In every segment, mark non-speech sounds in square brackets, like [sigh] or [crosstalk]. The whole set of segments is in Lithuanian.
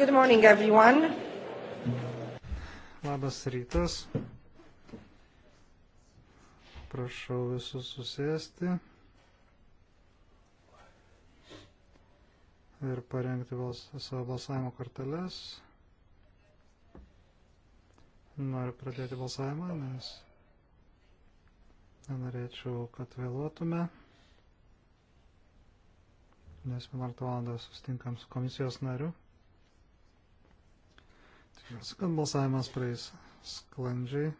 Good morning, everyone. Labas rytas. Prašau visus susėsti ir parengti bals, savo balsavimo korteles. Noriu pradėti balsavimą, nes nenorėčiau, kad vėluotume nes 11 val. sustinkam su komisijos nariu. Balsavimas praeis sklandžiai.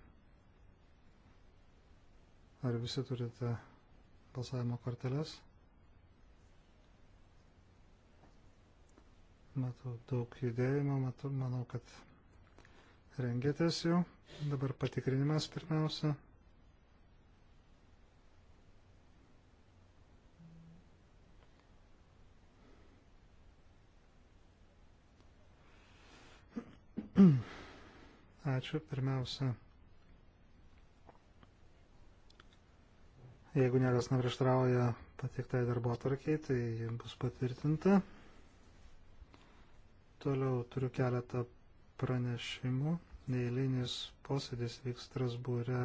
Ar visi turite balsavimo korteles? Matau daug judėjimo, matau, manau, kad rengėtės jau. Dabar patikrinimas pirmiausia. Ačiū pirmiausia. Jeigu niekas neprieštrauja patiktai darbo atvarkiai, tai ji bus patvirtinta. Toliau turiu keletą pranešimų. Neįlinis posėdis vyks Strasbūre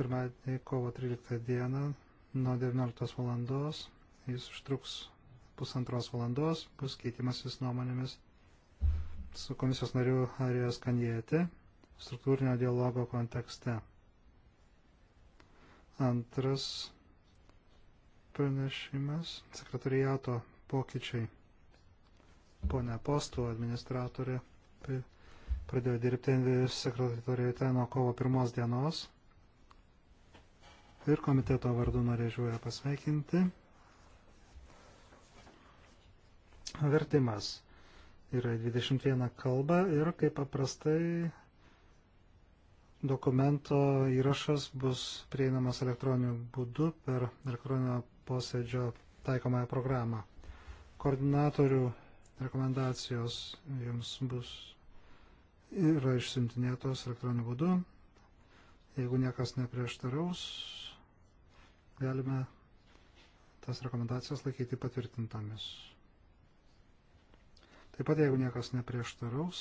pirmadienį kovo 13 dieną nuo 19 valandos. Jis užtruks pusantros valandos, bus keitimasis nuomonėmis su komisijos nariu Arijos Kanjėti struktūrinio dialogo kontekste. Antras pranešimas - sekretariato pokyčiai. Pone Postų administratorė pradėjo dirbti sekretariate nuo kovo pirmos dienos. Ir komiteto vardu norėčiau ją pasveikinti. Vertimas yra 21 kalba ir kaip paprastai dokumento įrašas bus prieinamas elektroniniu būdu per elektroninio posėdžio taikomąją programą. Koordinatorių rekomendacijos jums bus yra išsintinėtos elektroniniu būdu. Jeigu niekas neprieštaraus, galime tas rekomendacijas laikyti patvirtintomis. Taip pat, jeigu niekas neprieštaraus,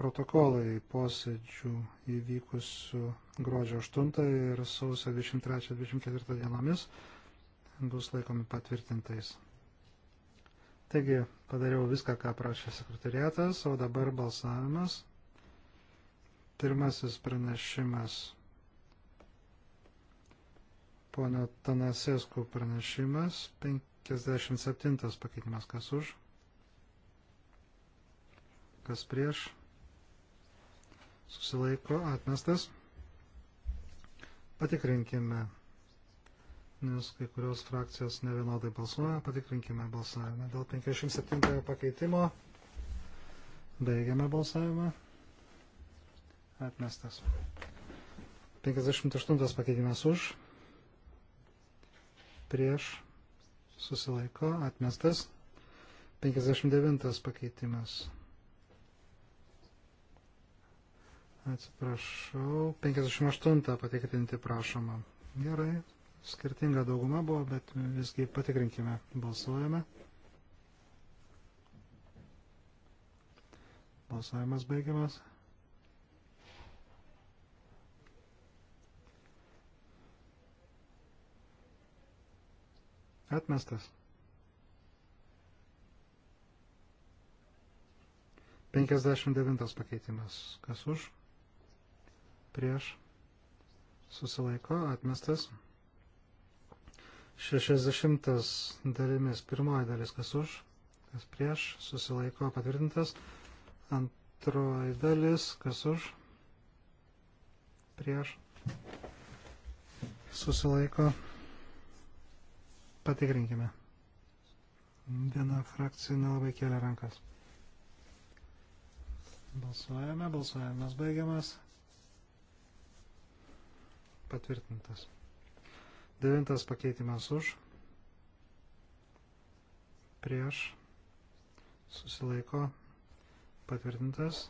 protokolai posėdžių įvykusių gruodžio 8 ir sausio 23-24 dienomis bus laikomi patvirtintais. Taigi padariau viską, ką prašė sekretariatas, o dabar balsavimas. Pirmasis pranešimas pono Tanasesku pranešimas, 57 pakeitimas, kas už, kas prieš, susilaiko atmestas. Patikrinkime, nes kai kurios frakcijos nevienodai balsuoja, patikrinkime balsavimą. Dėl 57 pakeitimo baigiame balsavimą. Atmestas. 58 pakeitimas už prieš susilaiko atmestas. 59 pakeitimas. Atsiprašau, 58 patikrinti prašoma. Gerai, skirtinga dauguma buvo, bet visgi patikrinkime. Balsuojame. Balsavimas baigiamas. Atmestas. 59 pakeitimas. Kas už? Prieš. Susilaiko. Atmestas. 60 dalimis. Pirmoji dalis. Kas už? Kas prieš? Susilaiko. Patvirtintas. Antroji dalis. Kas už? Prieš. Susilaiko. Patikrinkime. Viena frakcija nelabai kelia rankas. Balsuojame, balsuojamas baigiamas. Patvirtintas. Devintas pakeitimas už. Prieš. Susilaiko. Patvirtintas.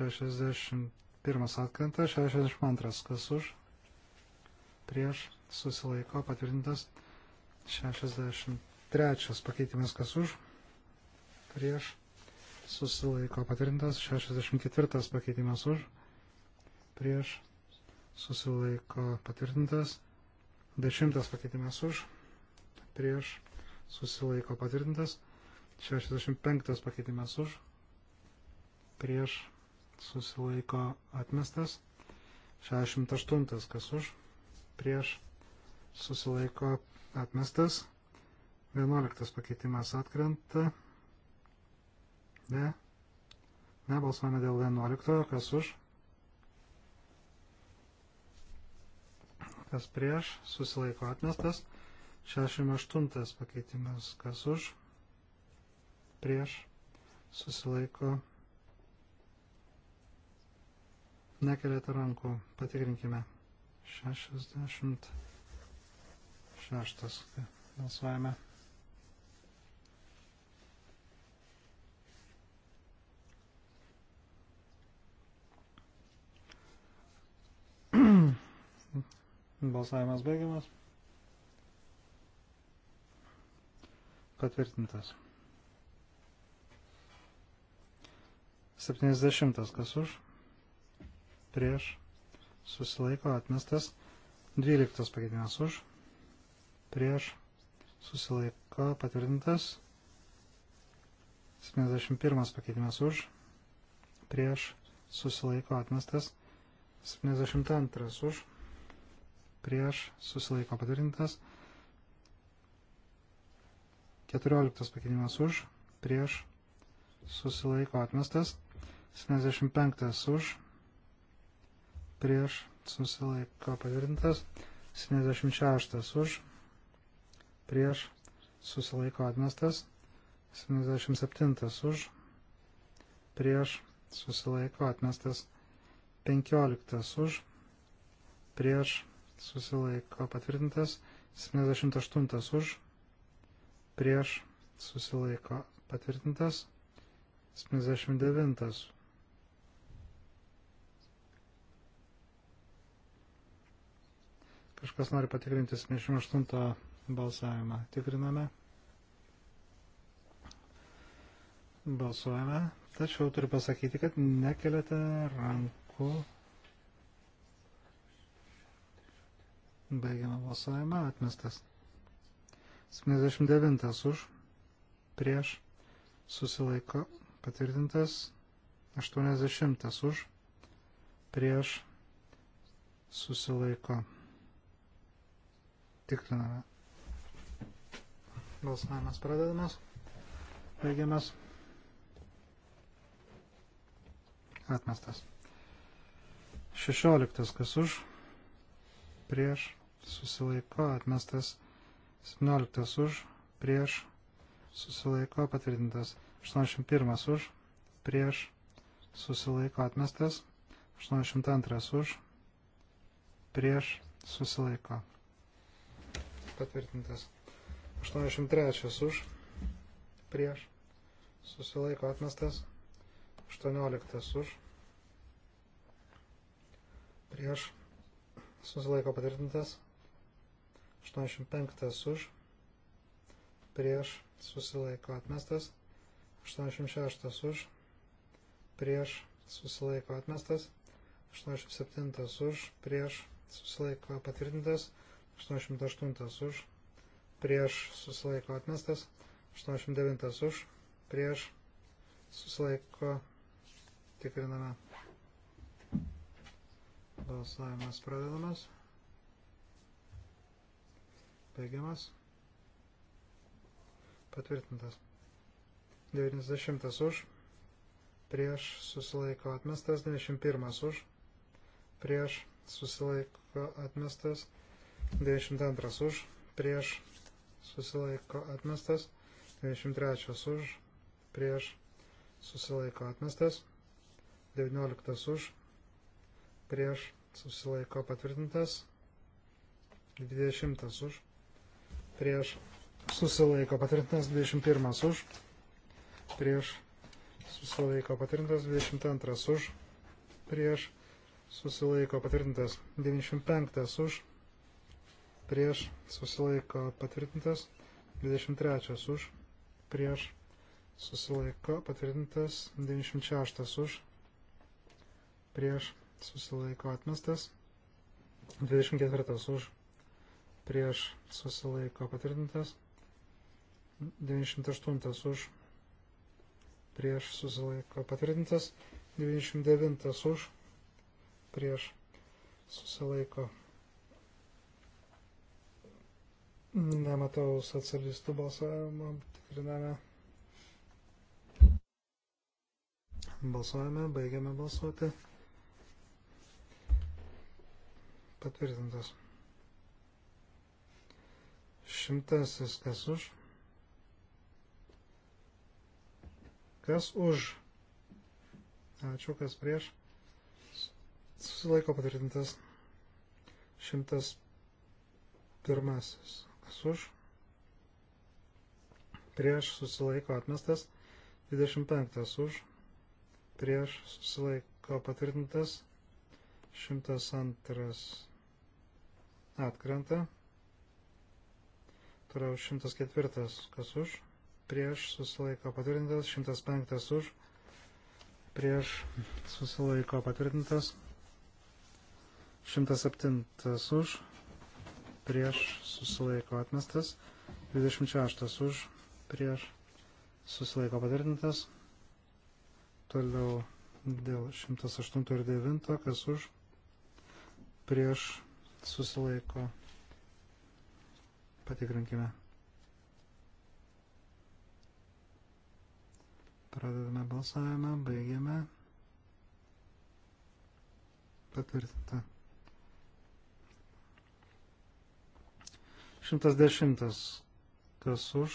61 atkrenta, 62 kas už. Prieš. Susilaiko. Patvirtintas. 63 pakeitimas kas už, prieš, susilaiko patvirtintas, 64 pakeitimas už, prieš, susilaiko patvirtintas, 10 pakeitimas už, prieš, susilaiko patvirtintas, 65 pakeitimas už, prieš, susilaiko atmestas, 68 kas už, prieš, susilaiko atmestas. 11 pakeitimas atkrenta. Ne. Nebalsuojame dėl 11, kas už. Kas prieš, susilaiko atmestas. 68 pakeitimas, kas už. Prieš, susilaiko. Nekelėte rankų, patikrinkime. 68 išneštas. Balsuojame. Balsavimas baigiamas. Patvirtintas. 70 kas už, prieš, susilaiko, atmestas, 12 pakeitimas už, prieš susilaiko patvirtintas. 71 pakeitimas už, prieš susilaiko atmestas. 72 už, prieš susilaiko patvirtintas. 14 pakeitimas už, prieš susilaiko atmestas. 75 už, prieš susilaiko patvirtintas. 76 už, prieš susilaiko atmestas, 77 už, prieš susilaiko atmestas, 15 už, prieš susilaiko patvirtintas, 78 už, prieš susilaiko patvirtintas, 79 Kažkas nori patikrinti 78 balsavimą. Tikriname. Balsuojame. Tačiau turiu pasakyti, kad nekeliate rankų. Baigiame balsavimą. Atmestas. 79 už. Prieš. Susilaiko. Patvirtintas. 80 už. Prieš. Susilaiko. Tikriname. Balsavimas pradedamas. Baigiamas. Atmestas. 16. Kas už? Prieš. Susilaiko. Atmestas. 17. Už. Prieš. Susilaiko. Patvirtintas. 81. Už. Prieš. Susilaiko. Atmestas. 82. Už. Prieš. Susilaiko. Patvirtintas. 83 už, prieš, susilaiko atmestas, 18 už, prieš, susilaiko patvirtintas, 85 už, prieš, susilaiko atmestas, 86 už, prieš, susilaiko atmestas, 87 už, prieš, susilaiko patvirtintas, 88 už, prieš susilaiko atmestas, 89 už, prieš susilaiko tikriname. Balsavimas pradedamas. Baigiamas. Patvirtintas. 90 už, prieš susilaiko atmestas, 91 už, prieš susilaiko atmestas, 92 už, prieš susilaiko atmestas, 23 už, prieš susilaiko atmestas, 19 už, prieš susilaiko patvirtintas, 20 už, prieš susilaiko patvirtintas, 21 už, prieš susilaiko patvirtintas, 22 už, prieš susilaiko patvirtintas, 95 už, prieš susilaiko patvirtintas, 23 už, prieš susilaiko patvirtintas, 96 už, prieš susilaiko atmestas, 24 už, prieš susilaiko patvirtintas, 98 už, prieš susilaiko patvirtintas, 99 už, prieš susilaiko patvirtintas Nematau socialistų balsavimo, tikriname. Balsuojame, baigiame balsuoti. Patvirtintas. Šimtasis kas už? Kas už? Ačiū, kas prieš. Susilaiko patvirtintas. Šimtas pirmasis kas už, prieš susilaiko atmestas, 25 už, prieš susilaiko patvirtintas, 102 atkrenta, toliau 104 kas už, prieš susilaiko patvirtintas, 105 už, prieš susilaiko patvirtintas, 107 už, prieš susilaiko atmestas, 26 už prieš susilaiko patvirtintas, toliau dėl 108 ir 9, kas už prieš susilaiko patikrinkime. Pradedame balsavimą, baigiame. Patvirtinta. 110. Kas už?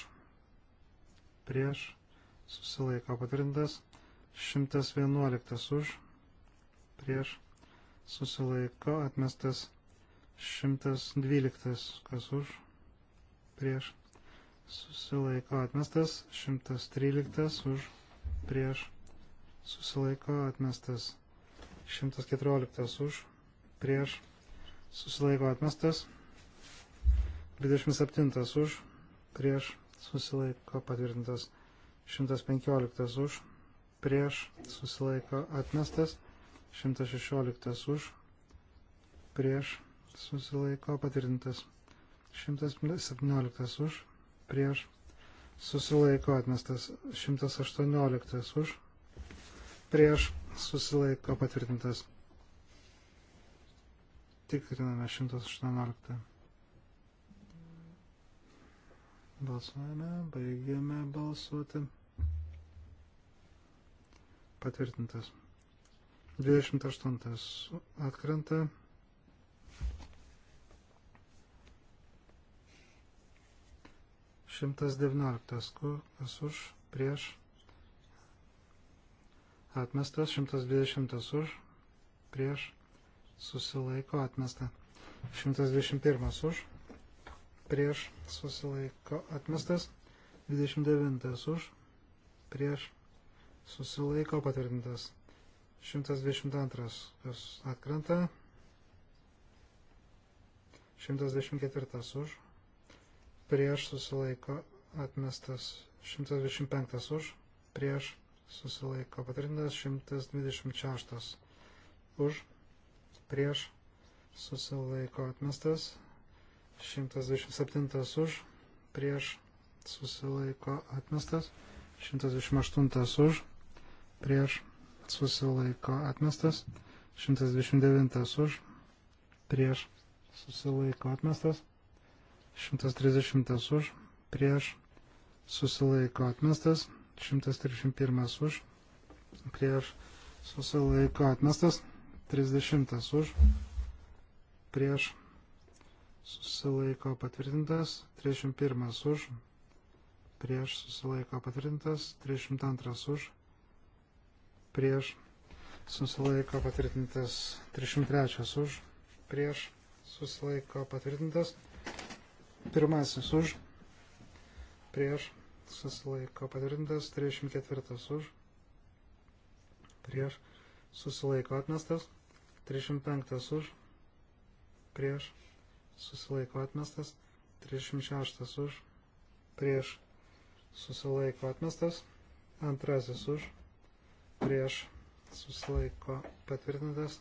Prieš. Susilaiko patvirtintas. 111 už. Prieš. Susilaiko atmestas. 112. Kas už? Prieš. Susilaiko atmestas. 113 už. Prieš. Susilaiko atmestas. 114 už. Prieš. Susilaiko atmestas. 27 už, prieš susilaiko patvirtintas 115 už, prieš susilaiko atmestas 116 už, prieš susilaiko patvirtintas 117 už, prieš susilaiko atmestas 118 už, prieš susilaiko patvirtintas. Tikriname 118. Balsuojame, baigiame balsuoti. Patvirtintas. 28 atkrenta. Šimtas devynioliktas, kas už, prieš, atmestas, šimtas dvidešimtas už, prieš, susilaiko atmesta, šimtas dvidešimt pirmas už, prieš susilaiko atmestas, 29 už, prieš susilaiko patvirtintas, 122 kas atkrenta, 124 už, prieš susilaiko atmestas, 125 už, prieš susilaiko patvirtintas, 126 už, prieš susilaiko atmestas, 127 už, prieš susilaiko atmestas, 128 už, prieš susilaiko atmestas, 129 už, prieš susilaiko atmestas, 130 už, prieš susilaiko atmestas, 131 už, prieš susilaiko atmestas, 30 už, prieš susilaiko atmestas susilaiko patvirtintas, 31 už, prieš susilaiko patvirtintas, 32 už, prieš susilaiko patvirtintas, 33 už, prieš susilaiko patvirtintas, pirmasis už, prieš susilaiko patvirtintas, 34 už, prieš susilaiko atmestas, 35 už, prieš susilaiko atmestas, 36 už, prieš susilaiko atmestas, antrasis už, prieš susilaiko patvirtintas,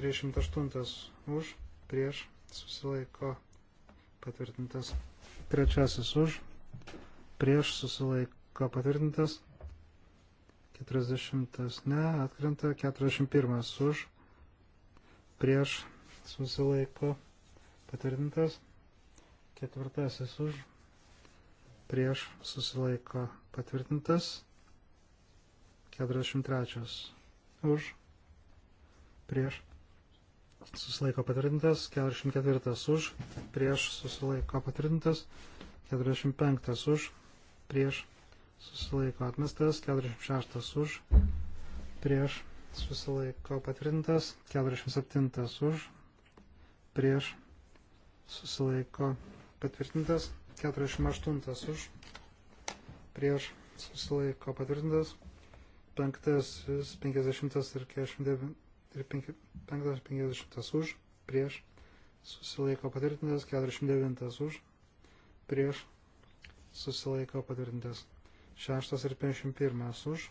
308 už, prieš susilaiko patvirtintas, trečiasis už, prieš susilaiko patvirtintas, 40 ne, atkrenta 41 už, prieš susilaiko patvirtintas patvirtintas. Ketvirtasis už, prieš susilaiko patvirtintas. 43 už, prieš susilaiko patvirtintas. 44 už, prieš susilaiko patvirtintas. 45 už, prieš susilaiko atmestas. 46 už, prieš susilaiko patvirtintas. 47 už, prieš susilaiko patvirtintas, 48 už, prieš susilaiko patvirtintas, 5, 50 ir 49 ir 5, 50 už, prieš susilaiko patvirtintas, 49 už, prieš susilaiko patvirtintas, 6 ir 51 už,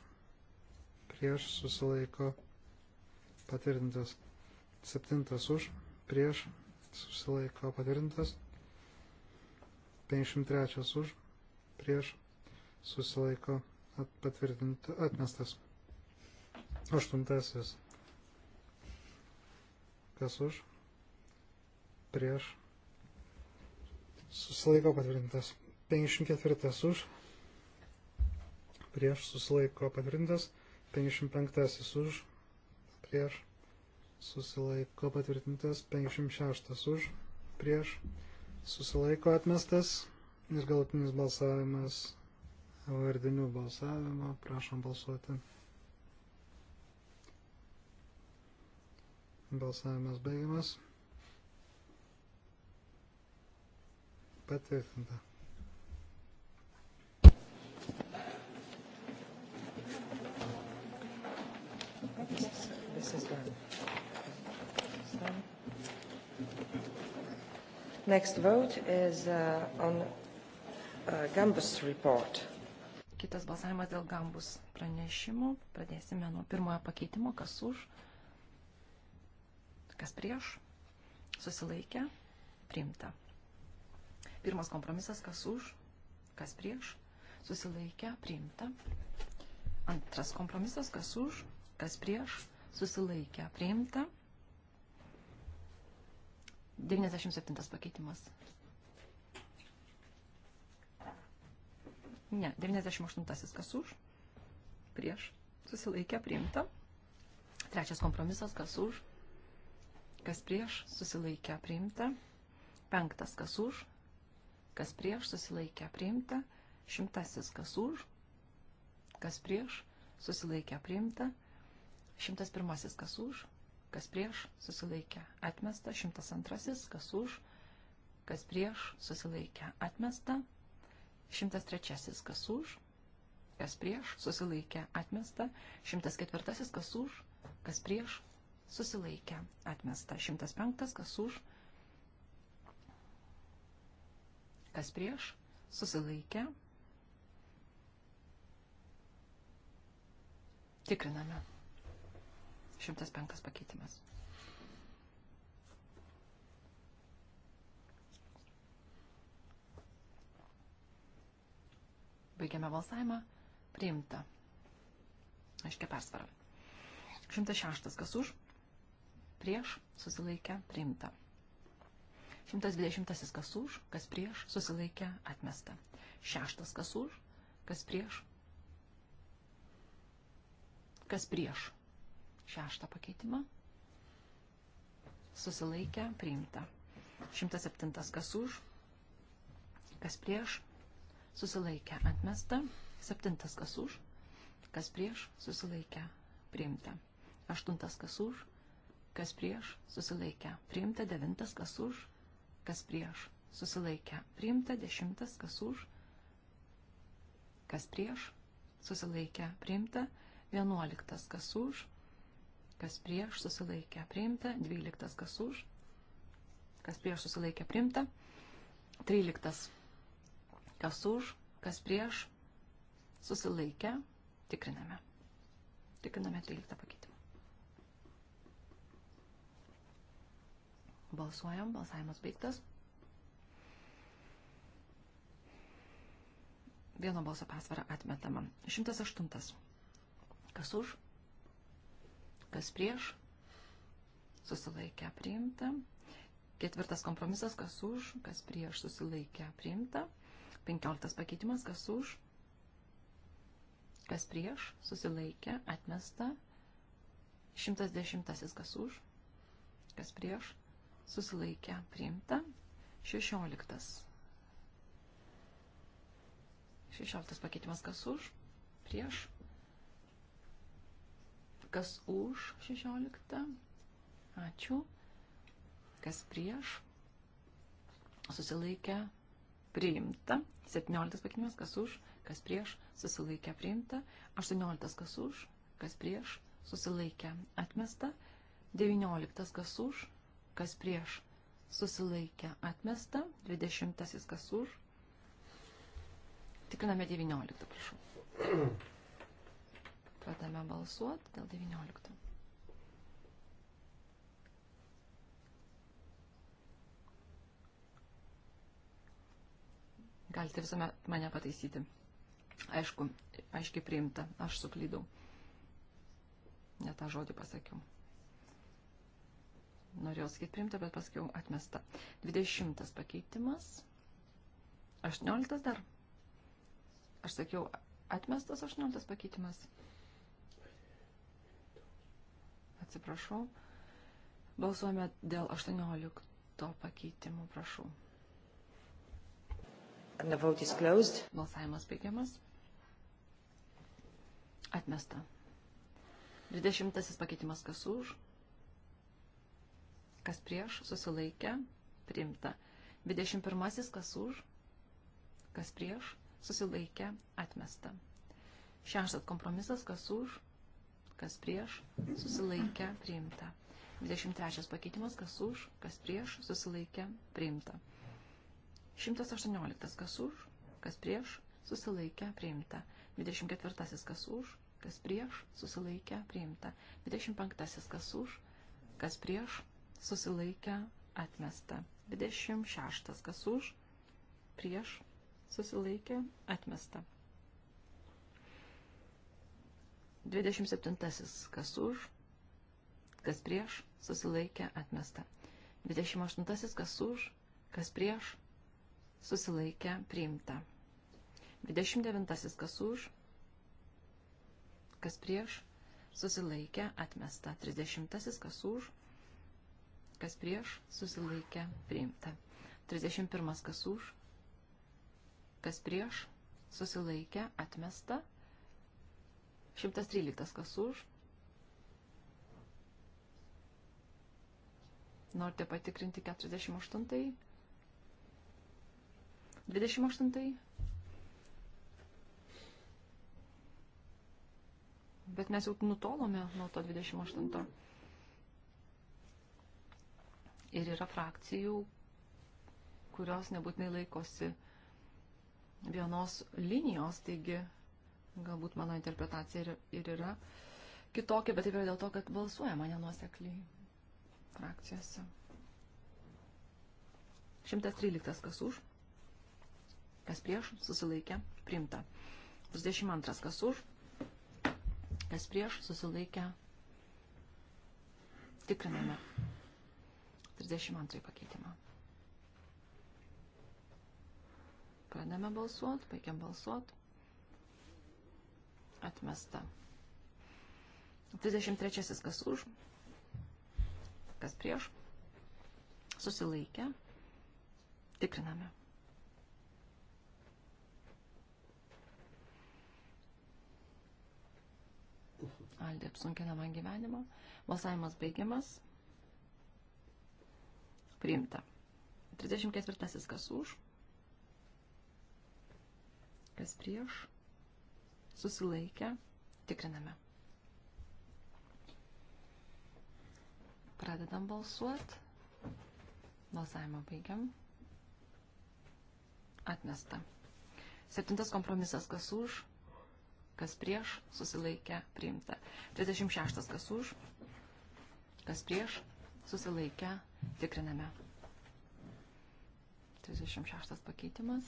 prieš susilaiko patvirtintas, 7 už, prieš susilaiko patvirtintas. 53 už, prieš, susilaiko patvirtintas, atmestas. Aštuntasis. Kas už? Prieš. Susilaiko patvirtintas. 54 už. Prieš susilaiko patvirtintas. 55 už. Prieš susilaiko patvirtintas 56 už, prieš susilaiko atmestas ir galutinis balsavimas vardinių balsavimo. Prašom balsuoti. Balsavimas baigiamas. Patvirtinta. This is done. Next vote is uh, on uh, Gambus report. Kitas balsavimas dėl Gambus pranešimų. Pradėsime nuo pirmojo pakeitimo, kas už, kas prieš, susilaikė, priimta. Pirmas kompromisas, kas už, kas prieš, susilaikė, priimta. Antras kompromisas, kas už, kas prieš, susilaikė, priimta. 97 pakeitimas. Ne, 98 kas už, prieš, susilaikę, priimta. Trečias kompromisas, kas už, kas prieš, susilaikę, priimta. Penktas, kas už, kas prieš, susilaikę, priimta. Šimtasis, kas už, kas prieš, susilaikę, priimta. Šimtas pirmasis, kas už, kas prieš, susilaikė, atmesta, 102, kas už, kas prieš, susilaikė, atmesta, 103, kas už, kas prieš, susilaikė, atmesta, 104, kas už, kas prieš, susilaikė, atmesta, 105, kas už, kas prieš, susilaikė, tikriname. 105 pakeitimas. Baigiame balsavimą. Priimta. Aiškia persvara. 106. Kas už? Prieš susilaikę. Priimta. 120. Kas už? Kas prieš susilaikę. Atmesta. 6. Kas už? Kas prieš? Kas prieš šeštą pakeitimą. Susilaikę, priimta. 107 kas už, kas prieš, susilaikę, atmesta. 7 kas už, kas prieš, susilaikę, priimta. 8 kas už, kas prieš, susilaikę, priimta. 9 kas už, kas prieš, susilaikę, priimta. 10 kas už, kas prieš, susilaikę, priimta. 11 kas už, kas prieš susilaikė priimta, 12 kas už, kas prieš susilaikė priimta, 13 kas už, kas prieš susilaikė, tikriname. Tikriname 13 pakeitimą. Balsuojam, balsavimas baigtas. Vieno balso pasvara atmetama. 108. Kas už? kas prieš, susilaikę priimta. Ketvirtas kompromisas, kas už, kas prieš, susilaikę priimta. Penkioliktas pakeitimas, kas už, kas prieš, susilaikę, atmesta. Šimtas dešimtasis, kas už, kas prieš, susilaikę priimta. Šešioliktas. Šešioliktas pakeitimas, kas už, prieš, Kas už 16? Ačiū. Kas prieš? Susilaikę priimta. 17 pakeitimas. Kas už? Kas prieš? Susilaikę priimta. 18 kas už? Kas prieš? Susilaikę atmesta. 19 kas už? Kas prieš? Susilaikę atmesta. 20 kas už? Tikriname 19, prašau. Pradame balsuoti dėl 19. Galite visuomet mane pataisyti. Aišku, aiškiai priimta, aš suklydau. Ne tą žodį pasakiau. Norėjau sakyti priimta, bet pasakiau atmesta. 20 pakeitimas. 18 dar. Aš sakiau atmestas 18 pakeitimas. atsiprašau. Balsuojame dėl 18 pakeitimų, prašau. And the vote is closed. Balsavimas baigiamas. Atmesta. 20 pakeitimas kas už, kas prieš, susilaikė, priimta. 21 kas už, kas prieš, susilaikė, atmesta. Šeštas kompromisas kas už, kas prieš, susilaikę, priimta. 23 pakeitimas, kas už, kas prieš, susilaikę, priimta. 118, kas už, kas prieš, susilaikę, priimta. 24, kas už, kas prieš, susilaikę, priimta. 25, kas už, kas prieš, susilaikę, atmesta. 26, kas už, prieš, susilaikę, atmesta. 27. Kas už, kas prieš, susilaikė, atmesta. 28. Kas už, kas prieš, susilaikė, priimta. 29. Kas už, kas prieš, susilaikė, atmesta. 30. Kas už, kas prieš, susilaikė, priimta. 31. Kas už, kas prieš, susilaikė, atmesta. 113 kas už. Norite patikrinti 48. 28. Bet mes jau nutolome nuo to 28. Ir yra frakcijų, kurios nebūtinai laikosi vienos linijos, taigi Galbūt mano interpretacija ir, ir yra kitokia, bet taip yra dėl to, kad balsuojama nenuosekliai frakcijose. 113 kas už, kas prieš, susilaikė, primta. 32 kas už, kas prieš, susilaikė, tikriname 32 pakeitimą. Pradame balsuot, baigiam balsuot. Atmesta. 33. Kas už? Kas prieš? Susilaikę. Tikriname. Aldė apsunkina man gyvenimą. Balsavimas baigiamas. Priimta. 34. Kas už? Kas prieš? susilaikę, tikriname. Pradedam balsuoti. Balsavimą baigiam. Atmesta. Septintas kompromisas, kas už, kas prieš, susilaikę, priimta. 36, kas už, kas prieš, susilaikę, tikriname. 36 pakeitimas.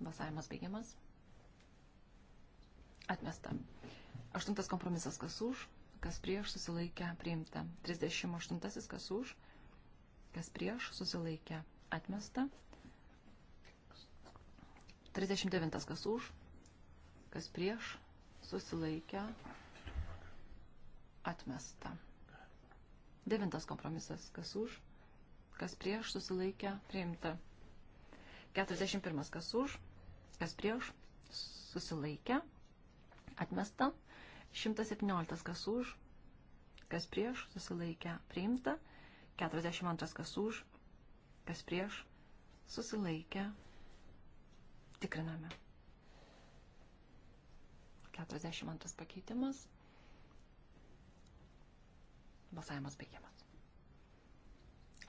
Balsavimas baigiamas. Atmesta. Aštuntas kompromisas kas už, kas prieš susilaikę priimta. 38 kas už, kas prieš susilaikę atmesta. 39 kas už, kas prieš susilaikę atmesta. Devintas kompromisas kas už, kas prieš susilaikę priimta. 41 kas už, kas prieš susilaikę atmesta Atmesta. 117 kas už, kas prieš, susilaikę, priimta. 42 kas už, kas prieš, susilaikę, tikriname. 42 pakeitimas. Balsavimas baigiamas.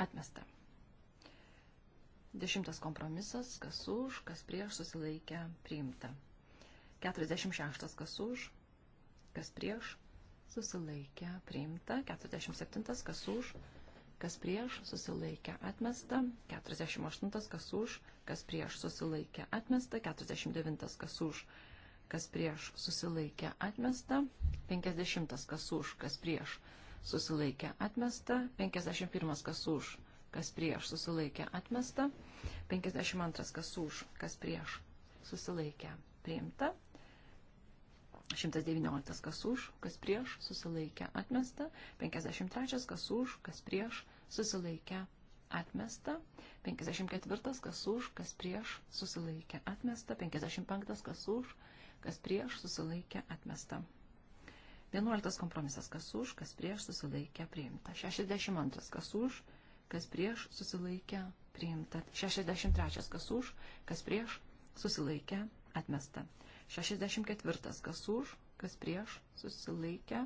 Atmesta. Dešimtas kompromisas, kas už, kas prieš susilaikę, priimta. 46 kas už, kas prieš, susilaikė, priimta. 47 kas už, kas prieš, susilaikė, atmesta. 48 kas už, kas prieš, susilaikė, atmesta. 49 kas už, kas prieš, susilaikė, atmesta. 50 kas už, kas prieš, susilaikė, atmesta. 51 kas už, kas prieš, susilaikė, atmesta. 52 kas už, kas prieš, susilaikė, priimta. 119 kas už, kas prieš, susilaikė atmesta. 53 kas už, kas prieš, susilaikė atmesta. 54 kas už, kas prieš, susilaikė atmesta. 55 kas už, kas prieš, susilaikė atmesta. 11 kompromisas kas už, kas prieš, susilaikė priimta. 62 kas už, kas prieš, susilaikė priimta. 63 kas už, kas prieš, susilaikė atmesta. 64. Kas už, kas prieš, susilaikė,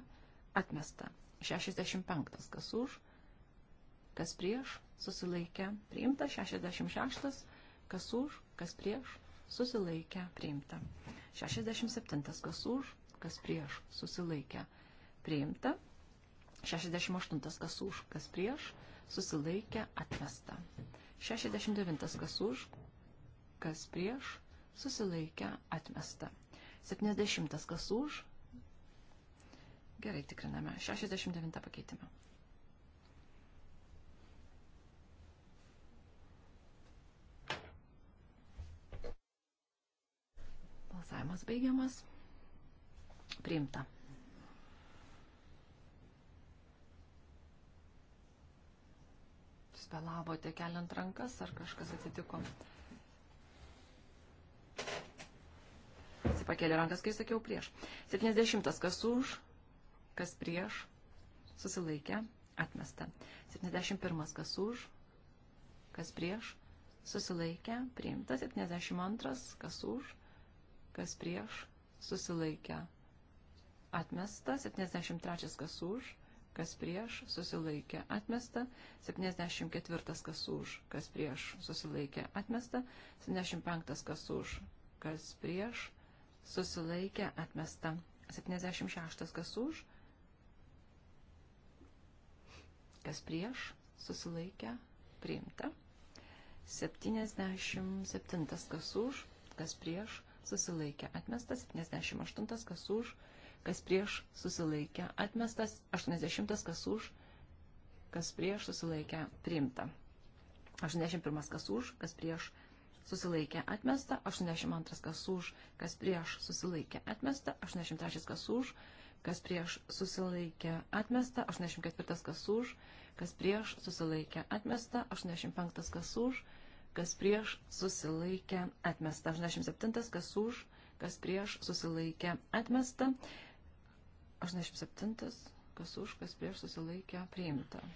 atmesta. 65. Kas už, kas prieš, susilaikė, priimta. 66. Kas už, kas prieš, susilaikė, priimta. 67. Kas už, kas prieš, susilaikė, priimta. 68. Kas už, kas prieš, susilaikė, atmesta. 69. Kas už, kas prieš, susilaikę, atmesta. 70 kas už. Gerai, tikriname. 69 pakeitimą. Balsavimas baigiamas. Priimta. Spelavote keliant rankas, ar kažkas atsitiko? pakėlė rankas, kai sakiau prieš. 70. Kas už, kas prieš, susilaikė, atmesta. 71. Kas už, kas prieš, susilaikė, priimta. 72. Kas už, kas prieš, susilaikė, atmesta. 73. Kas už, kas prieš, susilaikė, atmesta, 74 kas už, kas prieš, susilaikė, atmesta, 75 kas už, kas prieš, susilaikė atmesta. 76 kas už, kas prieš, susilaikė priimta. 77 kas už, kas prieš, susilaikė atmesta. 78 kas už, kas prieš, susilaikė atmestas. 80 kas už, kas prieš, susilaikė priimta. 81 kas už, kas prieš, susilaikė atmesta susilaikė atmesta, 82 kas už, kas prieš susilaikė atmesta, 83 kas už, kas prieš susilaikė atmesta, 84 kas už, kas prieš susilaikė atmesta, 85 kas už, kas prieš susilaikė atmesta, 87 kas už, kas prieš susilaikė atmesta, 87 kas už, kas prieš susilaikė priimta.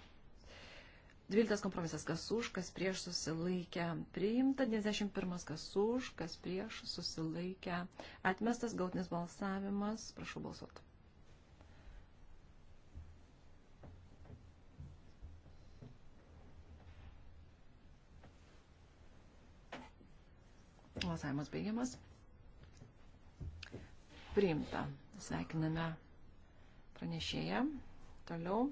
12 kompromisas kas už, kas prieš susilaikę priimta, 91 kas už, kas prieš susilaikę atmestas gautinis balsavimas. Prašau balsuoti. Balsavimas baigiamas. Priimta. Sveikiname pranešėją. Toliau.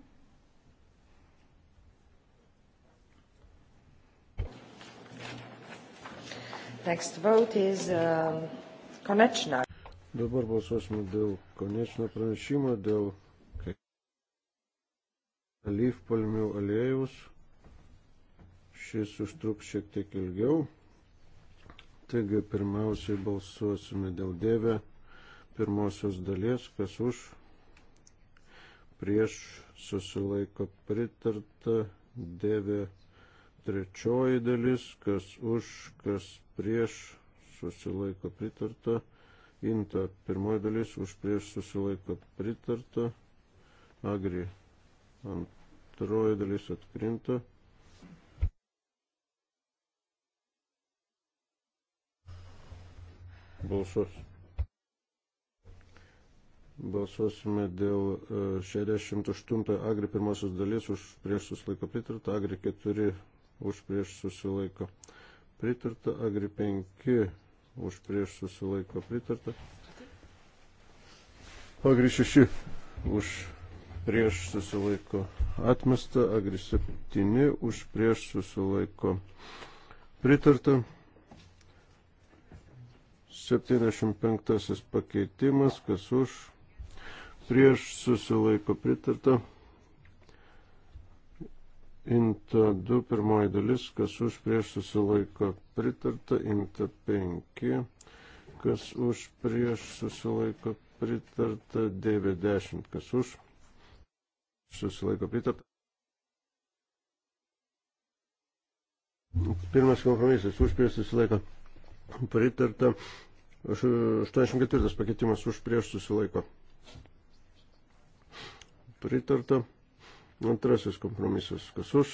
Next vote is um, Konečna. Dabar balsuosime dėl Konečno pranešimo, dėl alyvpalmių aliejus. Šis užtruks šiek tiek ilgiau. Taigi pirmiausiai balsuosime dėl dėvę pirmosios dalies, kas už, prieš susilaiko pritarta, dėvė trečioji dalis, kas už, kas prieš susilaiko pritarta. Inta pirmoji dalis už prieš susilaiko pritarta. Agri antroji dalis atkrinta. Balsuos. Balsuosime dėl 68 e, agri pirmosios dalies už prieš susilaiko pritarta, agri 4 už prieš susilaiko pritarta pritarta, agri 5 už prieš susilaiko pritarta, agri 6 už prieš susilaiko atmesta, agri 7 už prieš susilaiko pritarta. 75 pakeitimas, kas už, prieš susilaiko pritarta. Inta 2 pirmoji dalis, kas už prieš susilaiko pritarta, Inta 5, kas už prieš susilaiko pritarta, 90, kas už susilaiko pritarta. Pirmas kompromisas už prieš susilaiko pritarta, 84 pakeitimas už prieš susilaiko pritarta. Antrasis kompromisas, kas už.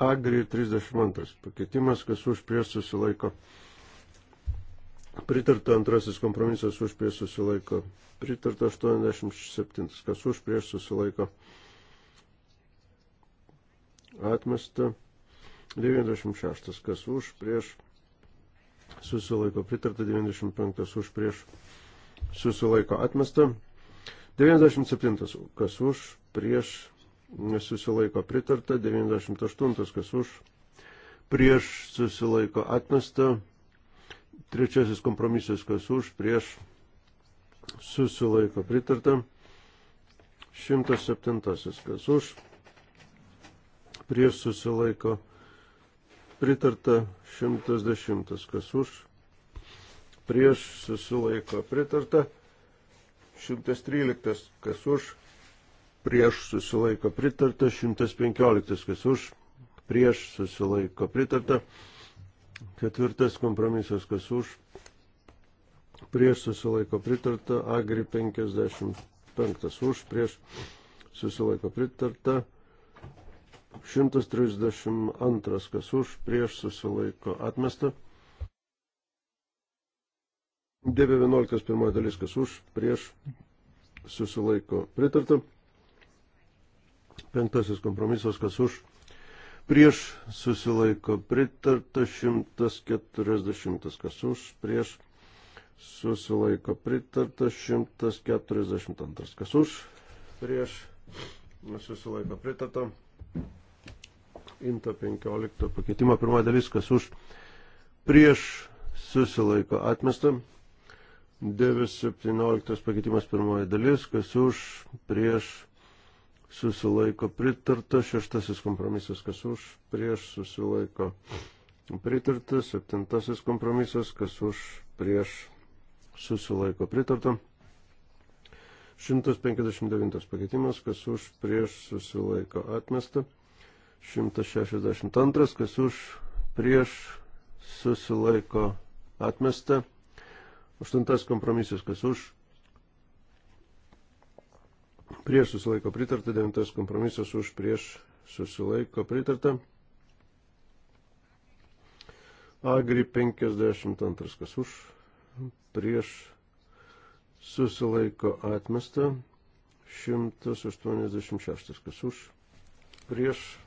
Agri 32 pakeitimas, kas už prieš susilaiko. Pritarta antrasis kompromisas už prieš susilaiko. Pritarta 87, kas už prieš susilaiko. Atmesta 96, kas už prieš susilaiko susilaiko pritarta, 95 už prieš susilaiko atmesta, 97 kas už prieš susilaiko pritarta, 98 kas už prieš susilaiko atmesta, trečiasis kompromisas kas už prieš susilaiko pritarta, 107 kas už prieš susilaiko pritarta pritarta 110, kas už, prieš susilaiko pritarta 113, kas už, prieš susilaiko pritarta 115, kas už, prieš susilaiko pritarta ketvirtas kompromisas, kas už, prieš susilaiko pritarta, agri 55 už, prieš susilaiko pritarta. 132, kas už, prieš susilaiko atmesta. 9.11, pirmoji dalis, kas už, prieš susilaiko pritarta. Penktasis kompromisas, kas už, prieš susilaiko pritarta. 140, kas už, prieš susilaiko pritarta. 142, kas už, prieš susilaiko pritarta. Inta 15 pakeitimo pirmoji dalis, kas už prieš susilaiko atmestą. 9.17 pakeitimas pirmoji dalis, kas už prieš susilaiko pritarta. Šeštasis kompromisas, kas už prieš susilaiko pritarta. Septintasis kompromisas, kas už prieš susilaiko pritarta. 159 pakeitimas, kas už prieš susilaiko atmestą. 162, kas už, prieš, susilaiko atmesta. Aštuntas kompromisas, kas už, prieš susilaiko pritarta. Devintas kompromisas už, prieš susilaiko pritarta. Agri 52, kas už, prieš susilaiko atmesta. 186, kas už, prieš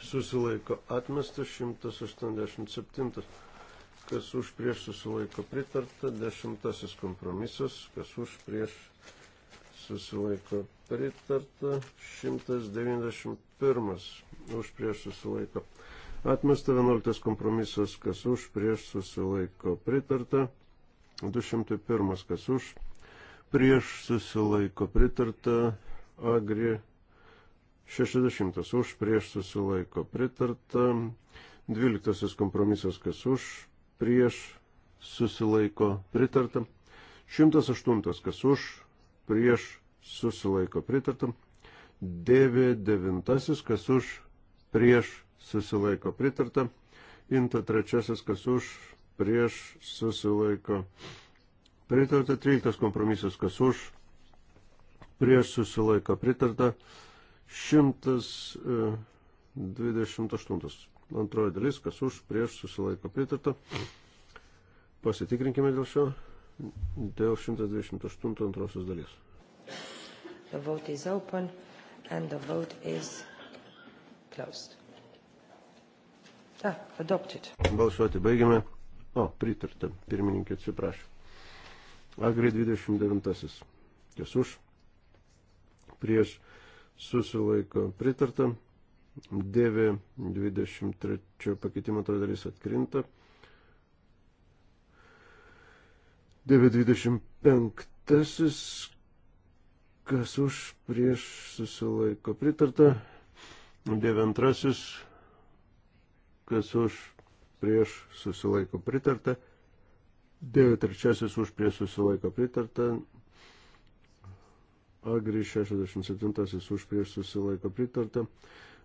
susilaiko atmestas, 187, kas už prieš susilaiko pritarta, 10 kompromisas, kas už prieš susilaiko pritarta, 191 už prieš susilaiko atmesta, 11 kompromisas, kas už prieš susilaiko pritarta, 201 kas už prieš susilaiko pritarta, agri 60 už, prieš susilaiko pritarta. 12 kompromisas, kas už, prieš susilaiko pritarta. 108 kas už, prieš susilaiko pritarta. 9 kas už, prieš susilaiko pritarta. Inta trečiasis kas už, prieš susilaiko pritarta. 13 kompromisas kas už, prieš susilaiko pritarta. 128. E, Antroji dalis, kas už, prieš susilaiko pritarta. Pasitikrinkime dėl šio, dėl 128 antrosios dalies. The vote is open and the vote is closed. Ah, adopted. Balsuoti baigiame. O, pritarta. Pirmininkė atsiprašau. Agri 29. Kas už, prieš susilaiko pritarta susilaiko pritarta. Dėvė 23 pakeitimo antra dalis atkrinta. Dėvė 25 kas už prieš susilaiko pritarta. Dėvė antrasis kas už prieš susilaiko pritarta. Dėvė trečiasis už prieš susilaiko pritarta. Agri 67 už prieš susilaiko pritarta.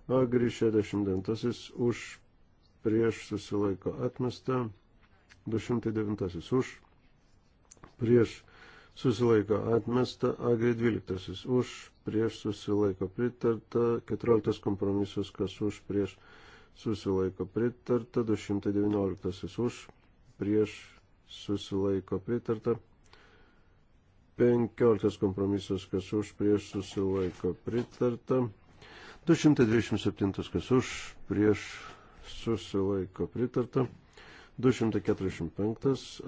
Agri 69 už prieš susilaiko atmesta. 209 už prieš susilaiko atmesta. Agri 12 už prieš susilaiko pritarta. 14 kompromisas kas už prieš susilaiko pritarta. 219 už prieš susilaiko pritarta. 15 kompromisas, kas už, prieš susilaiko pritarta. 227, kas už, prieš susilaiko pritarta. 245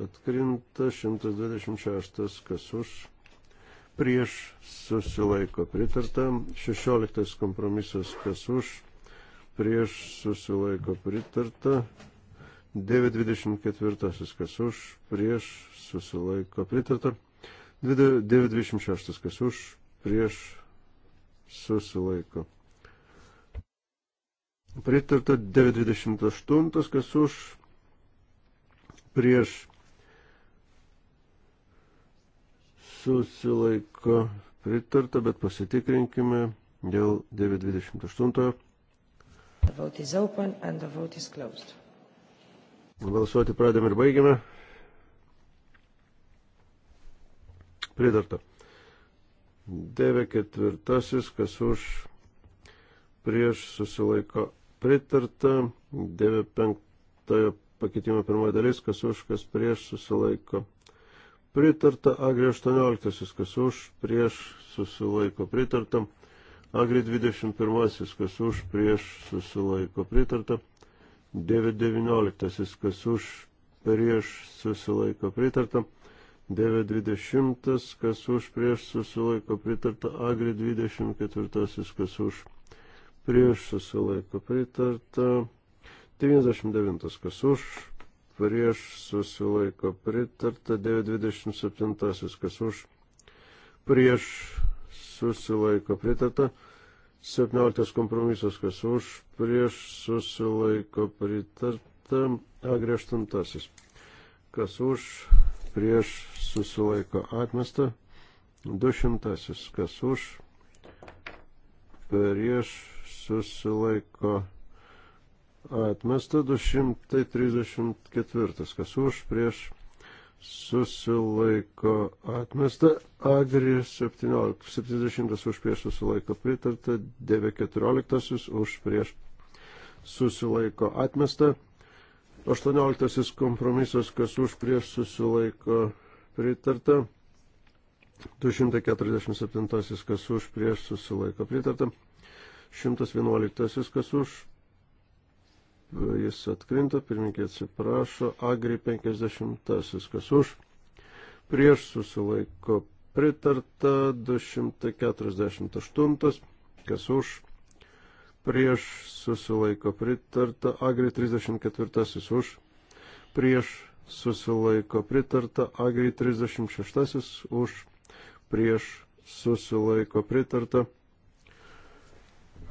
atkrinta, 126 kas už, prieš susilaiko pritarta. 16 kompromisas, kas už, prieš susilaiko pritarta. 924 kas už, prieš susilaiko pritarta. 926, kas už, prieš, susilaiko. Pritarta 928, kas už, prieš, susilaiko. Pritarta, bet pasitikrinkime dėl 928. The vote is open and the vote is closed. Balsuoti pradėm ir baigiame. pritarta. Dėvė ketvirtasis, kas už prieš susilaiko pritarta. Dėvė penktojo pakeitimo pirmoji dalis, kas už, kas prieš susilaiko pritarta. Agri 18, kas už, prieš susilaiko pritarta. Agri 21, kas už, prieš susilaiko pritarta. 919, kas už, prieš susilaiko pritarta. 9.20, kas už prieš susilaiko pritarta, Agri 24, kas už prieš susilaiko pritarta, 99, kas už prieš susilaiko pritarta, 9.27, kas už prieš susilaiko pritarta, 17 kompromisas, kas už prieš susilaiko pritarta, Agri 8, kas už prieš prieš susilaiko atmesta. 200 kas už prieš susilaiko atmesta. 234 kas už prieš susilaiko atmesta, Agri 17, 70 už prieš susilaiko pritarta, 914 už prieš susilaiko atmesta, 18 kompromisas, kas už prieš susilaiko pritarta. 247 kas už prieš susilaiko pritarta. 111 kas už. Jis atkrinta, pirmininkė atsiprašo. Agri 50 kas už. Prieš susilaiko pritarta. 248 kas už prieš susilaiko pritarta, agri 34 už, prieš susilaiko pritarta, agri 36 už, prieš susilaiko pritarta.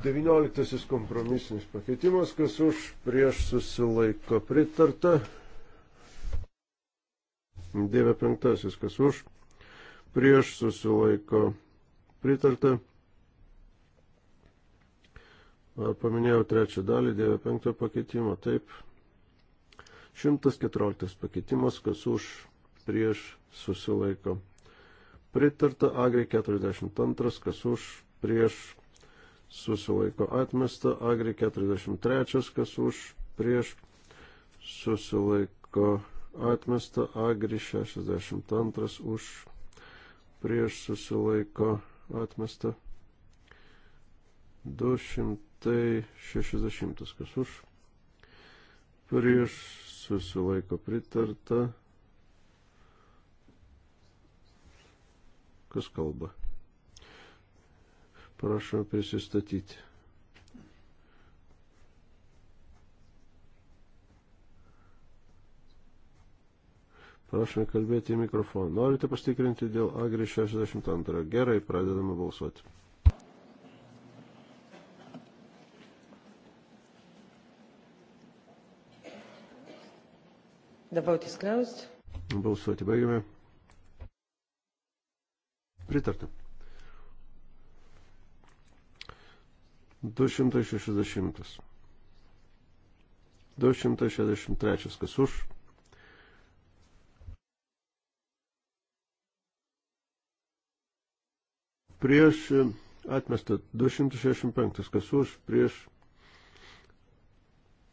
19 kompromisinis pakeitimas, kas už, prieš susilaiko pritarta. 95 kas už, prieš susilaiko pritarta. Ar paminėjau trečią dalį, dėvė penktą pakeitimą, taip. 114 pakeitimas, kas už, prieš, susilaiko. Pritarta Agri 42, kas už, prieš, susilaiko. Atmesta Agri 43, kas už, prieš, susilaiko. Atmesta Agri 62, už, prieš, susilaiko. Atmesta 200. 160 tai kas už, prieš susilaiko pritarta, kas kalba. Prašome prisistatyti. Prašome kalbėti į mikrofoną. Norite pastikrinti dėl Agri 62. Gerai, pradedame balsuoti. The vote is closed. Balsuoti baigiame. Pritarta. 260. 263. Kas už? Prieš atmestą 265. Kas už? Prieš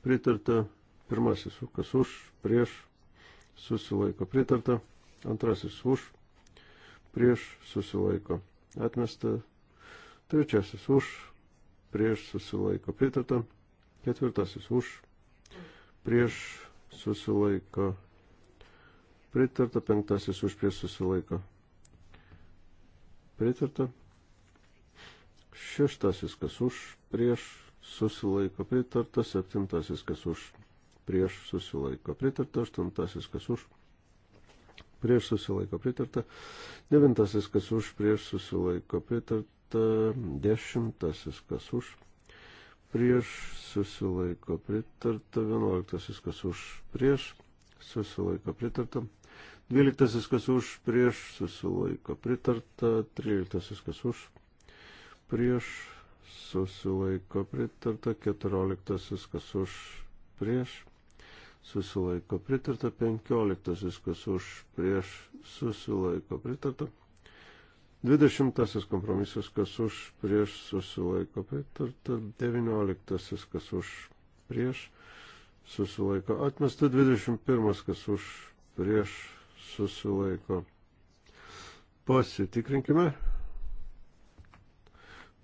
pritarta pirmasis. Kas už? Prieš susilaiko pritarta, antrasis už, prieš susilaiko atmesta, trečiasis už, prieš susilaiko pritarta, ketvirtasis už, prieš susilaiko pritarta, penktasis už, prieš susilaiko pritarta, šeštasis kas už, prieš susilaiko pritarta, septintasis kas už, prieš susilaiko pritarta, aštuntasis kas už, prieš susilaiko pritarta, devintasis kas už, prieš susilaiko pritarta, dešimtasis kas už, prieš susilaiko pritarta, vienuoliktasis kas už, prieš susilaiko pritarta. Dvyliktasis kas už, prieš susilaiko pritarta, tryliktasis kas už, prieš susilaiko pritarta, keturioliktasis kas už, prieš susilaiko pritarta, 15 kas už prieš susilaiko pritarta, 20 kompromisas kas už prieš susilaiko pritarta, 19 kas už prieš susilaiko atmesta, 21 kas už prieš susilaiko. Pasitikrinkime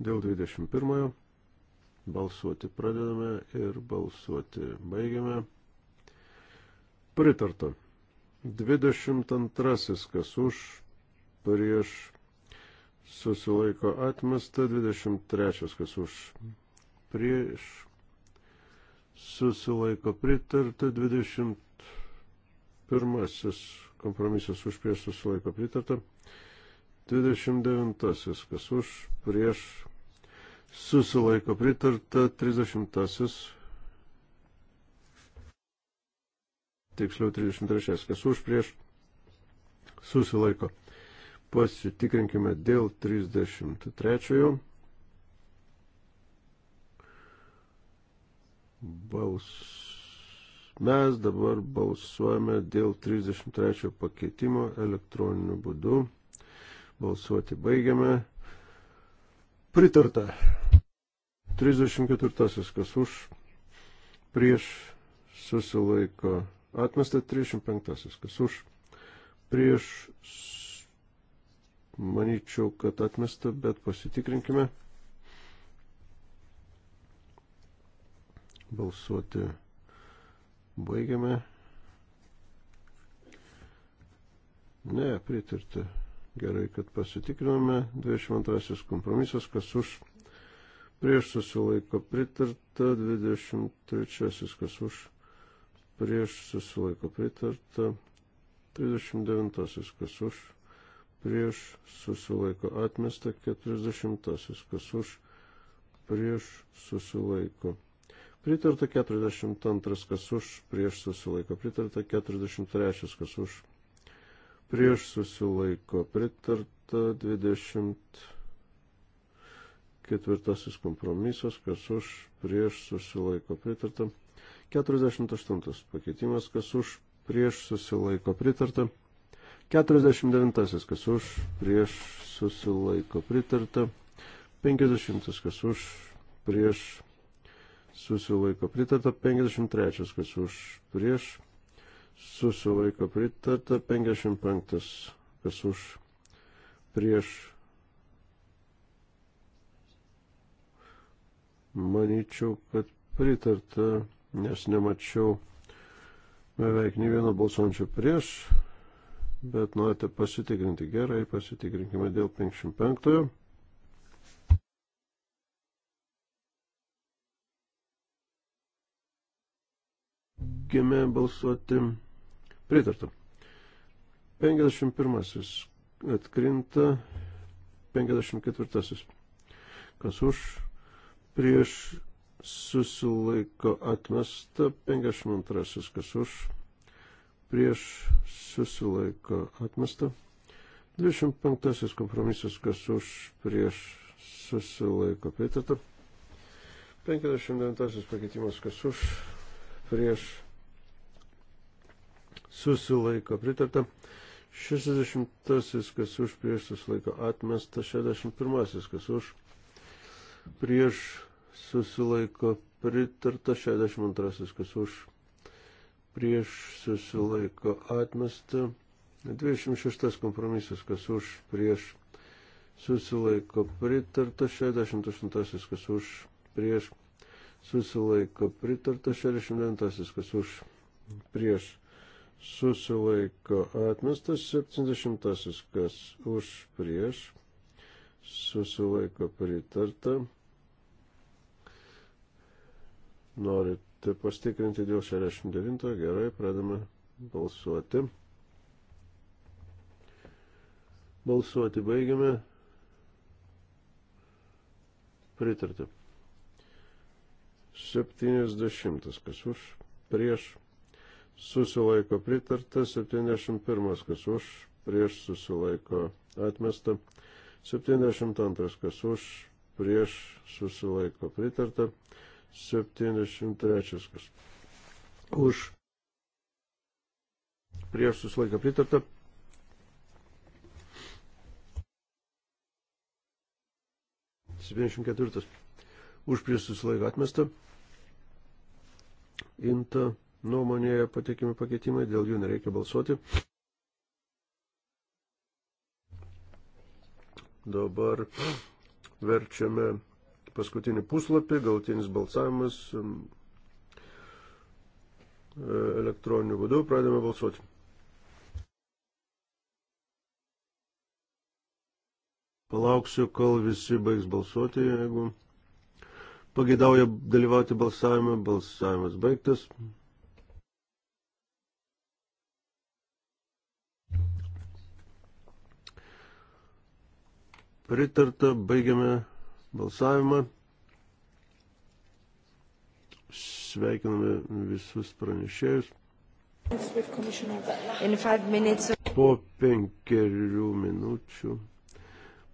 dėl 21 balsuoti pradedame ir balsuoti baigiame. Pritarta. 22. Kas už, prieš, susilaiko atmesta. 23. Kas už, prieš, susilaiko pritarta. 21. Kompromisas už, prieš, susilaiko pritarta. 29. Kas už, prieš, susilaiko pritarta. 30 tiksliau 33, kas už prieš susilaiko. Pasitikrinkime dėl 33. Bals. Mes dabar balsuojame dėl 33 pakeitimo elektroniniu būdu. Balsuoti baigiame. Pritarta. 34. Kas už prieš susilaiko Atmesta 35. Kas už? Prieš. Manyčiau, kad atmesta, bet pasitikrinkime. Balsuoti baigiame. Ne, pritarta. Gerai, kad pasitikrinome. 22 kompromisas, kas už prieš susilaiko pritarta, 23 kas už prieš susilaiko pritarta, 39 kas už, prieš susilaiko atmesta, 40 kas už, prieš susilaiko. Pritarta 42 kas už, prieš susilaiko, pritarta 43 kas už, prieš susilaiko, pritarta 24 kompromisas, kas už, prieš susilaiko, pritarta 43. 48 pakeitimas, kas už, prieš susilaiko pritarta. 49 kas už, prieš susilaiko pritarta. 50 kas už, prieš susilaiko pritarta. 53 kas už, prieš susilaiko pritarta. 55 kas už, prieš Manyčiau, kad pritarta nes nemačiau beveik nei vieno balsuojančio prieš, bet norite pasitikrinti gerai, pasitikrinkime dėl 55. Gime balsuoti pritartų. 51. Atkrinta 54. Kas už prieš susilaiko atmesta, 52 kas už, prieš susilaiko atmesta, 25 kompromisas kas už, prieš susilaiko pritarta, 59 pakeitimas kas už, prieš susilaiko pritarta, 60 kas už, prieš susilaiko atmesta, 61 kas už, prieš susilaiko pritarta, 62 kas už prieš susilaiko atmesta, 26 kompromisas kas už prieš susilaiko pritarta, 68 kas už prieš susilaiko pritarta, 69 kas už prieš susilaiko atmestas, 70 kas už prieš susilaiko pritarta. Norite pastikrinti dėl 69, gerai, pradame balsuoti. Balsuoti baigiame. Pritarti. 70, kas už, prieš, susilaiko pritarta, 71, kas už, prieš, susilaiko atmesta, 72, kas už, prieš, susilaiko pritarta, 73. Kas. Už prieš susilaiką pritarta. Septyniasdešimt ketvirtas. Už prieš susilaiką atmestą. Inta nuomonėje patikimi pakeitimai, dėl jų nereikia balsuoti. Dabar verčiame paskutinį puslapį, galtinis balsavimas um, e, elektroniniu būdu, pradėjome balsuoti. Palauksiu, kol visi baigs balsuoti, jeigu pagaidauja dalyvauti balsavime, balsavimas baigtas. Pritarta, baigiame balsavimą. Sveikiname visus pranešėjus. Po penkerių minučių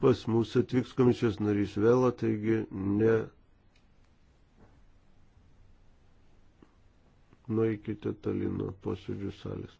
pas mus atvyks komisijos narys vėl, taigi ne nueikite Talino posėdžių salės.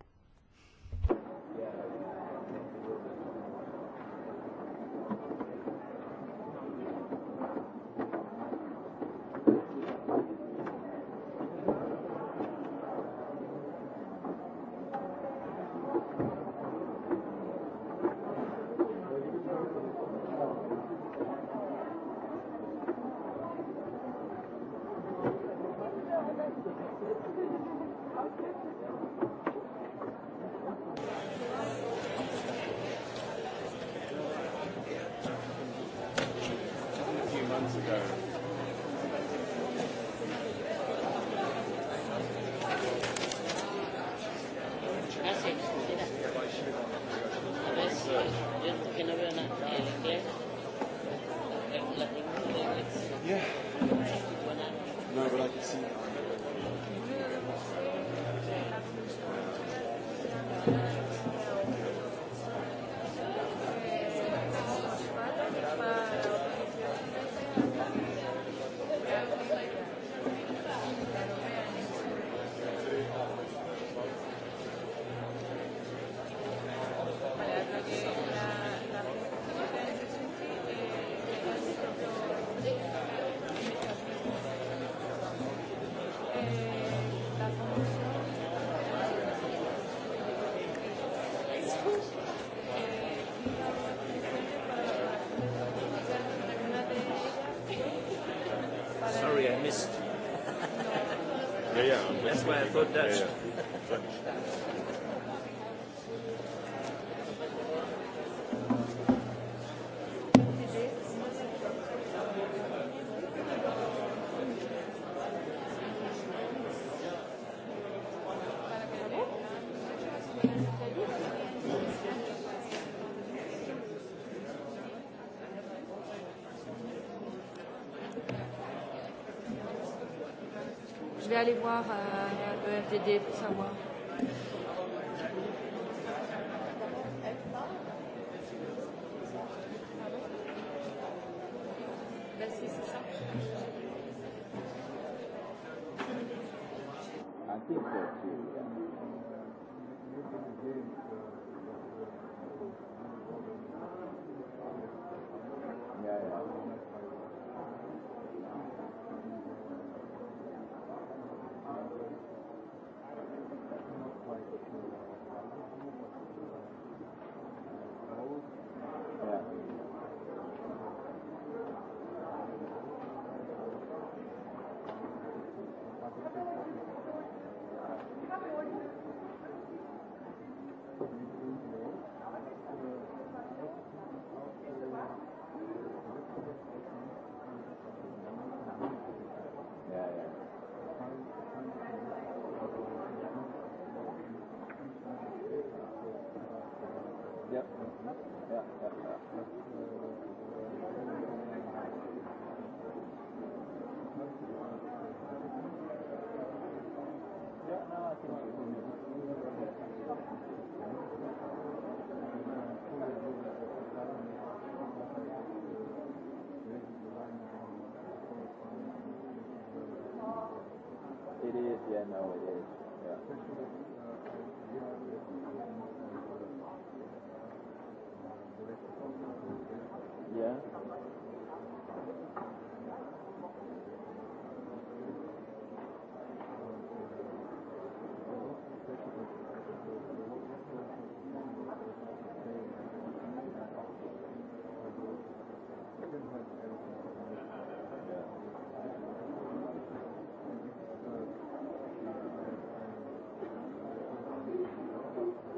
allez voir euh, le FDD Ja. Ja, ja, ja.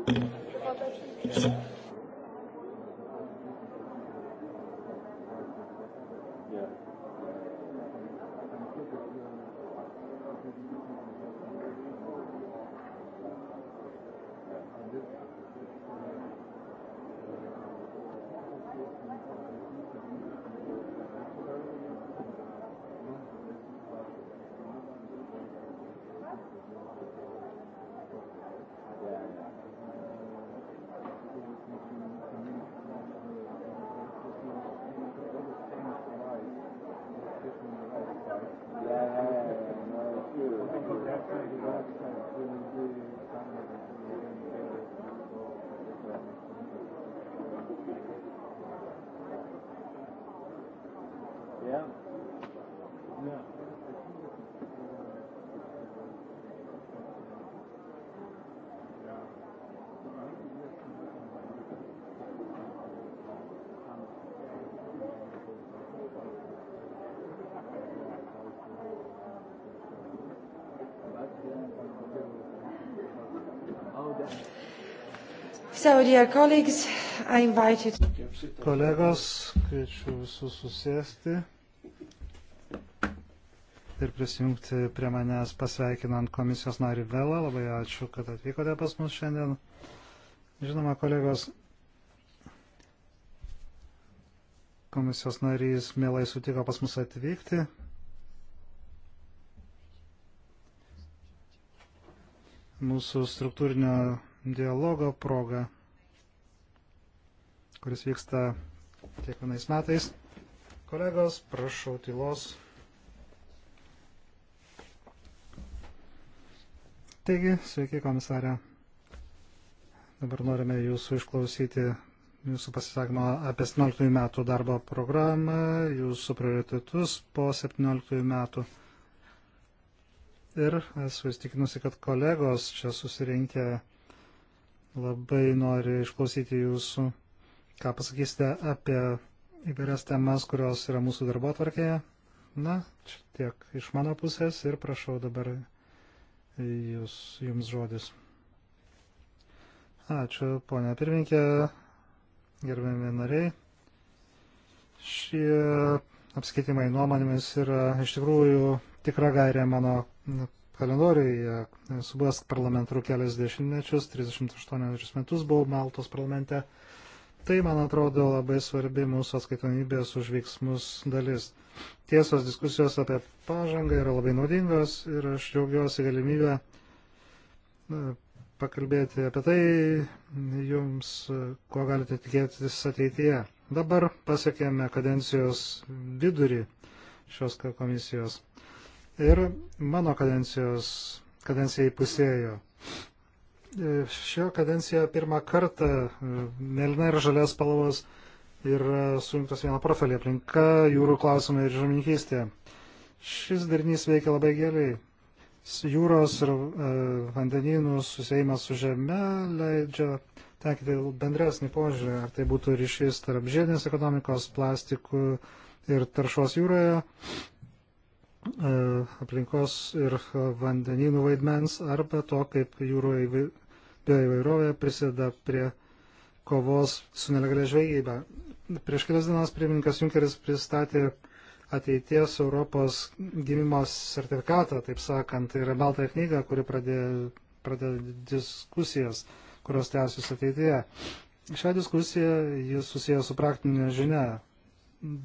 Thank you. So, dear colleagues, I invite you to... Kolegos, kviečiu visus susėsti ir prisijungti prie manęs pasveikinant komisijos narį Velą. Labai ačiū, kad atvykote pas mus šiandien. Žinoma, kolegos, komisijos narys mielai sutiko pas mus atvykti. Mūsų struktūrinio dialogo proga, kuris vyksta kiekvienais metais. Kolegos, prašau tylos. Taigi, sveiki komisarė. Dabar norime jūsų išklausyti jūsų pasisakymą apie 17 metų darbo programą, jūsų prioritetus po 17 metų. Ir esu įstikinusi, kad kolegos čia susirinkę Labai noriu išklausyti jūsų, ką pasakysite apie įvairias temas, kurios yra mūsų darbo atvarkėje. Na, tiek iš mano pusės ir prašau dabar jūs, jums žodis. Ačiū, ponia pirminkė, gerbėmi nariai. Šie apskaitimai nuomonėmis yra iš tikrųjų tikra gairė mano kalendoriuje. Esu buvęs parlamentaru kelias dešimtmečius, 38 metus buvau Maltos parlamente. Tai, man atrodo, labai svarbi mūsų atskaitomybės už veiksmus dalis. Tiesos diskusijos apie pažangą yra labai naudingos ir aš džiaugiuosi galimybę pakalbėti apie tai jums, ko galite tikėtis ateityje. Dabar pasiekėme kadencijos vidurį šios komisijos ir mano kadencijos, kadencija įpusėjo. E, šio kadencija pirmą kartą e, mėlyna ir žalias spalvos yra sujungtos vieno profilį aplinka, jūrų klausimai ir žemininkystė. Šis darinys veikia labai gerai. Jūros ir e, vandenynų susėjimas su žeme leidžia taikyti bendresnį požiūrį, ar tai būtų ryšys tarp žiedinės ekonomikos, plastikų ir taršos jūroje, E, aplinkos ir vandeninų vaidmens arba to, kaip jūrų bioįvairovė prisideda prie kovos su nelegalia žvejyba. Prieš kelias dienas pirmininkas Junkeris pristatė ateities Europos gimimo sertifikatą, taip sakant, tai yra baltąją knygą, kuri pradėjo, pradėjo diskusijas, kurios tęsius ateityje. Šią diskusiją jis susijęs su praktinė žinia.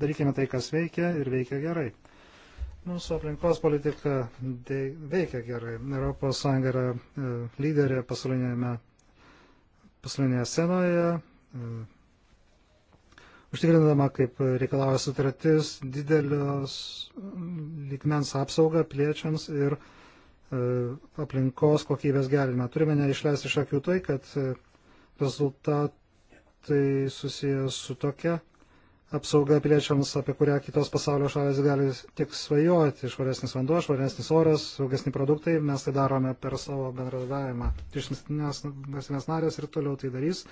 Darykime tai, kas veikia ir veikia gerai. Mūsų aplinkos politika veikia gerai. ES yra e, lyderė pasaulinėje scenoje, e, užtikrindama, kaip reikalauja sutratis, didelios mm, likmens apsaugą piliečiams ir e, aplinkos kokybės gerinimą. Turime neišleisti iš akių tai, kad rezultatai susijęs su tokia apsauga piliečiams, apie kurią kitos pasaulio šalis gali tik svajoti. Švaresnis vanduo, švaresnis oras, saugesni produktai. Mes tai darome per savo bendradavimą. Išmestinės valstybės narės ir toliau tai darys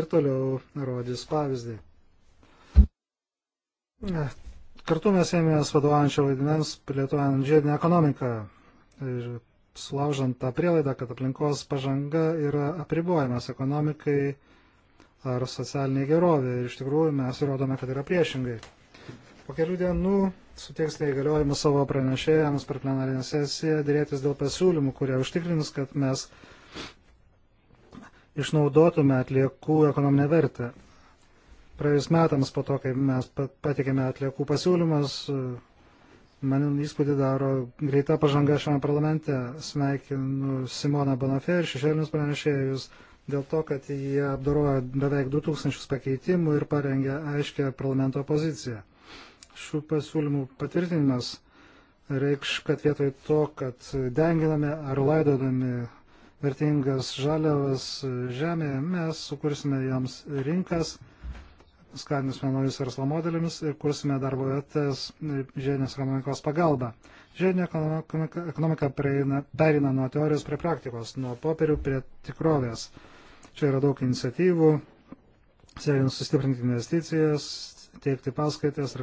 ir toliau rodys pavyzdį. Kartu mes ėmėmės vadovaujančio vaidmens, plėtojant žiedinę ekonomiką ir sulaužant tą prielaidą, kad aplinkos pažanga yra apribojimas ekonomikai ar socialinė gerovė. Ir iš tikrųjų mes įrodome, kad yra priešingai. Po kelių dienų suteiksite įgaliojimus savo pranešėjams per plenarinę sesiją dėrėtis dėl pasiūlymų, kurie užtikrins, kad mes išnaudotume atliekų ekonominę vertę. Praėjus metams po to, kai mes patikėme atliekų pasiūlymus, man įspūdį daro greita pažanga šiame parlamente. Sveikinu Simoną Bonafė ir šešėlinius pranešėjus. Jūs dėl to, kad jie apdorojo beveik 2000 pakeitimų ir parengė aiškę parlamento poziciją. Šių pasiūlymų patvirtinimas reikš, kad vietoj to, kad denginame ar laidodami vertingas žaliavas žemėje, mes sukursime joms rinkas, skatinsime naujus verslo modelius ir kursime darbo vietas žiedinės ekonomikos pagalba. Žiedinė ekonomika, ekonomika pereina, pereina nuo teorijos prie praktikos, nuo popierių prie tikrovės. Čia yra daug iniciatyvų, siekiant sustiprinti investicijas, teikti paskaitas ir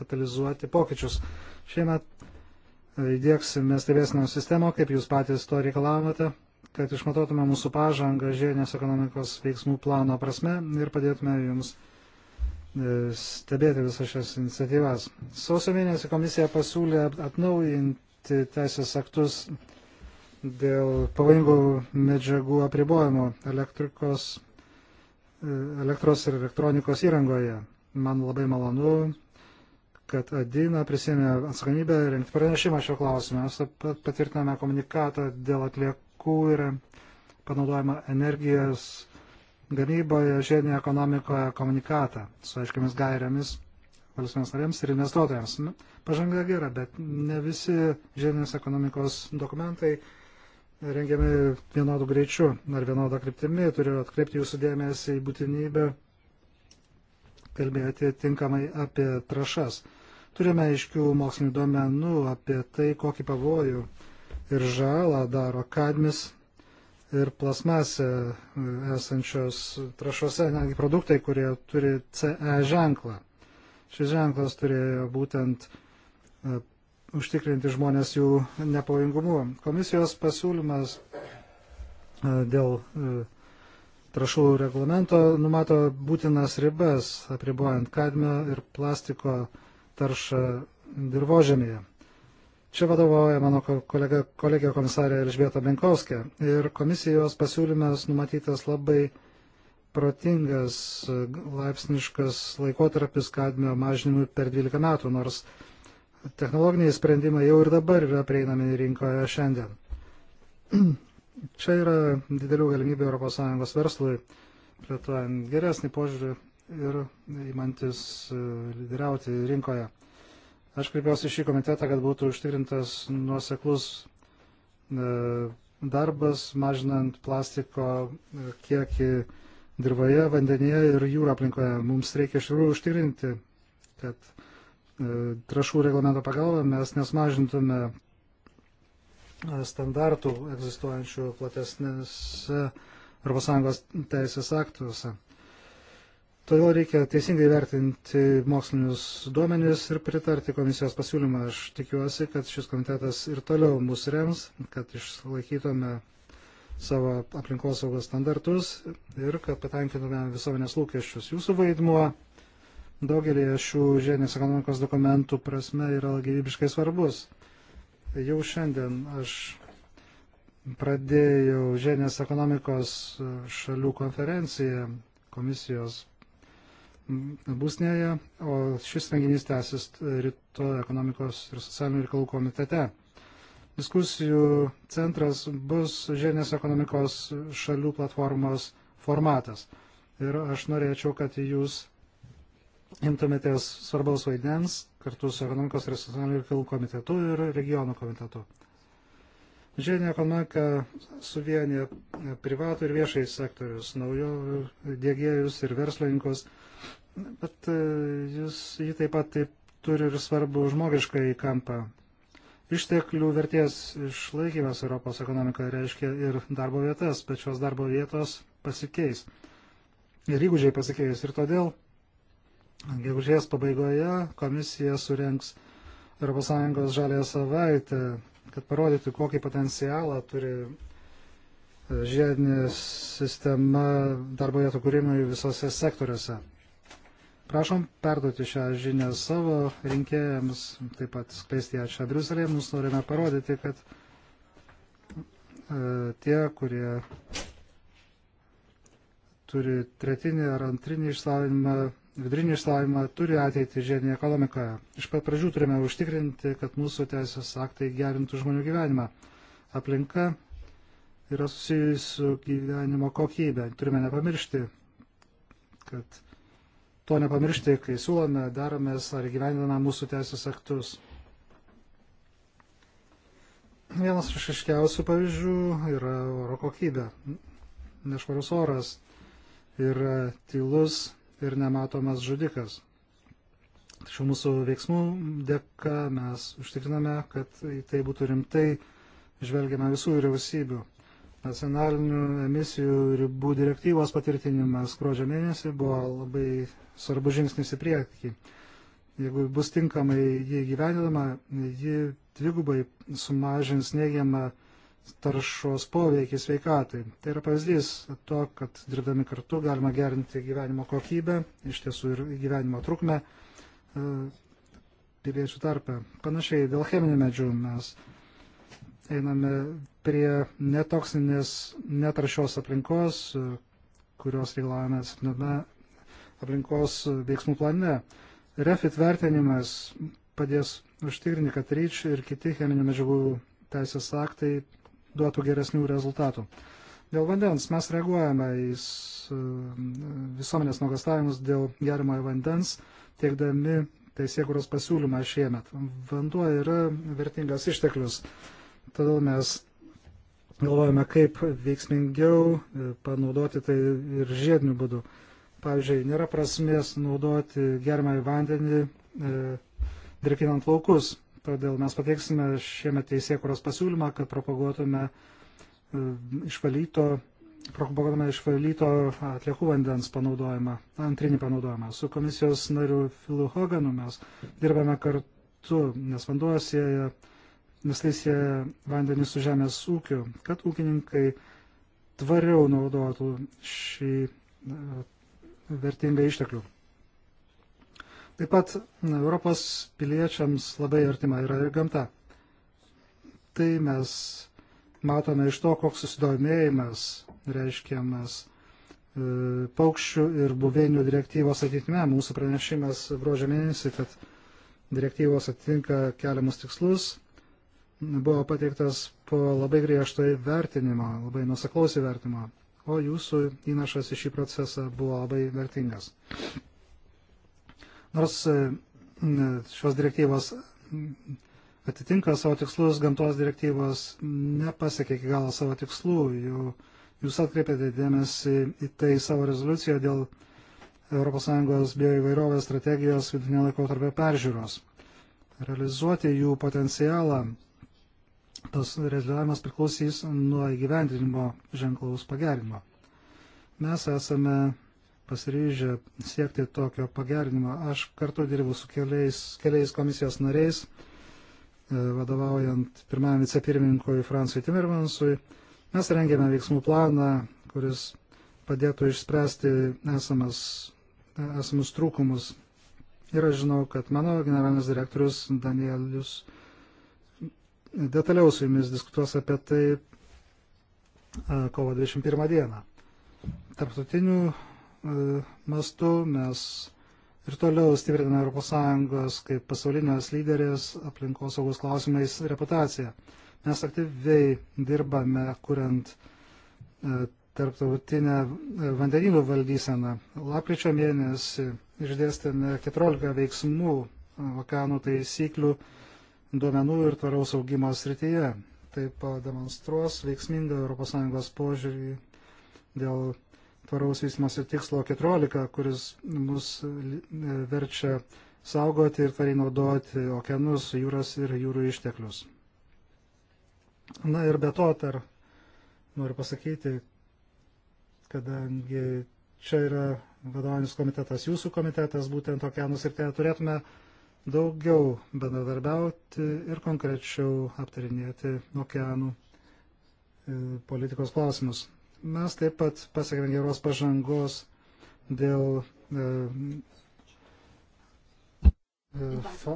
katalizuoti pokyčius. Šiemet e, įdėksime stebėsinio sistemą, kaip jūs patys to reikalavote, kad išmatuotume mūsų pažangą žiedinės ekonomikos veiksmų plano prasme ir padėtume jums e, stebėti visas šias iniciatyvas. Sausio mėnesį komisija pasiūlė atnaujinti teisės aktus dėl pavojingų medžiagų apribojimo elektrikos, e, elektros ir elektronikos įrangoje. Man labai malonu, kad Adina prisėmė atsakomybę rengti pranešimą šio klausimą. Mes patvirtiname komunikatą dėl atliekų ir panaudojama energijos gamyboje, žiedinėje ekonomikoje komunikatą su aiškiamis gairiamis valstybės narėms ir investuotojams. Pažanga gera, bet ne visi žiedinės ekonomikos dokumentai rengiami vienodu greičiu ar vienodą kryptimį. Turiu atkreipti jūsų dėmesį į būtinybę kalbėti tinkamai apie trašas. Turime aiškių mokslinių duomenų apie tai, kokį pavojų ir žalą daro kadmis ir plasmasė e, esančios trašose, netgi produktai, kurie turi CE ženklą. Šis ženklas turėjo būtent e, užtikrinti žmonės jų nepavojingumu. Komisijos pasiūlymas e, dėl e, trašų reglamento numato būtinas ribas, apribojant kadmio ir plastiko taršą dirbožemėje. Čia vadovauja mano kolega, kolegė komisarė Elžbieta Benkovskė. Ir komisijos pasiūlymas numatytas labai protingas e, laipsniškas laikotarpis kadmio mažinimui per 12 metų, nors technologiniai sprendimai jau ir dabar yra prieinami rinkoje šiandien. [clears throat] Čia yra didelių galimybių ES verslui, plėtojant geresnį požiūrį ir įmantis e, lyderiauti rinkoje. Aš kreipiausi šį komitetą, kad būtų užtikrintas nuoseklus e, darbas, mažinant plastiko e, kiekį dirboje, vandenyje ir jūro aplinkoje. Mums reikia iš tikrųjų užtikrinti, kad E, trašų reglamento pagalba mes nesmažintume e, standartų egzistuojančių platesnėse ES teisės aktuose. Todėl reikia teisingai vertinti mokslinius duomenis ir pritarti komisijos pasiūlymą. Aš tikiuosi, kad šis komitetas ir toliau mus rems, kad išlaikytume savo aplinkosaugos standartus ir kad patenkintume visuomenės lūkesčius. Jūsų vaidmuo daugelį šių žiedinės ekonomikos dokumentų prasme yra gyvybiškai svarbus. Jau šiandien aš pradėjau žiedinės ekonomikos šalių konferenciją komisijos būsnėje, o šis renginys tęsis ryto ekonomikos ir socialinių reikalų komitete. Diskusijų centras bus žiedinės ekonomikos šalių platformos formatas. Ir aš norėčiau, kad jūs imtumėtės svarbaus vaidmens kartu su ekonomikos ir socialinių reikalų komitetu ir regionų komitetu. Žiedinė ekonomika suvienė privatų ir viešai sektorius, naujovių dėgėjus ir verslininkus, bet e, jis, jį taip pat taip, turi ir svarbu žmogišką į kampą. Išteklių vertės išlaikymas Europos ekonomikoje reiškia ir darbo vietas, bet šios darbo vietos pasikeis. Ir įgūdžiai pasikeis. Ir todėl Gegužės pabaigoje komisija surenks ES žalėje savaitę, kad parodyti, kokį potencialą turi e, žiedinė sistema darbo vietų kūrimui visose sektoriuose. Prašom perduoti šią žinią savo rinkėjams, taip pat skleisti ją čia Briuselėje. Mums norime parodyti, kad e, tie, kurie turi tretinį ar antrinį išslavinimą, vidurinį išsilavimą turi ateitį žiedinėje ekonomikoje. Iš pat pradžių turime užtikrinti, kad mūsų teisės aktai gerintų žmonių gyvenimą. Aplinka yra susijusi su gyvenimo kokybė. Turime nepamiršti, kad to nepamiršti, kai siūlome, daromės ar gyvendiname mūsų teisės aktus. Vienas iš iškiausių pavyzdžių yra oro kokybė. Nešvarus oras yra tylus, ir nematomas žudikas. Tačiau mūsų veiksmų dėka mes užtikriname, kad į tai būtų rimtai žvelgiama visų vyriausybių. Nacionalinių emisijų ribų direktyvos patvirtinimas gruodžio mėnesį buvo labai svarbus žingsnis į priekį. Jeigu bus tinkamai jį gyvenidama, ji dvigubai sumažins neigiamą taršos poveikį sveikatai. Tai yra pavyzdys to, kad dirbdami kartu galima gerinti gyvenimo kokybę, iš tiesų ir gyvenimo trukmę e, piliečių tarpe. Panašiai dėl cheminių medžių mes einame prie netoksinės netaršios aplinkos, kurios reikalavome septintame aplinkos veiksmų plane. Refit vertinimas padės užtikrinti, kad ryč ir kiti cheminių medžiagų teisės aktai duotų geresnių rezultatų. Dėl vandens mes reaguojame į e, visuomenės nuogastavimus dėl gerimojo vandens, tiekdami teisėkuros pasiūlymą šiemet. Vanduo yra vertingas išteklius, todėl mes galvojame, kaip veiksmingiau e, panaudoti tai ir žiediniu būdu. Pavyzdžiui, nėra prasmės naudoti germąjį vandenį e, dirkinant laukus. Todėl mes pateiksime šiame teisėkuros pasiūlymą, kad propaguotume e, išvalyto, propaguotume išvalyto atliekų vandens panaudojimą, antrinį panaudojimą. Su komisijos nariu Filu Hoganu mes dirbame kartu, nes vanduo sieja, nes tai sieja vandenį su žemės ūkiu, kad ūkininkai tvariau naudotų šį e, vertingą išteklių. Taip pat Europos piliečiams labai artima yra ir gamta. Tai mes matome iš to, koks susidomėjimas reiškiamas e, paukščių ir buveinių direktyvos atitime. Mūsų pranešimas gruožio mėnesį, kad direktyvos atitinka keliamus tikslus, buvo pateiktas po labai griežto įvertinimo, labai nusaklaus įvertinimo, o jūsų įnašas į šį procesą buvo labai vertingas. Nors e, šios direktyvos atitinka savo tikslus, gamtos direktyvos nepasiekė iki galo savo tikslų. Jų, jūs atkreipėte dėmesį į tai savo rezoliuciją dėl ES bioįvairovės strategijos vidutinio laikotarpio peržiūros. Realizuoti jų potencialą, tas realizavimas priklausys nuo įgyvendinimo ženklaus pagerinimo. Mes esame pasiryžę siekti tokio pagerinimo. Aš kartu dirbu su keliais, keliais komisijos nariais, e, vadovaujant pirmajam vicepirmininkui Fransui Timmermansui. Mes rengėme veiksmų planą, kuris padėtų išspręsti esamas, esamus trūkumus. Ir aš žinau, kad mano generalinis direktorius Danielius detaliau su jumis diskutuos apie tai e, kovo 21 dieną. Tarptautinių E, mastu mes ir toliau stipriname ES kaip pasaulinės lyderės aplinkosaugos klausimais reputaciją. Mes aktyviai dirbame, kuriant e, tarptautinę e, vandenynų valdyseną. Lapkričio mėnesį išdėstėme 14 veiksmų vakanų taisyklių duomenų ir tvaraus augimo srityje. Tai pademonstruos veiksmingą ES požiūrį dėl tvaraus vystimosi tikslo 14, kuris mus e, verčia saugoti ir tvariai naudoti okeanus, jūras ir jūrų išteklius. Na ir be to dar noriu pasakyti, kadangi čia yra vadovaujantis komitetas, jūsų komitetas, būtent okeanus ir ten turėtume daugiau bendradarbiauti ir konkrečiau aptarinėti okeanų e, politikos klausimus. Mes taip pat pasiekėme geros pažangos dėl e, e fa,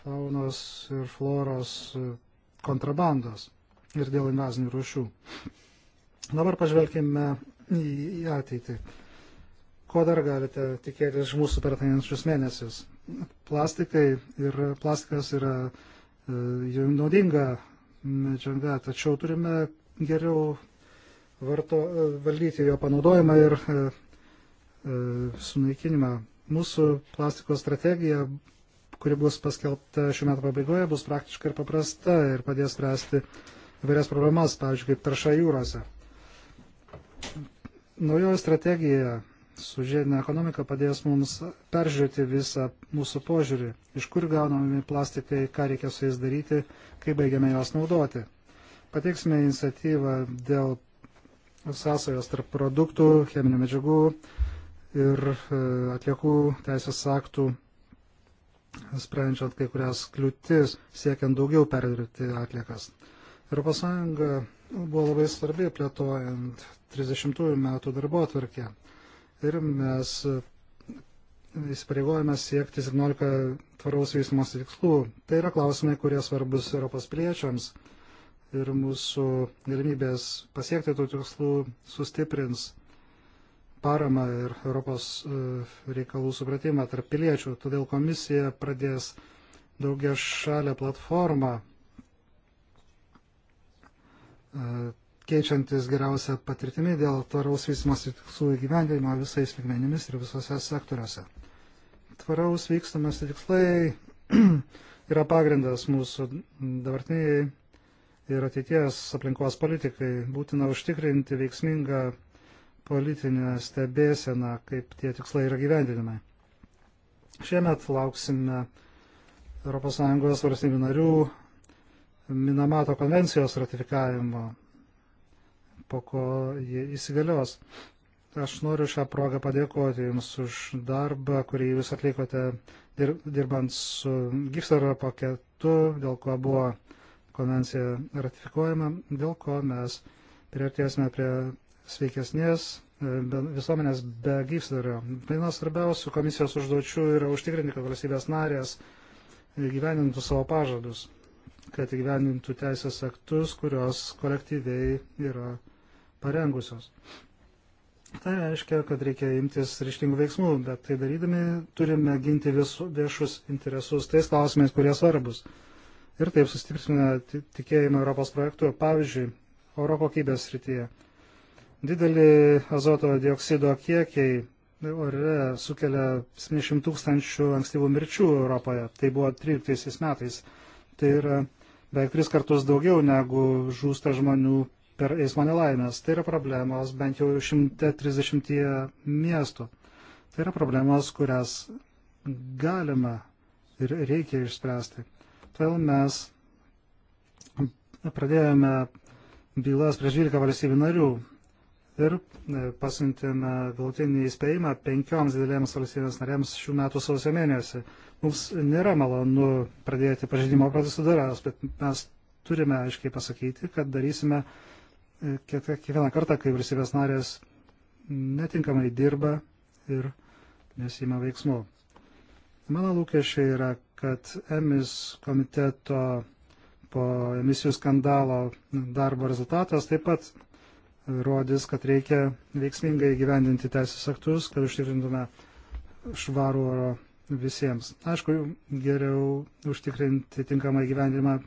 faunos ir floros e, kontrabandos ir dėl invazinių rūšių. Dabar pažvelkime į ateitį. Ko dar galite tikėtis iš mūsų per ateinančius mėnesius? Plastikai ir plastikas yra e, naudinga medžiaga, tačiau turime geriau varto, e, valdyti jo panaudojimą ir e, e, sunaikinimą. Mūsų plastiko strategija, kuri bus paskelbta šių metų pabaigoje, bus praktiška ir paprasta ir padės spręsti įvairias problemas, pavyzdžiui, kaip tarša jūrose. Naujoji strategija su žiedinė ekonomika padės mums peržiūrėti visą mūsų požiūrį, iš kur gaunami plastikai, ką reikia su jais daryti, kai baigiame juos naudoti. Pateiksime iniciatyvą dėl sąsajos tarp produktų, cheminių medžiagų ir e, atliekų teisės aktų, sprendžiant kai kurias kliūtis, siekiant daugiau perdirbti atliekas. ES buvo labai svarbi plėtojant 30-ųjų metų darbo atvarkę. Ir mes įsipareigojame siekti 17 tvaraus vystimosi tikslų. Tai yra klausimai, kurie svarbus Europos piliečiams ir mūsų galimybės pasiekti tų tikslų sustiprins paramą ir Europos e, reikalų supratimą tarp piliečių. Todėl komisija pradės daugia šalę platformą, e, keičiantis geriausią patirtimį dėl tvaraus vystimosi tikslų įgyvendinimo visais lygmenimis ir visose sektoriuose. Tvaraus vykstamasi tikslai [clears throat] yra pagrindas mūsų dabartiniai ir ateities aplinkos politikai. Būtina užtikrinti veiksmingą politinę stebėseną, kaip tie tikslai yra gyvendinami. Šiemet lauksime ES valstybių narių Minamato konvencijos ratifikavimo, po ko jie įsigalios. Aš noriu šią progą padėkoti Jums už darbą, kurį Jūs atlikote dirbant su Gipsaro paketu, dėl ko buvo konvencija ratifikuojama, dėl ko mes priartėsime prie sveikesnės e, visuomenės be gyvsdario. Tai Vienas svarbiausių komisijos užduočių yra užtikrinti, kad valstybės narės gyvenintų savo pažadus, kad gyvenintų teisės aktus, kurios kolektyviai yra parengusios. Tai reiškia, kad reikia imtis ryštingų veiksmų, bet tai darydami turime ginti visus viešus interesus tais klausimais, kurie svarbus ir taip sustiprina tikėjimą Europos projektu, pavyzdžiui, oro kokybės srityje. Dideli azoto dioksido kiekiai ore sukelia 700 tūkstančių ankstyvų mirčių Europoje. Tai buvo 13 metais. Tai yra beveik tris kartus daugiau negu žūsta žmonių per eismo nelaimės. Tai yra problemos bent jau 130 miestų. Tai yra problemos, kurias galima ir reikia išspręsti. Todėl mes pradėjome bylas prieš 12 valstybių narių ir e, pasiuntėme galutinį įspėjimą penkioms didelėms valstybės narėms šių metų sausio mėnesį. Mums nėra malonu pradėti pažeidimo procedūras, bet mes turime aiškiai pasakyti, kad darysime e, kiekvieną kartą, kai valstybės narės netinkamai dirba ir nesima veiksmų. Mano lūkesčiai yra, kad emis komiteto po emisijų skandalo darbo rezultatas taip pat rodys, kad reikia veiksmingai gyvendinti teisės aktus, kad užtikrintume švarų oro visiems. Aišku, geriau užtikrinti tinkamą gyvendimą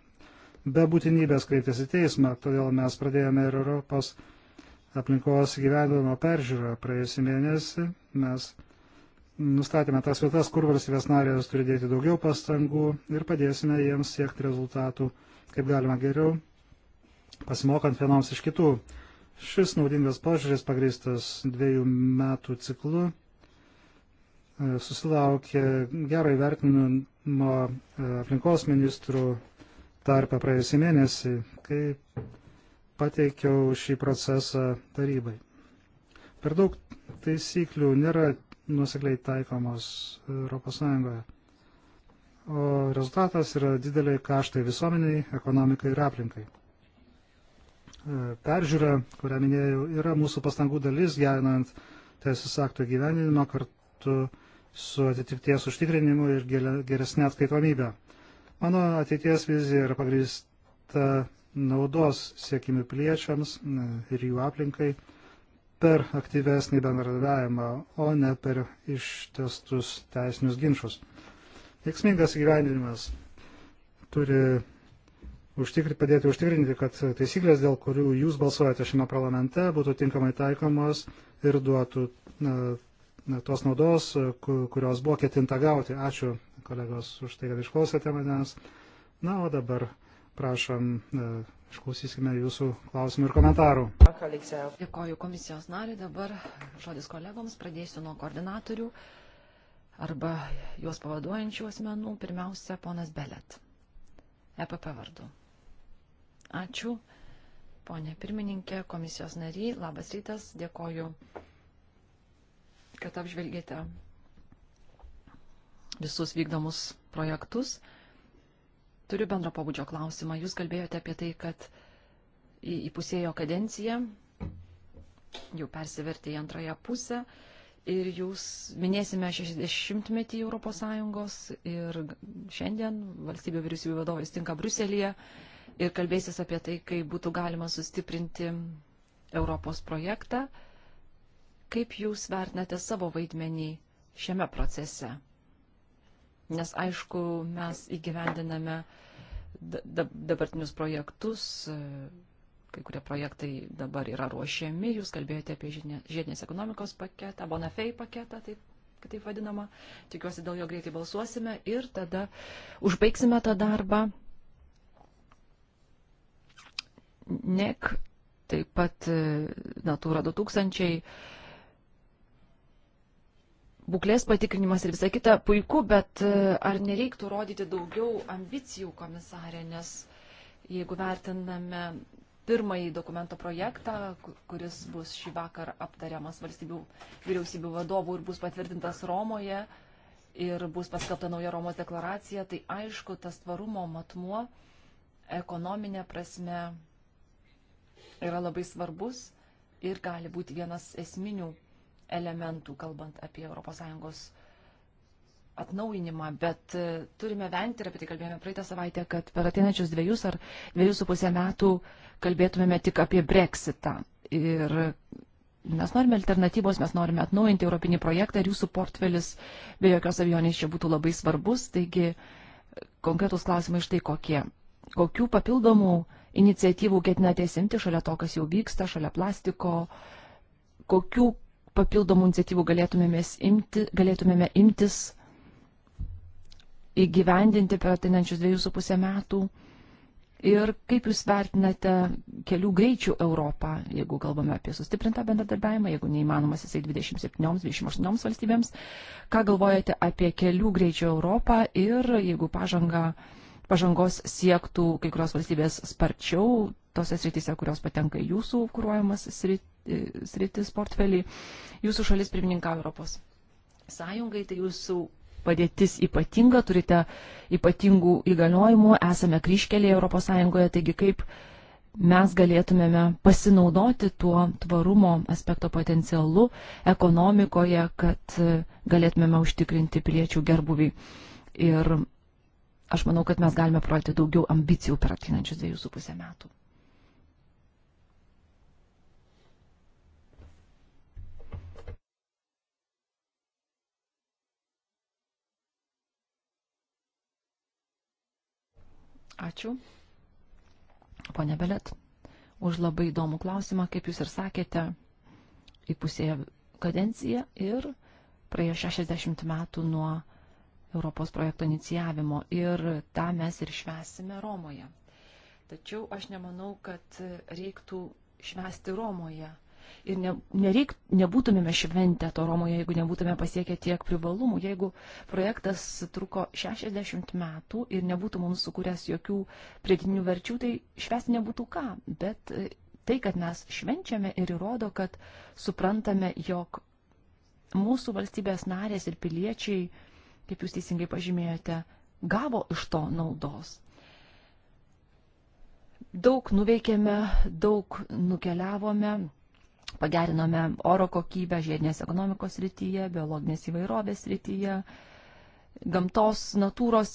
be būtinybės kreiptis į teismą, todėl mes pradėjome ir Europos aplinkos gyvenimo peržiūrą praėjusį mėnesį. Mes nustatėme tas vietas, kur valstybės narės turi dėti daugiau pastangų ir padėsime jiems siekti rezultatų kaip galima geriau, pasimokant vienoms iš kitų. Šis naudingas požiūris pagrįstas dviejų metų ciklu e, susilaukė gerai vertinimo e, aplinkos ministrų tarpę praėjusį mėnesį, kai pateikiau šį procesą tarybai. Per daug taisyklių nėra nusekliai taikomos ES. O rezultatas yra dideliai kaštai visuomeniai, ekonomikai ir aplinkai. E, peržiūra, kurią minėjau, yra mūsų pastangų dalis, gerinant teisės aktų gyvenimą kartu su atitikties užtikrinimu ir geresnė atskaitomybė. Mano ateities vizija yra pagrįsta naudos siekimi piliečiams e, ir jų aplinkai per aktyvesnį bendradavimą, o ne per ištestus teisinius ginčius. Veiksmingas gyvenimas turi užtikri, padėti užtikrinti, kad taisyklės, dėl kurių jūs balsuojate šiame parlamente, būtų tinkamai taikomos ir duotų na, na, tos naudos, kurios buvo ketinta gauti. Ačiū kolegos už tai, kad išklausėte manęs. Na, o dabar prašom. Na, Išklausysime jūsų klausimų ir komentarų. Dėkoju komisijos nariui. Dabar žodis kolegoms pradėsiu nuo koordinatorių arba juos pavaduojančių asmenų. Pirmiausia, ponas Belet. EPP vardu. Ačiū. Pone pirmininkė, komisijos nariai, labas rytas. Dėkoju, kad apžvelgėte visus vykdomus projektus. Turiu bendro pabudžio klausimą. Jūs kalbėjote apie tai, kad įpusėjo kadenciją, jau persivertė į antrąją pusę ir jūs minėsime 60-metį ES ir šiandien valstybių vyriausybių vadovai stinka Bruselėje ir kalbėsis apie tai, kaip būtų galima sustiprinti Europos projektą. Kaip jūs vertinate savo vaidmenį šiame procese? Nes aišku, mes įgyvendiname dabartinius projektus, e, kai kurie projektai dabar yra ruošiami, jūs kalbėjote apie žiedinės ekonomikos paketą, Bonafei paketą, taip kitaip vadinama, tikiuosi dėl jo greitai balsuosime ir tada užbaigsime tą darbą. NEC, taip pat e, Natūra 2000 būklės patikrinimas ir visa kita puiku, bet e, ar nereiktų rodyti daugiau ambicijų komisarė, nes jeigu vertiname pirmąjį dokumento projektą, kuris bus šį vakar aptariamas valstybių vyriausybių vadovų ir bus patvirtintas Romoje ir bus paskelbta nauja Romos deklaracija, tai aišku, tas tvarumo matmuo ekonominė prasme yra labai svarbus ir gali būti vienas esminių elementų, kalbant apie ES atnaujinimą, bet e, turime vengti, ir apie tai kalbėjome praeitą savaitę, kad per ateinančius dviejus ar dviejus su pusė metų kalbėtumėme tik apie breksitą. Ir mes norime alternatyvos, mes norime atnaujinti europinį projektą ir jūsų portfelis be jokios abejonės čia būtų labai svarbus. Taigi konkretus klausimai štai kokie. Kokių papildomų iniciatyvų ketinate įsimti šalia to, kas jau vyksta, šalia plastiko? Kokių papildomų iniciatyvų imti, galėtumėme imtis įgyvendinti per atinančius dviejus su pusę metų. Ir kaip Jūs vertinate kelių greičių Europą, jeigu kalbame apie sustiprintą bendradarbiavimą, jeigu neįmanomas jisai 27-28 valstybėms, ką galvojate apie kelių greičių Europą ir jeigu pažanga, pažangos siektų kai kurios valstybės sparčiau, tose srityse, kurios patenka į jūsų kūruojamas e, sritis portfelį. Jūsų šalis pirmininkavo Europos sąjungai, tai jūsų padėtis ypatinga, turite ypatingų įgaliojimų, esame kryškelėje Europos sąjungoje, taigi kaip mes galėtumėme pasinaudoti tuo tvarumo aspekto potencialu ekonomikoje, kad e, galėtumėme užtikrinti piliečių gerbuvį. Ir aš manau, kad mes galime projekti daugiau ambicijų per ateinančius dviejus su pusę metų. Ačiū, ponė Belet, už labai įdomų klausimą, kaip jūs ir sakėte, į pusėje kadenciją ir praėjo 60 metų nuo Europos projekto inicijavimo ir tą mes ir švesime Romoje. Tačiau aš nemanau, kad reiktų švesti Romoje ir ne, nereik, nebūtumėme šventę to Romoje, jeigu nebūtume pasiekę tiek privalumų, jeigu projektas truko 60 metų ir nebūtų mums sukūręs jokių pridinių verčių, tai švęsti nebūtų ką, bet e, tai, kad mes švenčiame ir įrodo, kad suprantame, jog mūsų valstybės narės ir piliečiai, kaip jūs teisingai pažymėjote, gavo iš to naudos daug nuveikėme, daug nukeliavome, Pagerinome oro kokybę žiedinės ekonomikos rytyje, biologinės įvairovės rytyje, gamtos, natūros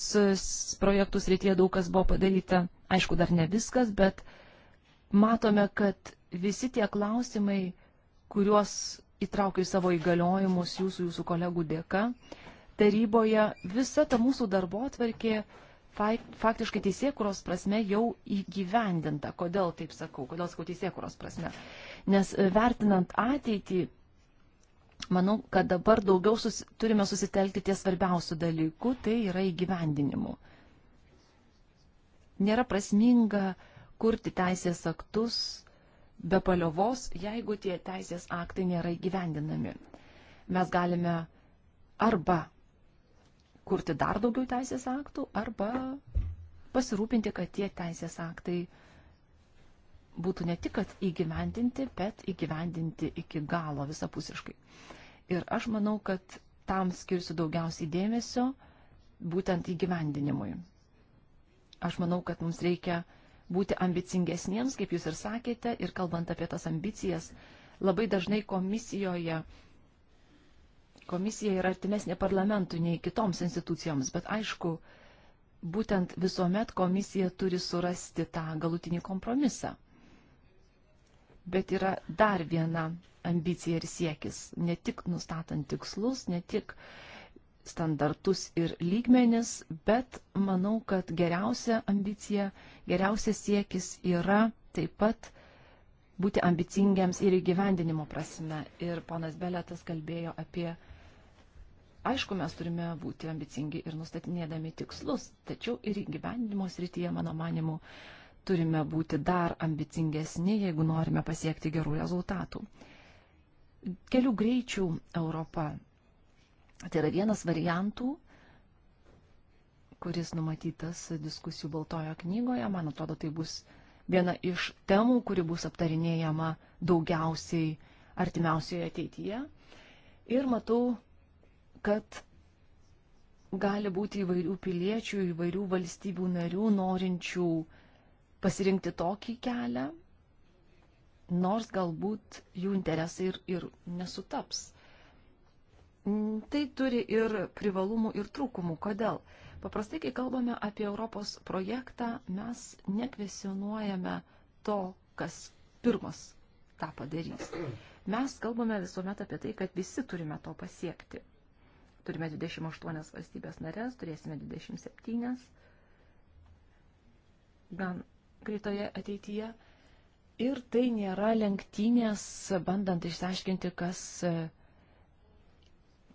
projektus rytyje daug kas buvo padaryta. Aišku, dar ne viskas, bet matome, kad visi tie klausimai, kuriuos įtraukiu į savo įgaliojimus jūsų, jūsų kolegų dėka, taryboje visa ta mūsų darbo atverkė faktiškai teisėkuros prasme jau įgyvendinta. Kodėl taip sakau? Kodėl sakau teisėkuros prasme? Nes e, vertinant ateitį, manau, kad dabar daugiau susi turime susitelkti ties svarbiausių dalykų, tai yra įgyvendinimu. Nėra prasminga kurti teisės aktus be paliovos, jeigu tie teisės aktai nėra įgyvendinami. Mes galime arba kurti dar daugiau teisės aktų, arba pasirūpinti, kad tie teisės aktai uh, būtų ne tik įgyvendinti, bet įgyvendinti iki galo visapusiškai. Ir aš manau, kad tam skirsiu daugiausiai dėmesio būtent įgyvendinimui. Aš manau, kad mums reikia būti ambicingesniems, kaip jūs ir sakėte, ir kalbant apie tas ambicijas, labai dažnai komisijoje, komisija yra artimesnė parlamentui nei kitoms institucijoms, bet aišku, būtent visuomet komisija turi surasti tą galutinį kompromisą bet yra dar viena ambicija ir siekis. Ne tik nustatant tikslus, ne tik standartus ir lygmenis, bet manau, kad geriausia ambicija, geriausias siekis yra taip pat būti ambicingiams ir įgyvendinimo prasme. Ir ponas Beletas kalbėjo apie, aišku, mes turime būti ambicingi ir nustatinėdami tikslus, tačiau ir įgyvendinimo srityje, mano manimu, turime būti dar ambicingesni, jeigu norime pasiekti gerų rezultatų. Kelių greičių Europa. Tai yra vienas variantų, kuris numatytas diskusijų Baltojo knygoje. Man atrodo, tai bus viena iš temų, kuri bus aptarinėjama daugiausiai artimiausioje ateityje. Ir matau, kad gali būti įvairių piliečių, įvairių valstybių narių, norinčių uh, pasirinkti tokį kelią, nors galbūt jų interesai ir, ir nesutaps. Mm, tai turi ir privalumų, ir trūkumų. Kodėl? Paprastai, kai kalbame apie Europos projektą, mes nekvesionuojame to, kas pirmas tą padarys. Mes kalbame visuomet apie tai, kad visi turime to pasiekti. Turime 28 valstybės narės, turėsime 27. Gan greitoje ateityje. Ir tai nėra lenktynės, bandant išsiaiškinti, kas e,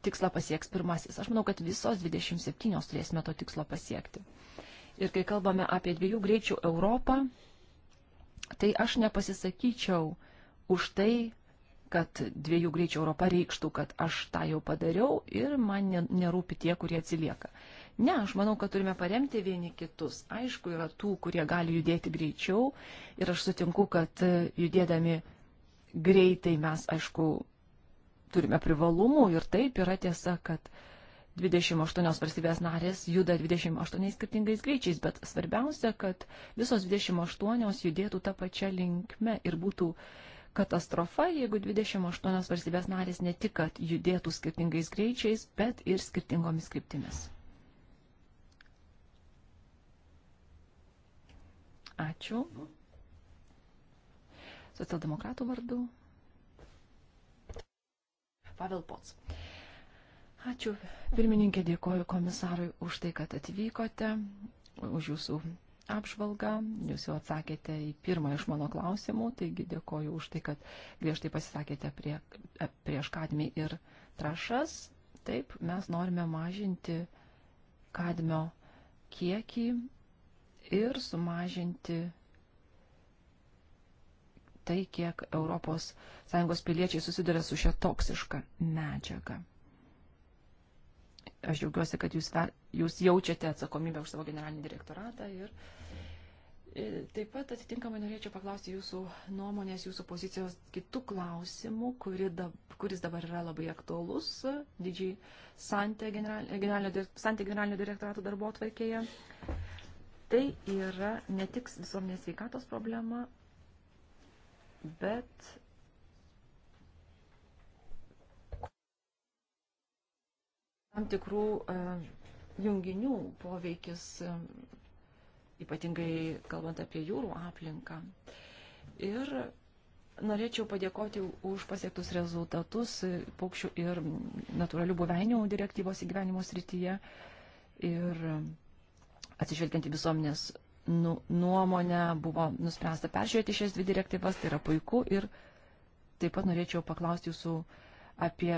tikslą pasieks pirmasis. Aš manau, kad visos 27 turėsime to tikslo pasiekti. Ir kai kalbame apie dviejų greičių Europą, tai aš nepasisakyčiau už tai, kad dviejų greičių Europa reikštų, kad aš tą jau padariau ir man nerūpi tie, kurie atsilieka. Uh, Ne, aš manau, kad turime paremti vieni kitus. Aišku, yra tų, kurie gali judėti greičiau ir aš sutinku, kad e, judėdami greitai mes, aišku, turime privalumų ir taip yra tiesa, kad 28 valstybės narės juda 28 skirtingais greičiais, bet svarbiausia, kad visos 28 judėtų tą pačią linkmę ir būtų katastrofa, jeigu 28 valstybės narės ne tik, kad judėtų skirtingais greičiais, bet ir skirtingomis kryptimis. Ačiū. Socialdemokratų vardu. Pavel Pots. Ačiū. Pirmininkė, dėkoju komisarui už tai, kad atvykote, už jūsų apžvalgą. Jūs jau atsakėte į pirmą iš mano klausimų, taigi dėkoju už tai, kad griežtai pasisakėte prie, prieš kadmį ir trašas. Taip, mes norime mažinti kadmio kiekį ir sumažinti tai, kiek ES piliečiai susiduria su šia toksiška medžiaga. Aš džiaugiuosi, kad jūs, jūs jaučiate atsakomybę už savo generalinį direktoratą ir e, taip pat atitinkamai norėčiau paklausti jūsų nuomonės, jūsų pozicijos kitų klausimų, kuri dab, kuris dabar yra labai aktuolus e, didžiai Santė e, generalinio, generalinio, generalinio direktorato darbo atvarkėje. Tai yra ne tik visuomenės sveikatos problema, bet tam tikrų e, junginių poveikis, e, ypatingai kalbant apie jūrų aplinką. Ir norėčiau padėkoti už pasiektus rezultatus e, paukščių ir natūralių buveinių direktyvos įgyvenimo srityje. Ir atsižvelgiant į visuomenės nu, nuomonę, buvo nuspręsta peržiūrėti šias dvi direktyvas, tai yra puiku. Ir taip pat norėčiau paklausti jūsų apie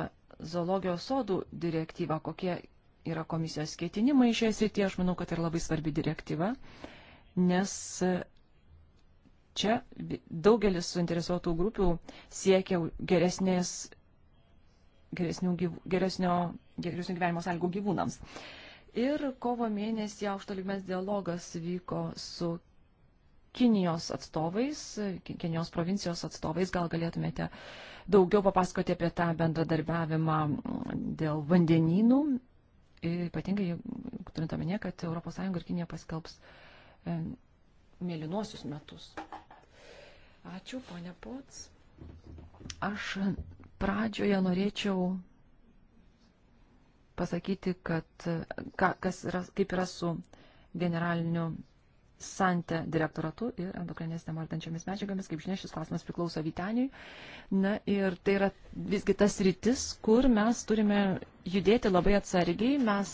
zoologijos sodų direktyvą, kokie yra komisijos ketinimai šioje srityje. Aš manau, kad tai yra labai svarbi direktyva, nes čia daugelis suinteresuotų grupių siekia geresnės geresnių, geresnio, geresnių gyvenimo sąlygų gyvūnams. Ir kovo mėnesį aukšto lygmens dialogas vyko su Kinijos atstovais, Kinijos provincijos atstovais. Gal galėtumėte daugiau papasakoti apie tą bendradarbiavimą mm, dėl vandenynų, ypatingai turint omenyje, kad ES ir Kinija paskelbs mėlynuosius metus. Ačiū, ponia Pots. Aš pradžioje norėčiau pasakyti, kad, ka, kas yra, kaip yra su generaliniu santė direktoratu ir endokrinės nemordančiomis medžiagomis. Kaip žinia, šis klausimas priklauso Viteniui. Na ir tai yra visgi tas rytis, kur mes turime judėti labai atsargiai. Mes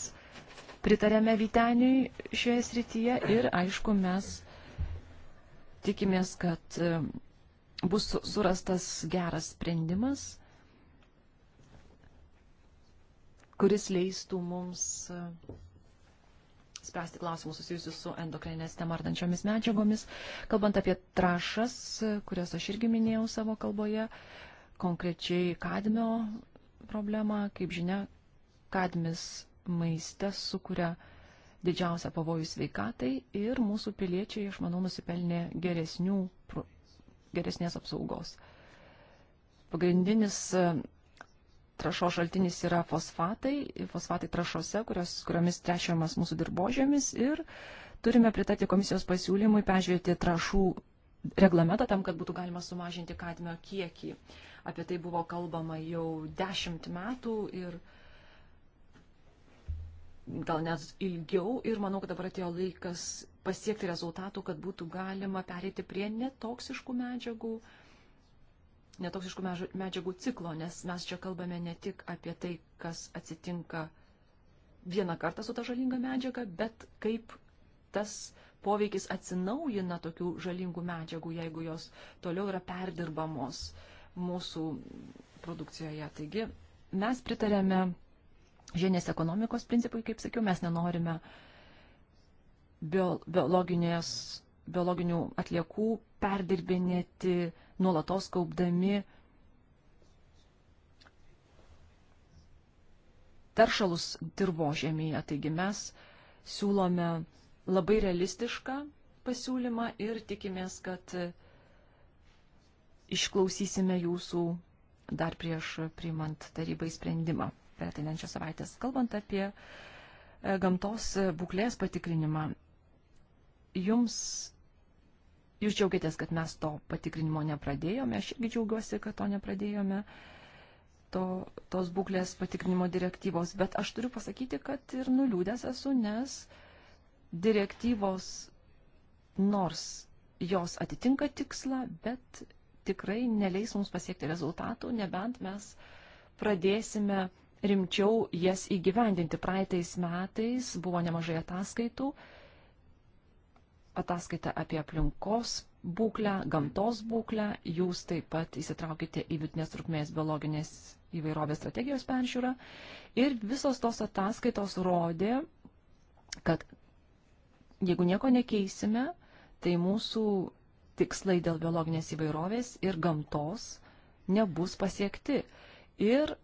pritarėme Viteniui šioje srityje ir, aišku, mes tikimės, kad e, bus surastas geras sprendimas kuris leistų mums e, spręsti klausimus susijusius su endokrinės temardančiomis medžiagomis. Kalbant apie trašas, e, kurias aš irgi minėjau savo kalboje, konkrečiai kadmio problemą, kaip žinia, kadmis maiste sukuria didžiausią pavojų sveikatai ir mūsų piliečiai, aš manau, nusipelnė geresnių, geresnės apsaugos. Pagrindinis e, trašos šaltinis yra fosfatai, fosfatai trašose, kurios, kuriomis trešiamas mūsų dirbožėmis ir turime pritarti komisijos pasiūlymui peržiūrėti trašų reglamentą tam, kad būtų galima sumažinti kadmio kiekį. Apie tai buvo kalbama jau dešimt metų ir gal net ilgiau ir manau, kad dabar atėjo laikas pasiekti rezultatų, kad būtų galima pereiti prie netoksiškų medžiagų, uh, netoksiškų medžiagų ciklo, nes mes čia kalbame ne tik apie tai, kas atsitinka vieną kartą su ta žalinga medžiaga, bet kaip tas poveikis atsinaujina tokių žalingų medžiagų, jeigu jos toliau yra perdirbamos mūsų produkcijoje. Taigi mes pritarėme žienės ekonomikos principui, kaip sakiau, mes nenorime biologinės biologinių atliekų perdirbinėti nuolatos kaupdami teršalus dirbožėmėje. Taigi mes siūlome labai realistišką pasiūlymą ir tikimės, kad išklausysime jūsų dar prieš priimant tarybai sprendimą per ateinančią savaitę. Kalbant apie e, gamtos e, būklės patikrinimą, jums Jūs džiaugiatės, kad mes to patikrinimo nepradėjome, aš irgi džiaugiuosi, kad to nepradėjome, to, tos būklės patikrinimo direktyvos, bet aš turiu pasakyti, kad ir nuliūdęs esu, nes direktyvos nors jos atitinka tikslą, bet tikrai neleis mums pasiekti rezultatų, nebent mes pradėsime rimčiau jas įgyvendinti. Praeitais metais buvo nemažai ataskaitų ataskaitą apie aplinkos būklę, gamtos būklę. Jūs taip pat įsitraukite į vidutinės trukmės biologinės įvairovės strategijos peržiūrą. Ir visos tos ataskaitos rodė, kad jeigu nieko nekeisime, tai mūsų tikslai dėl biologinės įvairovės ir gamtos nebus pasiekti. Ir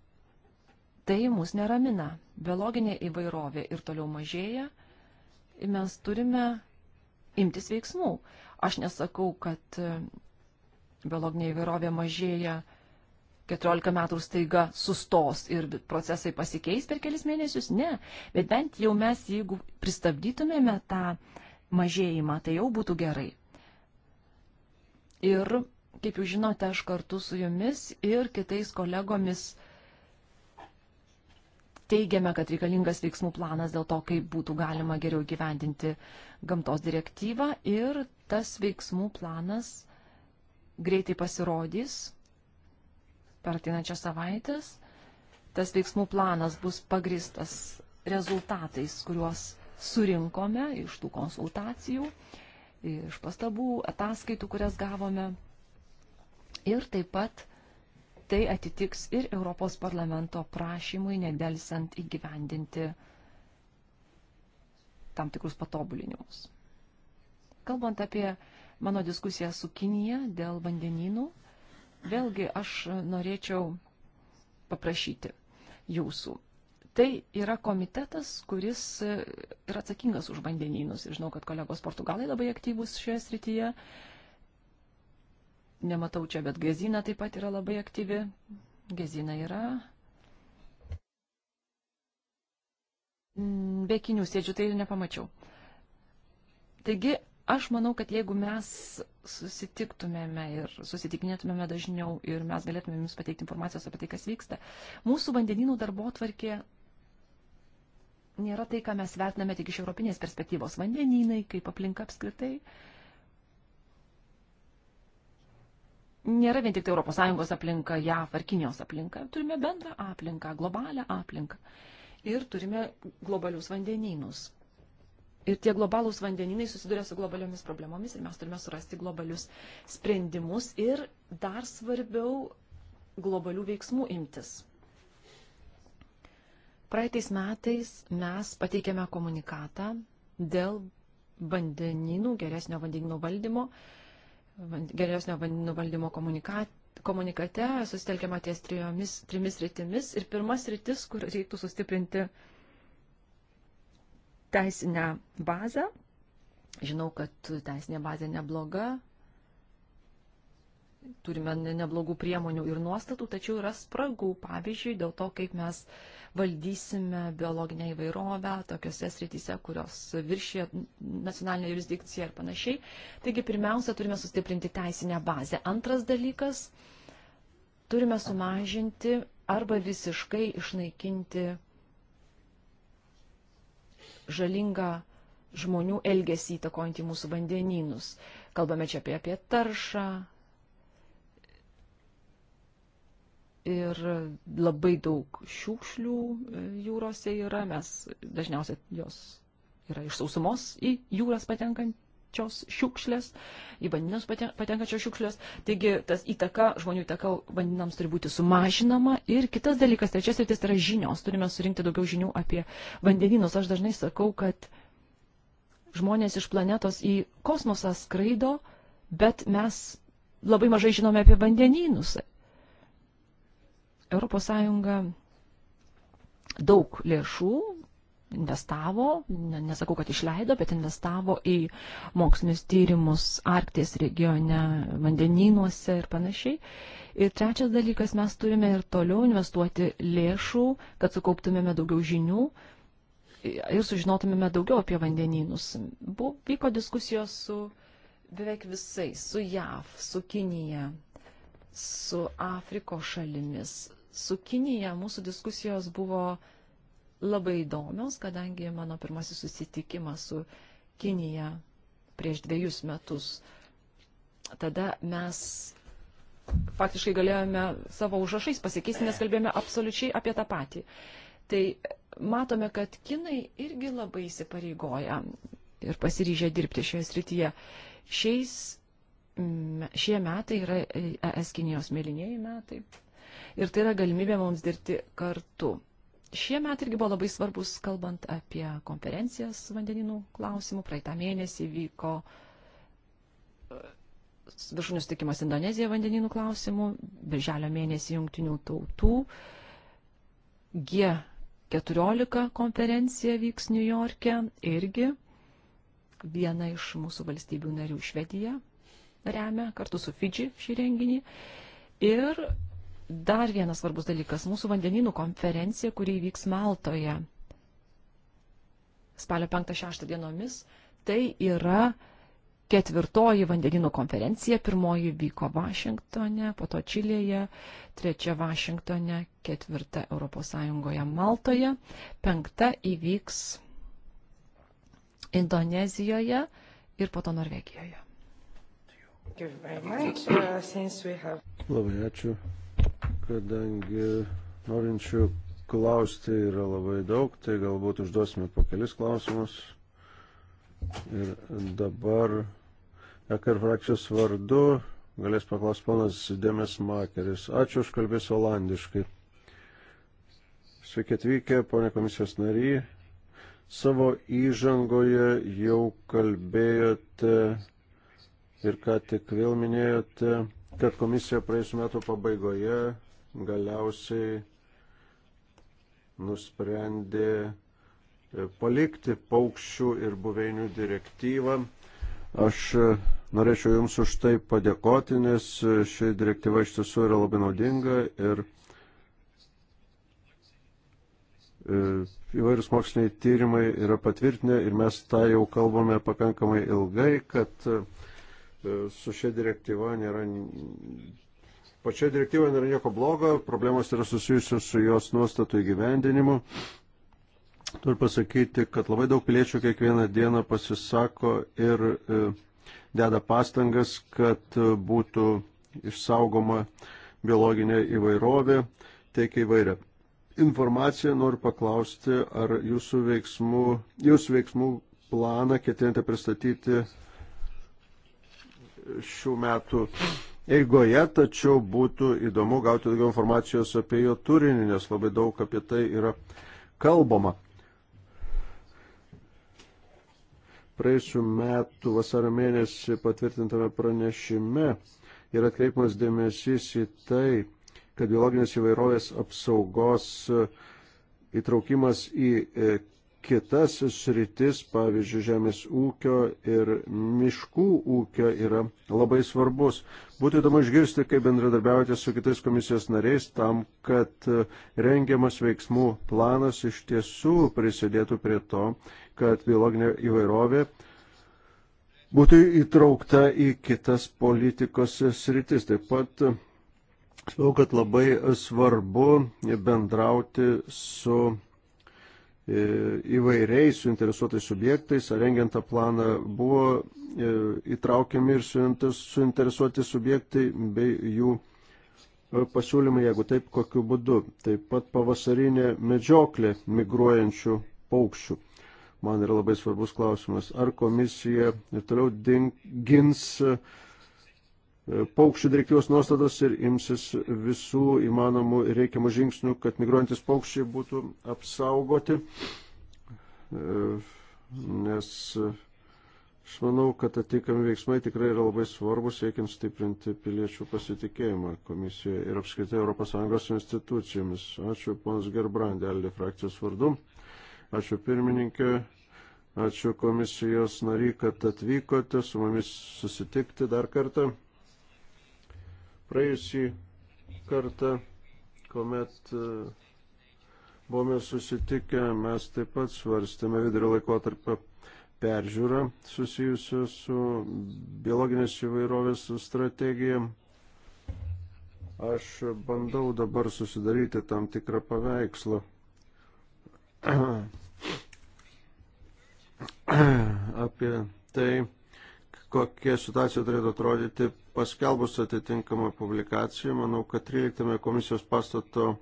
tai mus neramina. Biologinė įvairovė ir toliau mažėja. Ir mes turime imtis veiksmų. Aš nesakau, kad e, biologinė įvairovė mažėja 14 metų staiga sustos ir procesai pasikeis per kelis mėnesius. Ne, bet bent jau mes, jeigu pristabdytumėme tą mažėjimą, tai jau būtų gerai. Ir, kaip jūs žinote, aš kartu su jumis ir kitais kolegomis teigiame, kad reikalingas veiksmų planas dėl to, kaip būtų galima geriau gyvendinti gamtos direktyvą ir tas veiksmų planas greitai pasirodys per ateinančias savaitės. Tas veiksmų planas bus pagristas rezultatais, kuriuos surinkome iš tų konsultacijų, iš pastabų, ataskaitų, kurias gavome. Ir taip pat tai atitiks ir Europos parlamento prašymui nedelsant įgyvendinti tam tikrus patobulinimus. Kalbant apie mano diskusiją su Kinija dėl vandenynų, vėlgi aš norėčiau paprašyti jūsų. Tai yra komitetas, kuris yra atsakingas už vandenynus. Ir žinau, kad kolegos portugalai labai aktyvus šioje srityje. Uh, nematau čia, bet Gezina taip pat yra labai aktyvi. Gezina yra. Mm, be kinių sėdžiu, tai ir nepamačiau. Taigi, aš manau, kad jeigu mes susitiktumėme ir susitikinėtumėme dažniau ir mes galėtumėm jums pateikti informacijos apie tai, kas vyksta, mūsų vandeninų darbo tvarkė nėra tai, ką mes vertiname tik iš europinės perspektyvos. Vandenynai, kaip aplinka apskritai, nėra vien tik tai ES aplinka, JAV ar Kinijos aplinka. Turime bendrą aplinką, globalią aplinką. Ir turime globalius vandenynus. Ir tie globalūs vandeninai susiduria su globaliomis problemomis ir mes turime surasti globalius sprendimus ir dar svarbiau globalių veiksmų imtis. Praeitais metais mes pateikėme komunikatą dėl vandeninų, geresnio vandeninų valdymo, uh, geresnio vandenų valdymo komunikacijos komunikate susitelkiama ties trijomis, trimis rytimis. Ir pirmas rytis, kur reiktų sustiprinti teisinę bazę. Žinau, kad teisinė bazė nebloga, turime neblogų priemonių ir nuostatų, tačiau yra spragų, pavyzdžiui, dėl to, kaip mes valdysime biologinę įvairovę tokiuose srityse, kurios viršė nacionalinę jurisdikciją ir panašiai. Taigi, pirmiausia, turime sustiprinti teisinę bazę. Antras dalykas, turime sumažinti arba visiškai išnaikinti žalingą žmonių elgesį įtakojantį mūsų vandenynus. Kalbame čia apie, apie taršą, ir labai daug šiukšlių e, jūrose yra, mes dažniausiai jos yra iš sausumos į jūras patenkančios šiukšlės, į vandenus patenkančios šiukšlės. Taigi tas įtaka, žmonių įtaka vandenams turi būti sumažinama. Ir kitas dalykas, trečias rytis tai yra žinios. Turime surinkti daugiau žinių apie vandeninus. Aš dažnai sakau, kad žmonės iš planetos į kosmosą skraido, bet mes labai mažai žinome apie vandenynus ES daug lėšų investavo, nesakau, kad išleido, bet investavo į mokslinius tyrimus Arkties regione, vandenynuose ir panašiai. Ir trečias dalykas, mes turime ir toliau investuoti lėšų, kad sukauptumėme daugiau žinių ir sužinotumėme daugiau apie vandenynus. Buvo, vyko diskusijos su beveik visais, su JAV, su Kinija, su Afriko šalimis. Su Kinija mūsų diskusijos buvo labai įdomios, kadangi mano pirmasis susitikimas su Kinija prieš dviejus metus. Tada mes faktiškai galėjome savo užrašais pasikeisti, nes kalbėjome absoliučiai apie tą patį. Tai matome, kad kinai irgi labai įsipareigoja ir pasiryžę dirbti šioje srityje. Šiais šie metai yra ES Kinijos mėlynieji metai. Ir tai yra galimybė mums dirbti kartu. Šie metai irgi buvo labai svarbus, kalbant apie konferencijas vandeninų klausimų. Praeitą mėnesį vyko e, viršūnių sutikimas Indonezija vandeninų klausimų, birželio mėnesį jungtinių tautų, G14 konferencija vyks Niujorke irgi viena iš mūsų valstybių narių Švedija remia kartu su Fidži šį renginį. Ir dar vienas svarbus dalykas - mūsų vandeninų konferencija, kuri vyks Maltoje spalio 5-6 dienomis. Tai yra ketvirtoji vandeninų konferencija, pirmoji vyko Vašingtone, po to Čilėje, trečia Vašingtone, ketvirta ES Maltoje, penkta įvyks Indonezijoje ir po to Norvegijoje. Uh, labai ačiū, kadangi norinčių klausti yra labai daug, tai galbūt užduosime po kelis klausimus. Ir dabar Ekar frakcijos vardu galės paklausti ponas Dėmes Makeris. Ačiū, aš kalbėsiu olandiškai. Sveiki atvykę, ponė komisijos nary. Savo įžangoje jau kalbėjote ir ką tik vėl minėjote, kad komisija praėjusiu metu pabaigoje galiausiai nusprendė e, palikti paukščių ir buveinių direktyvą. Aš e, norėčiau Jums už tai padėkoti, nes e, ši direktyva iš tiesų yra labai naudinga ir įvairius moksliniai tyrimai yra patvirtinę ir mes tą jau kalbame pakankamai ilgai, kad E, su šia direktyva nėra. Pačia direktyva nėra nieko blogo, problemos yra susijusios su jos nuostatų įgyvendinimu. Turiu pasakyti, kad labai daug piliečių kiekvieną dieną pasisako ir e, deda pastangas, kad e, būtų išsaugoma biologinė įvairovė, teikia įvairią informaciją. Noriu paklausti, ar jūsų veiksmų, jūsų veiksmų planą ketinate pristatyti šių metų eigoje, tačiau būtų įdomu gauti daugiau informacijos apie jo turinį, nes labai daug apie tai yra kalbama. Praėjusiu metu vasario mėnesį patvirtintame pranešime yra atkreipimas dėmesys į tai, kad biologinės įvairovės apsaugos įtraukimas į e, kitas sritis, pavyzdžiui, žemės ūkio ir miškų ūkio yra labai svarbus. Būtų įdomu išgirsti, kaip bendradarbiavote su kitais komisijos nariais tam, kad e, rengiamas veiksmų planas iš tiesų prisidėtų prie to, kad biologinė įvairovė būtų įtraukta į kitas politikos sritis. Taip pat Žinau, e, kad labai svarbu bendrauti su E, įvairiai suinteresuotais subjektais, rengiant tą planą buvo e, įtraukiami ir suinteresuoti subjektai bei jų e, pasiūlymai, jeigu taip, kokiu būdu. Taip pat pavasarinė medžioklė migruojančių paukščių. Man yra labai svarbus klausimas, ar komisija ir toliau ding, gins uh, E, paukščių direktyvos nuostatas ir imsis visų įmanomų reikiamų žingsnių, kad migruojantis paukščiai būtų apsaugoti, e, nes e, aš manau, kad atitinkami veiksmai tikrai yra labai svarbus, siekiant stiprinti piliečių pasitikėjimą komisijoje ir apskritai ES institucijomis. Ačiū ponas Gerbrandė, Aldė frakcijos vardu. Ačiū pirmininkė. Ačiū komisijos nary, kad atvykote su mumis susitikti dar kartą. Praėjusį kartą, kuomet e, buvome susitikę, mes taip pat svarstėme vidurio laikotarpio peržiūrą susijusią su biologinės įvairovės strategija. Aš bandau dabar susidaryti tam tikrą paveikslą [clears throat] apie tai, kokia situacija turėtų atrodyti paskelbus atitinkamą publikaciją, manau, kad 13 komisijos pastato e,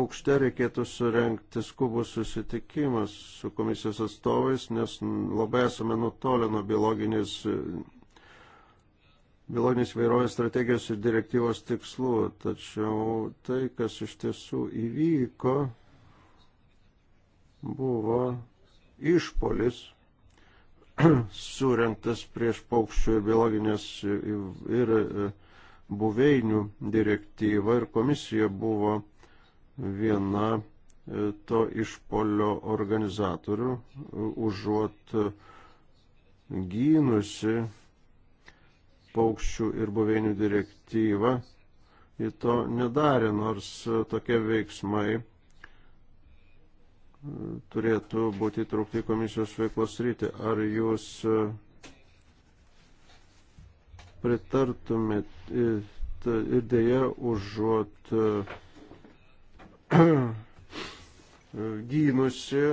aukšte reikėtų surenkti skubų susitikimą su komisijos atstovais, nes labai esame nutolę nuo biologinės, e, biologinės vairovės strategijos ir direktyvos tikslų. Tačiau tai, kas iš tiesų įvyko, buvo išpolis [clears throat] surinktas prieš paukščių ir biologinės ir e, buveinių direktyva ir komisija buvo viena e, to išpolio organizatorių e, užuot gynusi paukščių ir buveinių direktyvą, ji to nedarė, nors tokie veiksmai turėtų būti įtraukti į komisijos veiklos rytį. Ar jūs e, pritartumėt e, ir dėja užuot e, [clears throat] gynusi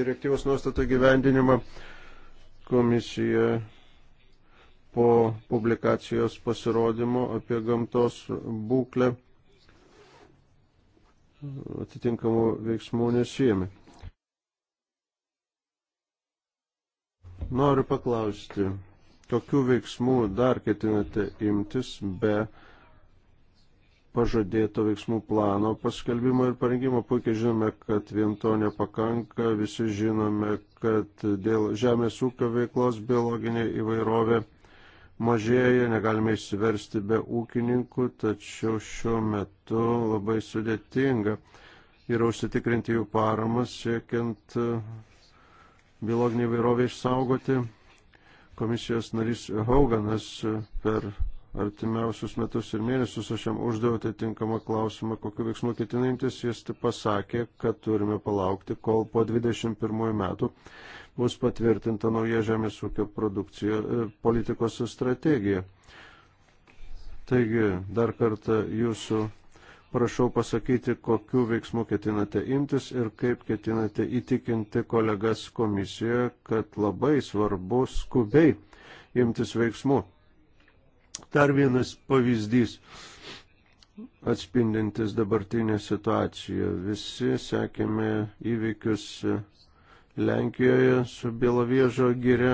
direktyvos nuostato gyvendinimą komisija po publikacijos pasirodymo apie gamtos būklę atitinkamų veiksmų nesijėmė. Noriu paklausti, kokių veiksmų dar ketinate imtis be pažadėto veiksmų plano paskelbimo ir parengimo. Puikiai žinome, kad vien to nepakanka, visi žinome, kad dėl žemės ūkio veiklos biologinė įvairovė mažėja, negalime išsiversti be ūkininkų, tačiau šiuo metu labai sudėtinga yra užsitikrinti jų paramas, siekiant e, biologinį vairovę išsaugoti. Komisijos narys Hauganas e, per artimiausius metus ir mėnesius aš jam uždaviau atitinkamą klausimą, kokiu veiksmu ketinantis, jis pasakė, kad turime palaukti, kol po 21 metų bus patvirtinta nauja žemės ūkio produkcija, e, politikos strategija. Taigi, dar kartą jūsų prašau pasakyti, kokiu veiksmu ketinate imtis ir kaip ketinate įtikinti kolegas komisijoje, kad labai svarbu skubiai imtis veiksmų. Dar vienas pavyzdys atspindintis dabartinę situaciją. Visi sekėme įvykius Lenkijoje su Bielaviežo gire.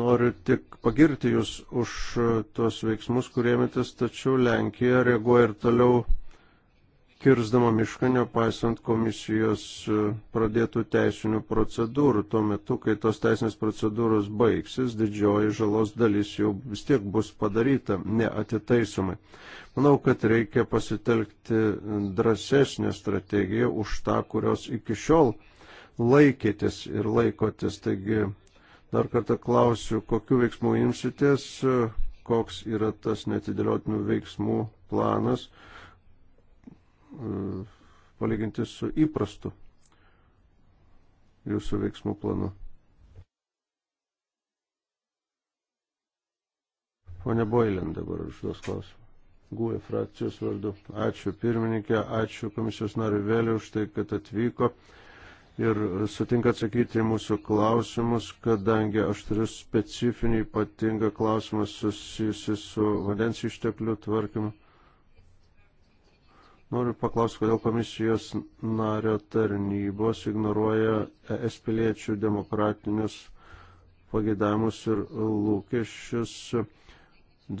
Noriu tik pagirti Jūs už tos veiksmus, kuriemėtės, tačiau Lenkija reaguoja ir toliau kirzdama mišką, nepaisant komisijos e, pradėtų teisinių procedūrų. Tuo metu, kai tos teisinės procedūros baigsis, didžioji žalos dalis jau vis tiek bus padaryta neatitaisomai. Manau, kad reikia pasitelkti drąsesnę strategiją už tą, kurios iki šiol laikytis ir laikotės. Taigi, dar kartą klausiu, kokiu veiksmu imsitės, koks yra tas netidėliotinų veiksmų planas E, palyginti su įprastu jūsų veiksmų planu. Pone Boilin dabar užduos klausimą. Gūja frakcijos vardu. Ačiū pirmininkė, ačiū komisijos nariu vėliau už tai, kad atvyko ir sutinka atsakyti į mūsų klausimus, kadangi aš turiu specifinį ypatingą klausimą susijusi su vandens išteklių tvarkymu. Noriu paklausti, kodėl komisijos nario tarnybos ignoruoja ES piliečių demokratinius pageidavimus ir lūkesčius.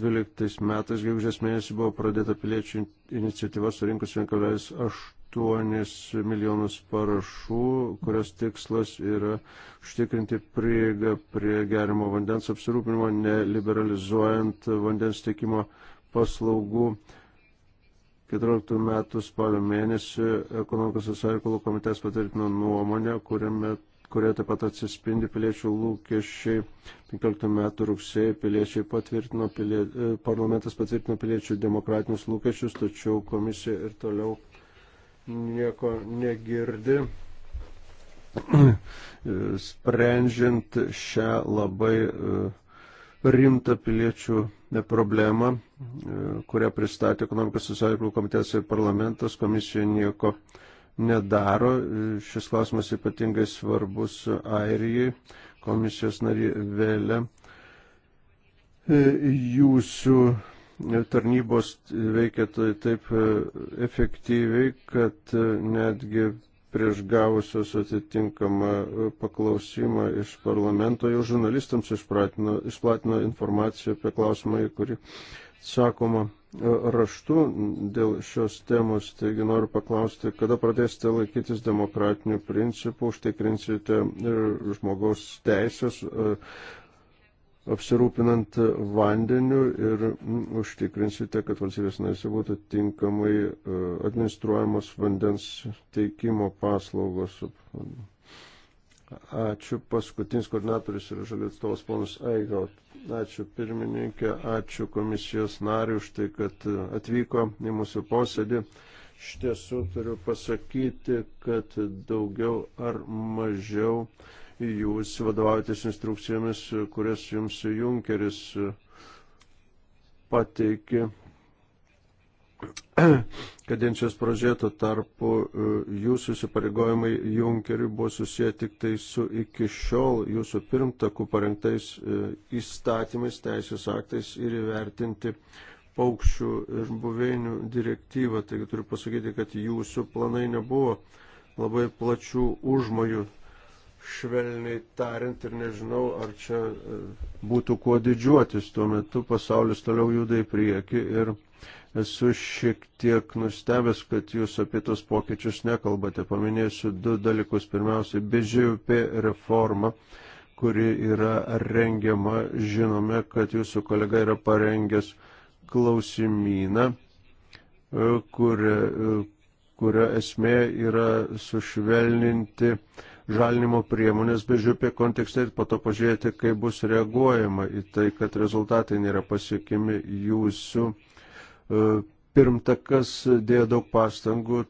12 metais, gegužės mėnesį, buvo pradėta piliečių iniciatyva surinkus 1,8 milijonus parašų, kurios tikslas yra užtikrinti prieigą prie gerimo vandens apsirūpinimo, neliberalizuojant vandens tiekimo paslaugų 14 metų spalio mėnesį ekonomikos ir sąreikalų komitetas patvirtino nuomonę, kuriame kurioje taip pat atsispindi piliečių lūkesčiai. 15 metų rugsėjai piliečiai patvirtino, pilie, e, parlamentas patvirtino piliečių demokratinius lūkesčius, tačiau komisija ir toliau nieko negirdi. [clears throat] E, sprendžiant šią labai uh, rimtą piliečių e, problemą, e, kurią pristatė ekonomikos socialinių komitetas ir parlamentas, komisija nieko nedaro. E, šis klausimas ypatingai svarbus Airijai, komisijos nari vėlė. Jūsų tarnybos veikia tai taip efektyviai, kad netgi prieš gavusios atitinkamą e, paklausimą iš parlamento, jau žurnalistams išplatino informaciją apie klausimą, į kurį sakoma e, raštu dėl šios temos. Taigi noriu paklausti, kada pradėsite laikytis demokratinių principų, užtikrinsite e, žmogaus teisės, apsirūpinant vandeniu ir mm, užtikrinsite, kad valstybės narėse būtų tinkamai e, administruojamos vandens teikimo paslaugos. Ačiū. Paskutinis koordinatorius yra žalių atstovas ponas Aigaut. Ačiū pirmininkė, ačiū komisijos nariu už tai, kad e, atvyko į mūsų posėdį. Iš tiesų turiu pasakyti, kad daugiau ar mažiau uh, jūs vadovaujatės instrukcijomis, kurias jums Junkeris e, pateikė [clears throat] kadencijos pradžioje, tuo tarpu e, jūsų įsipareigojimai Junkeriui buvo susiję tik tai su iki šiol jūsų pirmtakų parengtais e, įstatymais, teisės aktais ir įvertinti paukščių ir buveinių direktyvą. Taigi turiu pasakyti, kad jūsų planai nebuvo labai plačių užmojų švelniai tariant, ir nežinau, ar čia e, būtų kuo didžiuotis. Tuo metu pasaulis toliau juda į priekį ir esu šiek tiek nustebęs, kad jūs apie tos pokyčius nekalbate. Paminėsiu du dalykus. Pirmiausia, BGUP reforma kuri yra rengiama, žinome, kad jūsų kolega yra parengęs klausimyną, kurio, e, kurio e, esmė yra sušvelninti uh, žalinimo priemonės bežiupė kontekste ir po to pažiūrėti, kaip bus reaguojama į tai, kad rezultatai nėra pasiekimi jūsų e, pirmtakas dėjo daug pastangų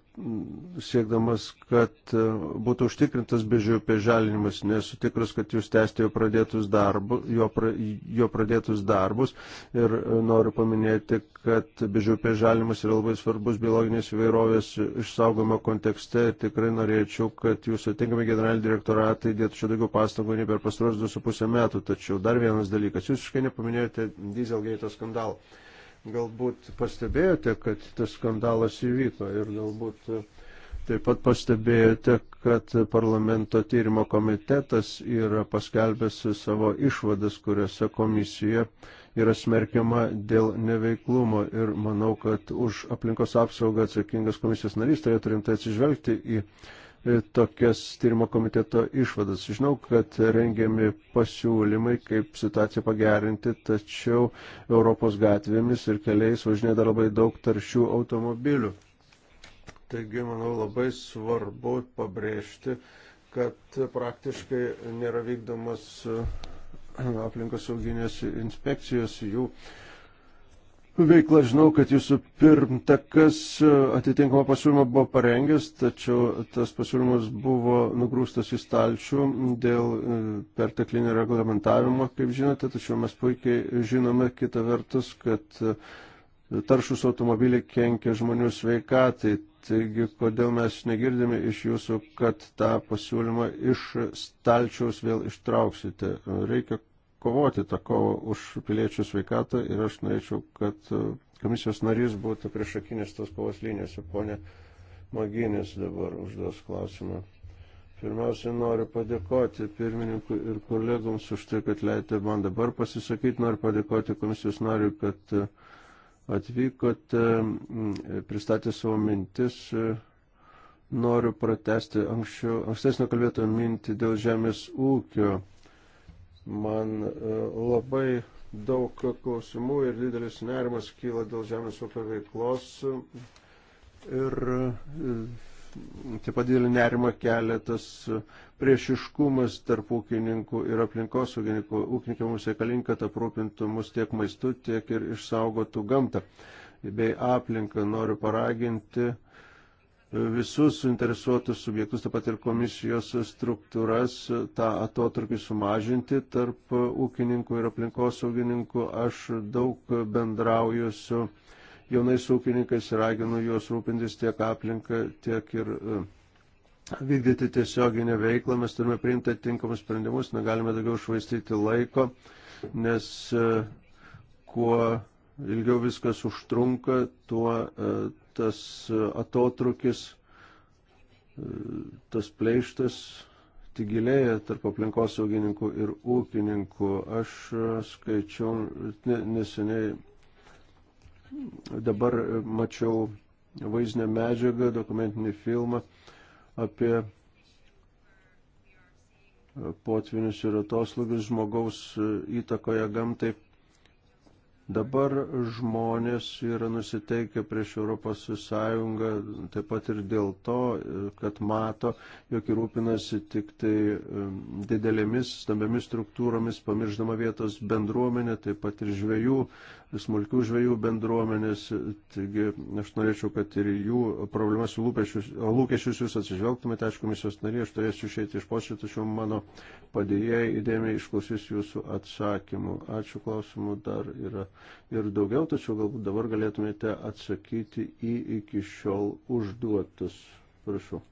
siekdamas, kad e, būtų užtikrintas bežiūpė žalinimas, nesu tikras, kad jūs tęstė jo pradėtus, darbu, jo, pra, jo pradėtus darbus ir e, noriu paminėti, kad bežiūpė žalinimas yra labai svarbus biologinės įvairovės išsaugojimo kontekste ir tikrai norėčiau, kad jūsų atinkami generaliniai direktoratai dėtų čia daugiau pastangų nei per pastaruosius 2,5 metų. Tačiau dar vienas dalykas, jūs visiškai nepaminėjote Dieselgate skandalą galbūt pastebėjote, kad tas skandalas įvyko ir galbūt e, taip pat pastebėjote, kad parlamento tyrimo komitetas yra paskelbęs savo išvadas, kuriuose komisija yra smerkiama dėl neveiklumo ir manau, kad už aplinkos apsaugą atsakingas komisijos narys turėtų rimtai atsižvelgti į E, tokias tyrimo komiteto išvadas. Žinau, kad rengiami pasiūlymai, kaip situaciją pagerinti, tačiau Europos gatvėmis ir keliais važinė dar labai daug taršių automobilių. Taigi, manau, labai svarbu pabrėžti, kad praktiškai nėra vykdomas e, aplinkosauginės inspekcijos jų uh, veiklą. Žinau, kad jūsų pirmtakas e, atitinkamą pasiūlymą buvo parengęs, tačiau tas pasiūlymas buvo nugrūstas į stalčių dėl e, perteklinio reglamentavimo, kaip žinote, tačiau mes puikiai žinome kitą vertus, kad e, taršus automobiliai kenkia žmonių sveikatai. Taigi, kodėl mes negirdime iš jūsų, kad tą pasiūlymą iš stalčiaus vėl ištrauksite? Reikia kovoti tą kovą už piliečių sveikatą ir aš norėčiau, kad e, komisijos narys būtų priešakinės tos kovos linijose. Pone Maginis dabar užduos klausimą. Pirmiausia, noriu padėkoti pirmininkui ir kolegoms už tai, kad leidėte man dabar pasisakyti. Noriu padėkoti komisijos nariui, kad e, atvykote, e, pristatė savo mintis. Noriu pratesti anksčiau, ankstesnio kalbėtojo mintį dėl žemės ūkio Man e, labai daug klausimų ir didelis nerimas kyla dėl žemės ūkio veiklos. Ir e, taip pat didelį nerimą kelia tas priešiškumas tarp ūkininkų ir aplinkosaugininkų. Ūkininkai mums reikalingi, kad aprūpintų mus tiek maistu, tiek ir išsaugotų gamtą. Bei aplinką noriu paraginti uh, visus suinteresuotus subjektus, taip pat ir komisijos struktūras, tą atotrukį sumažinti tarp ūkininkų ir aplinkosaugininkų. Aš daug bendrauju su jaunais ūkininkais ir raginu juos rūpintis tiek aplinką, tiek ir e, vykdyti tiesioginę veiklą. Mes turime priimti atitinkamus sprendimus, negalime daugiau švaistyti laiko, nes e, kuo ilgiau viskas užtrunka, tuo e, tas atotrukis, e, tas pleištas tik gilėja tarp aplinkosaugininkų ir ūkininkų. Aš e, skaičiau neseniai, dabar mačiau vaizdinę medžiagą, dokumentinį filmą apie potvinius ir atoslūgius žmogaus įtakoje gamtai Dabar žmonės yra nusiteikę prieš Europos Sąjungą taip pat ir dėl to, kad mato, jog rūpinasi tik tai didelėmis, stambiamis struktūromis, pamirždama vietos bendruomenė, taip pat ir žvėjų smulkių žvėjų bendruomenės, taigi aš norėčiau, kad ir jų problemas lūkesčius jūs atsižvelgtumėte, aišku, misijos nariai, aš turėsiu išeiti iš posėdžio, tačiau mano padėjėjai įdėmiai išklausys jūsų atsakymų. Ačiū klausimų dar yra ir daugiau, tačiau galbūt dabar galėtumėte atsakyti į iki šiol užduotus. Prašau.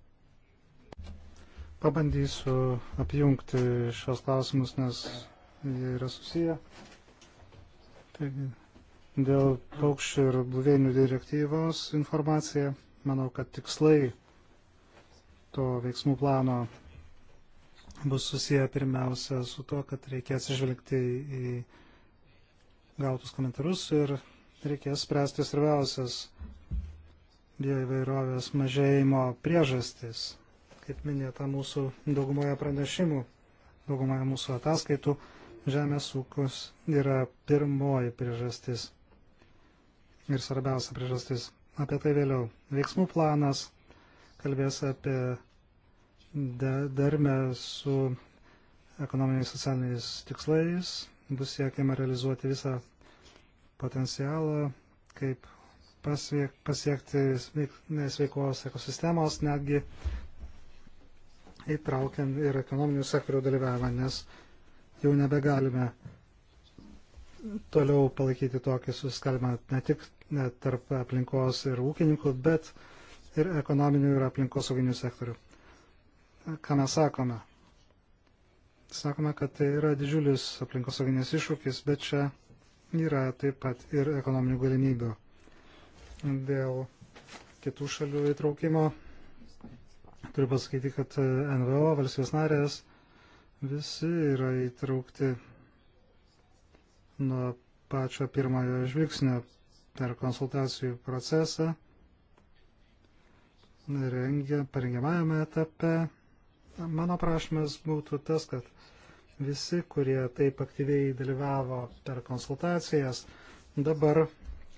Pabandysiu apjungti šios klausimus, nes jie yra susiję. Taigi, Dėl paukščių ir buveinių direktyvos informacija, manau, kad tikslai to veiksmų plano bus susiję pirmiausia su to, kad reikės išvelgti į gautus komentarus ir reikės spręsti svarbiausias bioįvairovės mažėjimo priežastis, kaip minėta mūsų daugumoje pranešimų, daugumoje mūsų ataskaitų, žemės ūkis yra pirmoji priežastis ir svarbiausia priežastis. Apie tai vėliau. Veiksmų planas kalbės apie darmę su ekonominiais socialiniais tikslais. Bus siekiama realizuoti visą potencialą, kaip pasiek, pasiekti sveikos ekosistemos, netgi įtraukiant ir ekonominių sektorių dalyvavimą, nes jau nebegalime toliau palaikyti tokį suskalimą ne tik ne tarp aplinkos ir ūkininkų, bet ir ekonominių ir aplinkos auginių sektorių. Ką mes sakome? Sakome, kad tai yra didžiulis aplinkos auginės iššūkis, bet čia yra taip pat ir ekonominių galimybių dėl kitų šalių įtraukimo. Turiu pasakyti, kad NVO valstybės narės visi yra įtraukti nuo pačio pirmojo žvilgsnio per konsultacijų procesą, rengia, parengiamajame etape. Mano prašymas būtų tas, kad visi, kurie taip aktyviai dalyvavo per konsultacijas, dabar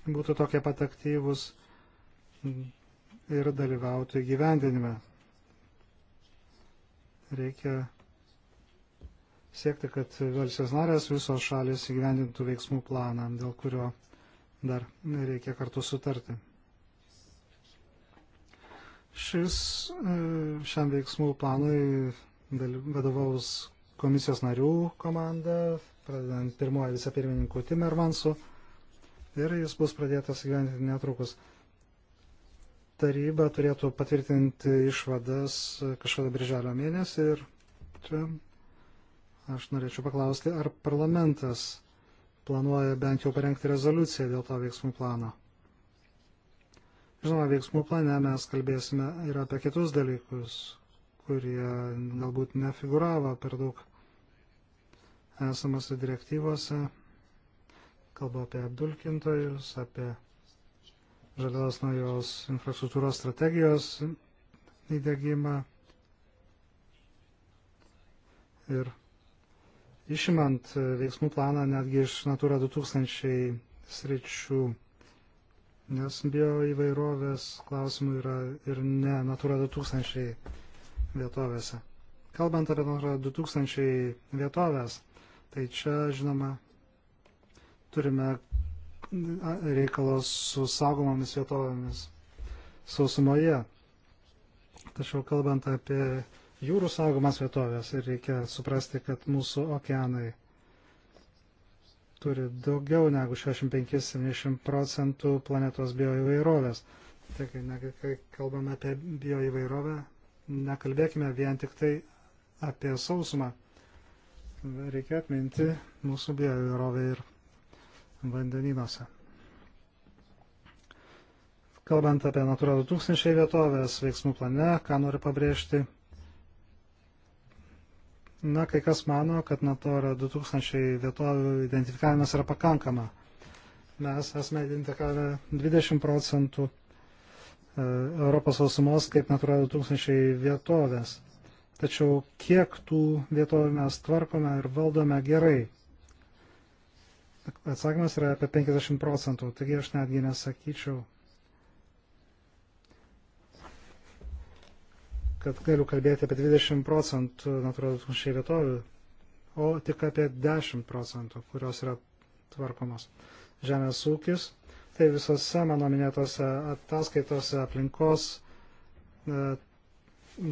būtų tokie pat aktyvus ir dalyvauti gyvendinime. Reikia siekti, kad valstybės narės visos šalis įgyvendintų veiksmų planą, dėl kurio dar reikia kartu sutarti. Šis e, šiam veiksmų planui vadovaus komisijos narių komanda, pradedant pirmoji vicepirmininku Timermansu, ir jis bus pradėtas gyventi netrukus. Taryba turėtų patvirtinti išvadas e, kažkada birželio mėnesį ir čia Aš norėčiau paklausti, ar parlamentas planuoja bent jau parengti rezoliuciją dėl to veiksmų plano. Žinoma, veiksmų plane mes kalbėsime ir apie kitus dalykus, kurie galbūt nefiguravo per daug esamose direktyvose. Kalbu apie apdulkintojus, apie žalios naujos infrastruktūros strategijos įdėgymą ir išimant e, veiksmų planą netgi iš Natura 2000 sričių, nes bio įvairovės klausimų yra ir ne Natura 2000 vietovėse. Kalbant apie Natura 2000 vietovės, tai čia, žinoma, turime reikalos su saugomomis vietovėmis sausumoje. Tačiau kalbant apie jūrų saugomas vietovės ir reikia suprasti, kad mūsų okeanai turi daugiau negu 65-70 procentų planetos bioįvairovės. Taigi, kai kalbame apie bioįvairovę, nekalbėkime vien tik tai apie sausumą. Reikia atminti mūsų bioįvairovę ir vandenynuose. Kalbant apie Natura 2000 vietovės veiksmų plane, ką noriu pabrėžti, Na, kai kas mano, kad Natura 2000 vietovių identifikavimas yra pakankama. Mes esame identifikavę 20 procentų e, Europos sausumos kaip Natura 2000 vietovės. Tačiau kiek tų vietovių mes tvarkome ir valdome gerai? Atsakymas yra apie 50 procentų, taigi aš netgi nesakyčiau, kad galiu kalbėti apie 20 procentų natūralių tūkstančiai vietovių, o tik apie 10 procentų, kurios yra tvarkomos. Žemės ūkis, tai visose mano minėtose ataskaitose aplinkos e,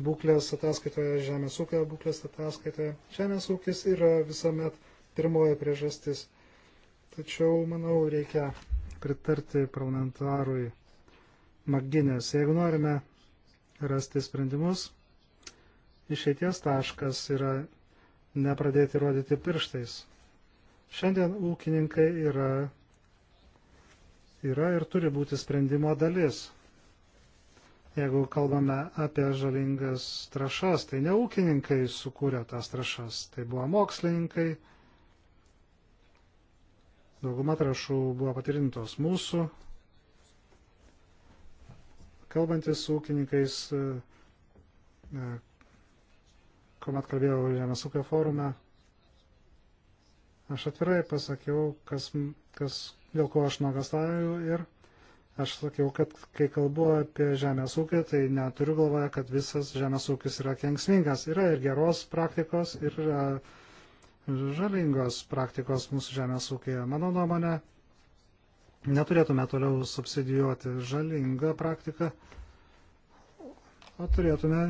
būklės ataskaitoje, žemės ūkio būklės ataskaitoje. Žemės ūkis yra visuomet pirmoji priežastis. Tačiau, manau, reikia pritarti parlamentarui Maginės. Jeigu norime rasti sprendimus. Išeities taškas yra nepradėti rodyti pirštais. Šiandien ūkininkai yra, yra ir turi būti sprendimo dalis. Jeigu kalbame apie žalingas trašas, tai ne ūkininkai sukūrė tas trašas, tai buvo mokslininkai. Dauguma trašų buvo patvirtintos mūsų Kalbantis su ūkininkais, e, e, kuomet kalbėjau Žemės ūkio forume, aš atvirai pasakiau, kas, kas, dėl ko aš nuogastavau ir aš sakiau, kad kai kalbu apie žemės ūkį, tai neturiu galvoje, kad visas žemės ūkis yra kengsmingas. Yra ir geros praktikos, ir e, žalingos praktikos mūsų žemės ūkėje. Mano nuomonė, neturėtume toliau subsidijuoti žalingą praktiką, o turėtume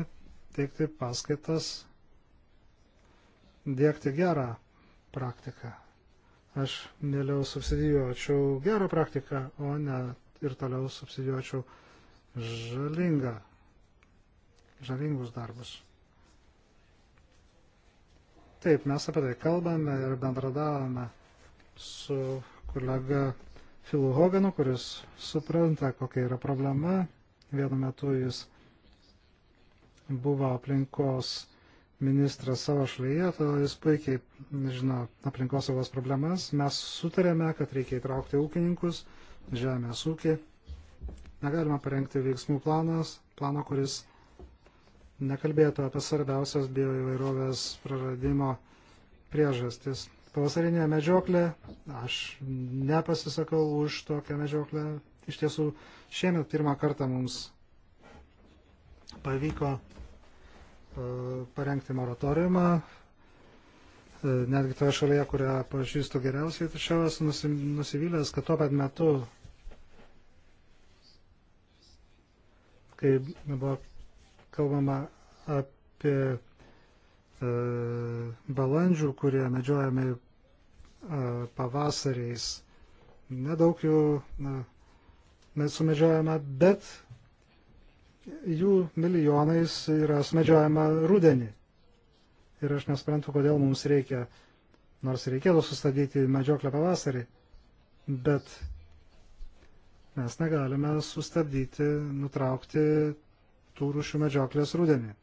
teikti paskaitas, dėkti gerą praktiką. Aš mėliau subsidijuočiau gerą praktiką, o ne ir toliau subsidijuočiau žalingą, žalingus darbus. Taip, mes apie tai kalbame ir bendradavome su kolega Filu Hoganu, kuris supranta, kokia yra problema. Vienu metu jis buvo aplinkos ministras savo šalyje, todėl jis puikiai žino aplinkosaugos problemas. Mes sutarėme, kad reikia įtraukti ūkininkus, žemės ūkį. Negalima parengti veiksmų planas, plano, kuris nekalbėtų apie svarbiausias bioįvairovės praradimo priežastis pavasarinė medžioklė, aš nepasisakau už tokią medžioklę. Iš tiesų, šiemet pirmą kartą mums pavyko e, parengti moratoriumą, e, netgi toje šalyje, kurią pažįstu geriausiai, tačiau esu nusivylęs, kad tuo pat metu, kai buvo kalbama apie E, balandžių, kurie medžiojami e, pavasariais. Nedaug jų mes sumedžiojame, bet jų milijonais yra sumedžiojama rudenį. Ir aš nesprantu, kodėl mums reikia, nors reikėtų sustabdyti medžioklę pavasarį, bet mes negalime sustabdyti, nutraukti tų rūšių medžioklės rudenį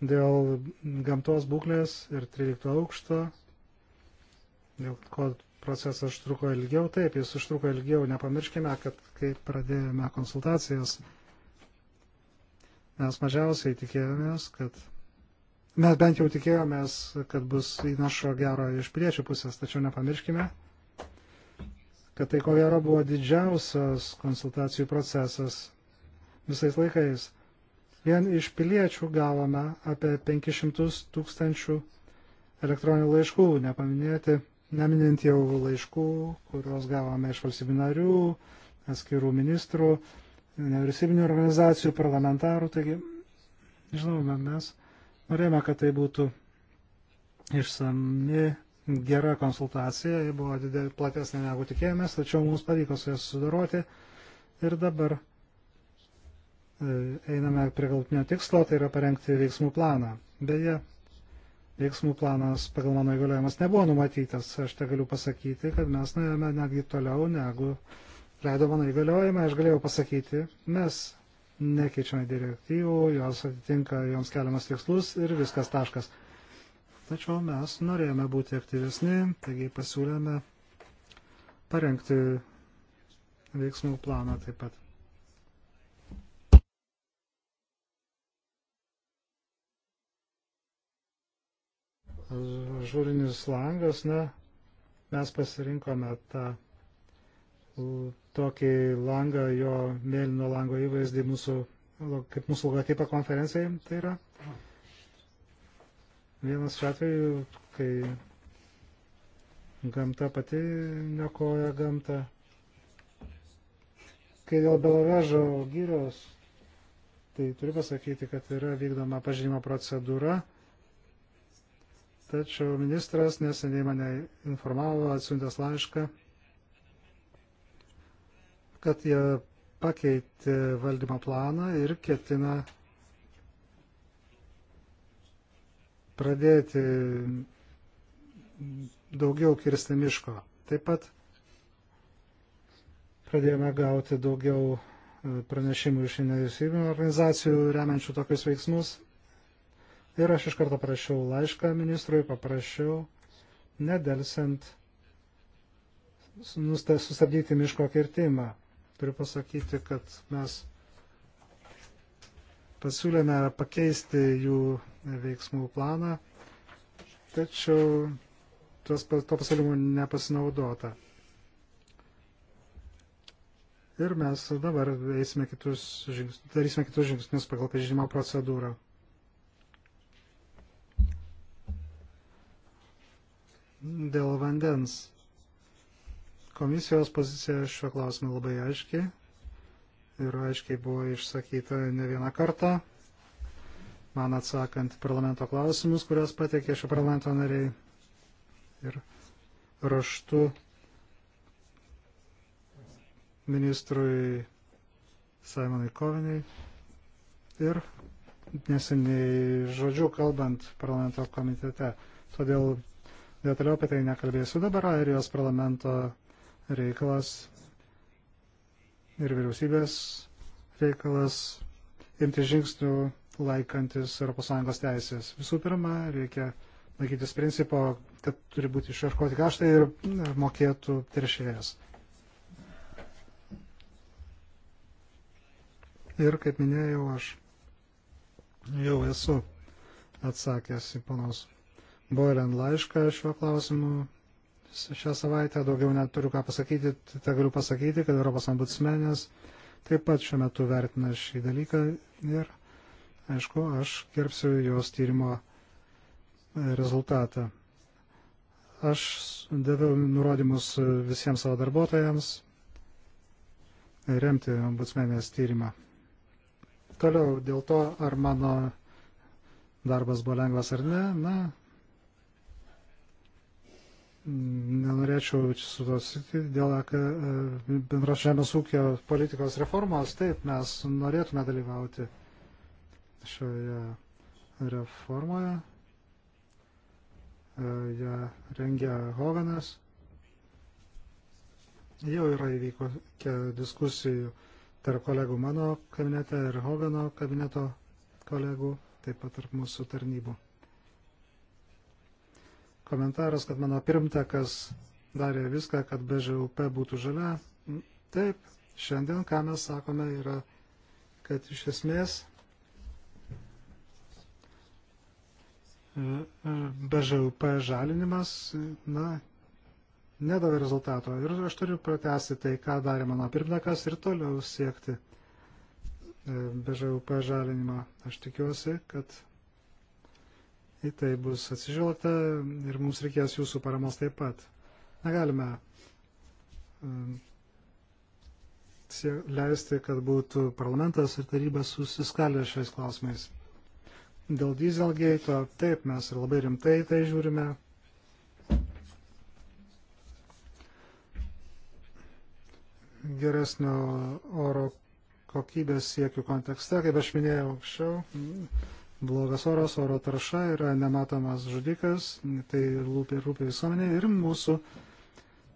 dėl gamtos būklės ir 13 aukšto, dėl ko procesas užtruko ilgiau, taip, jis užtruko ilgiau, nepamirškime, kad kai pradėjome konsultacijas, mes mažiausiai tikėjomės, kad mes bent jau tikėjomės, kad bus įnašo gero iš priečių pusės, tačiau nepamirškime, kad tai ko gero buvo didžiausias konsultacijų procesas visais laikais. Vien iš piliečių gavome apie 500 tūkstančių elektroninių laiškų, nepaminėti, neminint jau laiškų, kuriuos gavome iš valstybių narių, atskirų ministrų, nevyriausybinių organizacijų, parlamentarų. Taigi, žinoma, mes norėjome, kad tai būtų išsami gera konsultacija, ji buvo didelė, platesnė negu tikėjomės, tačiau mums pavyko su jas sudaroti ir dabar E, einame prie galtinio tikslo, tai yra parengti veiksmų planą. Beje, veiksmų planas pagal mano įgaliojimas nebuvo numatytas. Aš te galiu pasakyti, kad mes nuėjome netgi toliau, negu leido mano įgaliojimą. Aš galėjau pasakyti, mes nekeičiame direktyvų, jos atitinka joms keliamas tikslus ir viskas taškas. Tačiau mes norėjome būti aktyvesni, taigi pasiūlėme parengti veiksmų planą taip pat. žūrinis langas, na, mes pasirinkome tą tokį langą, jo mėlyno lango įvaizdį mūsų, kaip mūsų logotipą konferencijai. Tai yra vienas šiuo atveju, kai gamta pati nekoja gamtą. Kai dėl Belovežo gyrios, tai turiu pasakyti, kad yra vykdoma pažinimo procedūra Tačiau ministras neseniai mane informavo, atsiuntęs laišką, kad jie pakeitė valdymo planą ir ketina pradėti daugiau kirsti miško. Taip pat pradėjome gauti daugiau e, pranešimų iš nevyriausybinių organizacijų remiančių tokius veiksmus. Ir aš iš karto parašiau laišką ministrui, paprašiau nedelsiant sustabdyti miško kirtimą. Turiu pasakyti, kad mes pasiūlėme pakeisti jų veiksmų planą, tačiau tuos, to pasiūlymų nepasinaudota. Ir mes dabar eisime kitus žingsnius, darysime kitus žingsnius pagal pažinimo procedūrą. dėl vandens. Komisijos pozicija šiuo klausimu labai aiški ir aiškiai buvo išsakyta ne vieną kartą, man atsakant parlamento klausimus, kuriuos pateikė šio parlamento nariai ir raštu ministrui Simonui Koviniai ir neseniai žodžių kalbant parlamento komitete. Todėl Detaliau apie tai nekalbėsiu dabar. Airijos parlamento reikalas ir vyriausybės reikalas imti žingsnių laikantis ES teisės. Visų pirma, reikia laikytis principo, kad turi būti išieškoti kaštai ir mokėtų teršėjas. Ir, kaip minėjau, aš jau esu atsakęs į panos Boilen laišką šiuo klausimu šią savaitę. Daugiau neturiu ką pasakyti, tai galiu pasakyti, kad Europos ambutsmenės taip pat šiuo metu vertina šį dalyką ir, aišku, aš gerbsiu jos tyrimo e, rezultatą. Aš daviau nurodymus visiems savo darbuotojams remti ombudsmenės tyrimą. Toliau dėl to, ar mano darbas buvo lengvas ar ne, na, nenorėčiau su tos dėl e, bendros žemės ūkio politikos reformos. Taip, mes norėtume dalyvauti šioje reformoje. E, ja rengia Hoganas. Jau yra įvyko diskusijų tarp kolegų mano kabinete ir Hogano kabineto kolegų, taip pat tarp mūsų tarnybų komentaras, kad mano pirmtakas darė viską, kad BŽUP būtų žalia. Mm, taip, šiandien ką mes sakome yra, kad iš esmės e, e, BŽUP žalinimas, na, nedavė rezultato. Ir aš turiu pratesti tai, ką darė mano pirmdakas ir toliau siekti e, BŽUP žalinimą. Aš tikiuosi, kad į tai bus atsižvelgta ir mums reikės jūsų paramos taip pat. Negalime um, leisti, kad būtų parlamentas ir taryba susiskalę šiais klausimais. Dėl dieselgate, taip, mes ir labai rimtai tai žiūrime. Geresnio oro kokybės siekių kontekste, kaip aš minėjau anksčiau, blogas oras, oro tarša yra nematomas žudikas, tai rūpi, rūpi visuomenė ir mūsų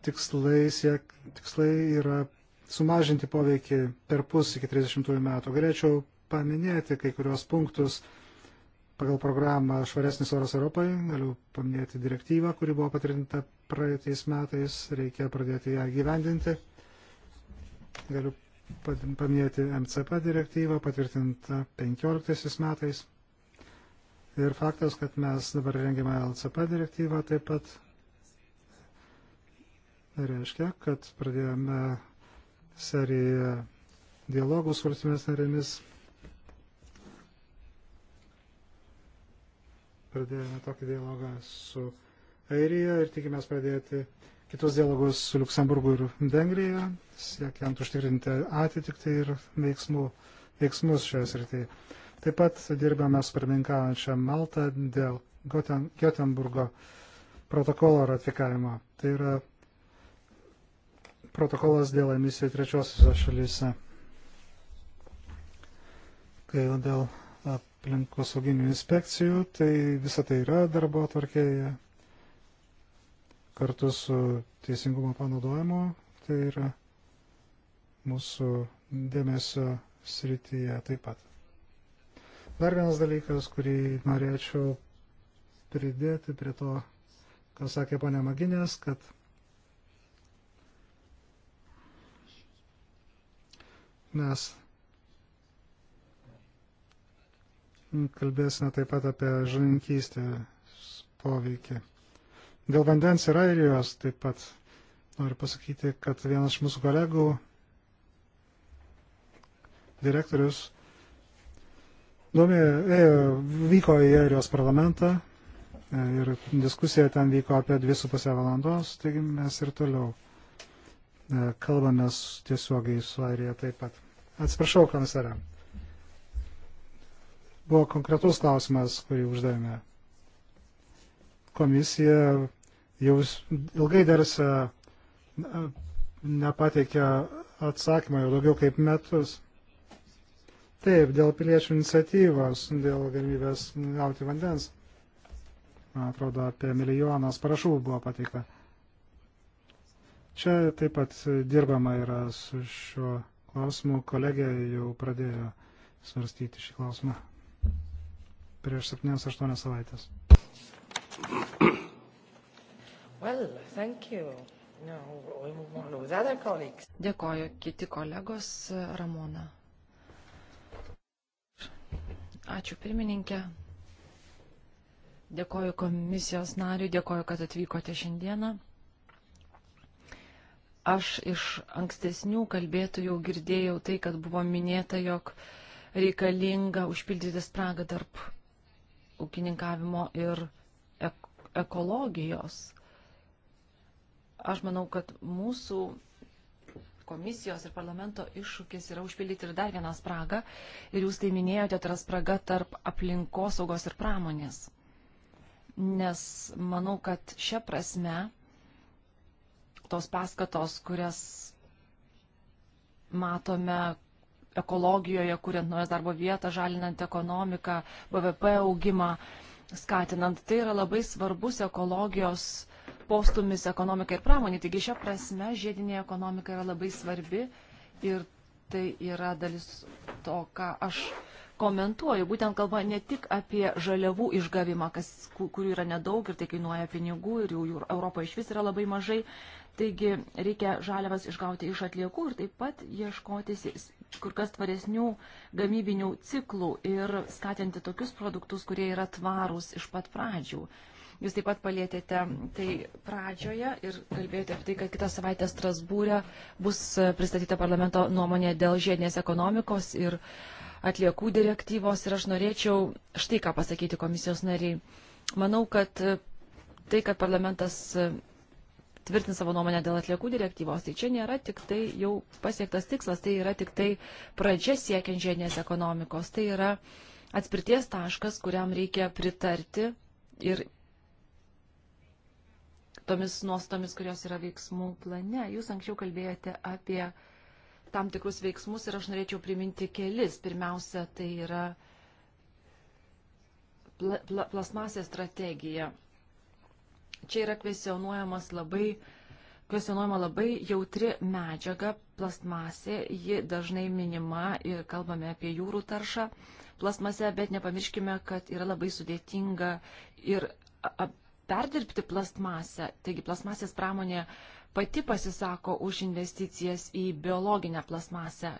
tikslai, siek, tikslai yra sumažinti poveikį per pus iki 30 metų. Galėčiau paminėti kai kurios punktus pagal programą Švaresnis oras Europai, galiu paminėti direktyvą, kuri buvo patvirtinta praeitais metais, reikia pradėti ją gyvendinti. Galiu paminėti MCP direktyvą, patvirtinta 15 metais Ir faktas, kad mes dabar rengiame LCP direktyvą taip pat reiškia, kad pradėjome seriją dialogų su valstybės narėmis. Pradėjome tokį dialogą su Airija ir tikimės pradėti kitus dialogus su Luksemburgu ir Vengrija, siekiant užtikrinti atitikti ir veiksmų, veiksmus šioje srityje. Taip pat dirbame su pirmininkaujančia Malta dėl Goten, Gotenburgo protokolo ratifikavimo. Tai yra protokolas dėl emisijų trečiosiuose šalyse. Kai dėl aplinkosauginių inspekcijų, tai visa tai yra darbo atvarkėje kartu su teisingumo panaudojimu. Tai yra mūsų dėmesio srityje taip pat. Dar vienas dalykas, kurį norėčiau pridėti prie to, ką sakė ponia Maginės, kad mes kalbėsime taip pat apie žininkystės poveikį. Dėl vandens ir airijos taip pat noriu pasakyti, kad vienas iš mūsų kolegų direktorius domė, ėjo, e, vyko į Airijos parlamentą e, ir diskusija ten vyko apie 2,5 valandos, taigi mes ir toliau e, kalbame tiesiogiai su Airija taip pat. Atsiprašau, komisarė. Buvo konkretus klausimas, kurį uždavėme. Komisija jau ilgai darsa nepateikė atsakymą jau daugiau kaip metus. Taip, dėl piliečių iniciatyvos, dėl galimybės gauti vandens. Man atrodo, apie milijonas parašų buvo pateikta. Čia taip pat dirbama yra su šiuo klausimu. Kolegė jau pradėjo svarstyti šį klausimą prieš 7-8 savaitės. Well, thank you. No, we move on with other colleagues. Dėkoju kiti kolegos Ramona. Ačiū pirmininkė. Dėkoju komisijos nariui, dėkoju, kad atvykote šiandieną. Aš iš ankstesnių kalbėtojų girdėjau tai, kad buvo minėta, jog reikalinga užpildyti spragą tarp ūkininkavimo ir ek ekologijos. Aš manau, kad mūsų komisijos ir parlamento iššūkis yra užpildyti ir dar vieną spragą. Ir jūs tai minėjote, tai yra spraga tarp aplinkosaugos ir pramonės. Nes manau, kad šia prasme tos paskatos, kurias matome ekologijoje, kuriant naujas darbo vietą, žalinant ekonomiką, BVP augimą, skatinant. Tai yra labai svarbus ekologijos postumis ekonomikai ir pramonė. Taigi šią prasme žiedinė ekonomika yra labai svarbi ir tai yra dalis to, ką aš komentuoju. Būtent kalba ne tik apie žaliavų išgavimą, kas, kurių yra nedaug ir tai kainuoja pinigų ir jų, jų Europoje iš vis yra labai mažai. Taigi reikia žaliavas išgauti iš atliekų ir taip pat ieškoti kur kas tvaresnių gamybinių ciklų ir skatinti tokius produktus, kurie yra tvarūs iš pat pradžių. Uh, Jūs taip pat palėtėte tai pradžioje ir kalbėjote apie tai, kad kitą savaitę Strasbūrė bus e, pristatyta parlamento nuomonė dėl žiedinės ekonomikos ir atliekų direktyvos. Ir aš norėčiau štai ką pasakyti komisijos nariai. Manau, kad e, tai, kad parlamentas e, tvirtins savo nuomonę dėl atliekų direktyvos, tai čia nėra tik tai jau pasiektas tikslas, tai yra tik tai pradžia siekiant žiedinės ekonomikos, tai yra atspirties taškas, kuriam reikia pritarti ir tomis nuostomis, kurios yra veiksmų plane. Jūs anksčiau kalbėjote apie tam tikrus veiksmus ir aš norėčiau priminti kelis. Pirmiausia, tai yra pla, pla, plasmasė strategija. Čia yra kvesionuojamas labai, kvesionuojama labai jautri medžiaga plastmasė, ji dažnai minima ir kalbame apie jūrų taršą plastmasę, bet nepamirškime, kad yra labai sudėtinga ir ap, perdirbti plastmasę. Taigi plastmasės pramonė pati pasisako už investicijas į biologinę plastmasę.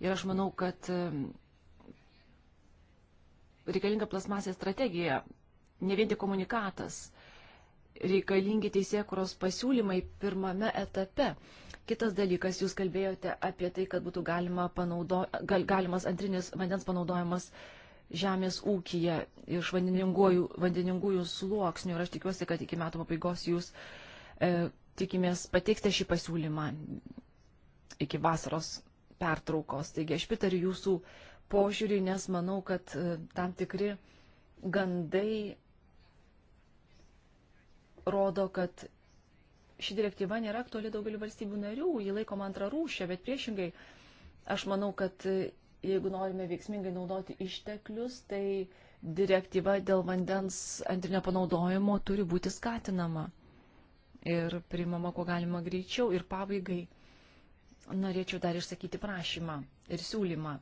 Ir aš manau, kad reikalinga plasmasės strategija, ne vien tik komunikatas, reikalingi teisėkuros pasiūlymai pirmame etape. Kitas dalykas, jūs kalbėjote apie tai, kad būtų galima panaudo, gal, galimas antrinis vandens panaudojimas uh, žemės ūkyje iš vandeningųjų sluoksnių. Ir aš tikiuosi, kad iki metų pabaigos jūs e, tikimės pateiksite šį pasiūlymą iki vasaros pertraukos. Taigi aš pritariu jūsų požiūrį, nes manau, kad e, tam tikri gandai rodo, kad ši direktyva nėra aktuali daugeliu valstybių narių, jį laikoma antrarūšė, bet priešingai aš manau, kad e, jeigu norime veiksmingai naudoti išteklius, tai direktyva dėl vandens antrinio panaudojimo turi būti skatinama ir priimama, kuo galima greičiau. Ir pabaigai norėčiau dar išsakyti prašymą ir siūlymą.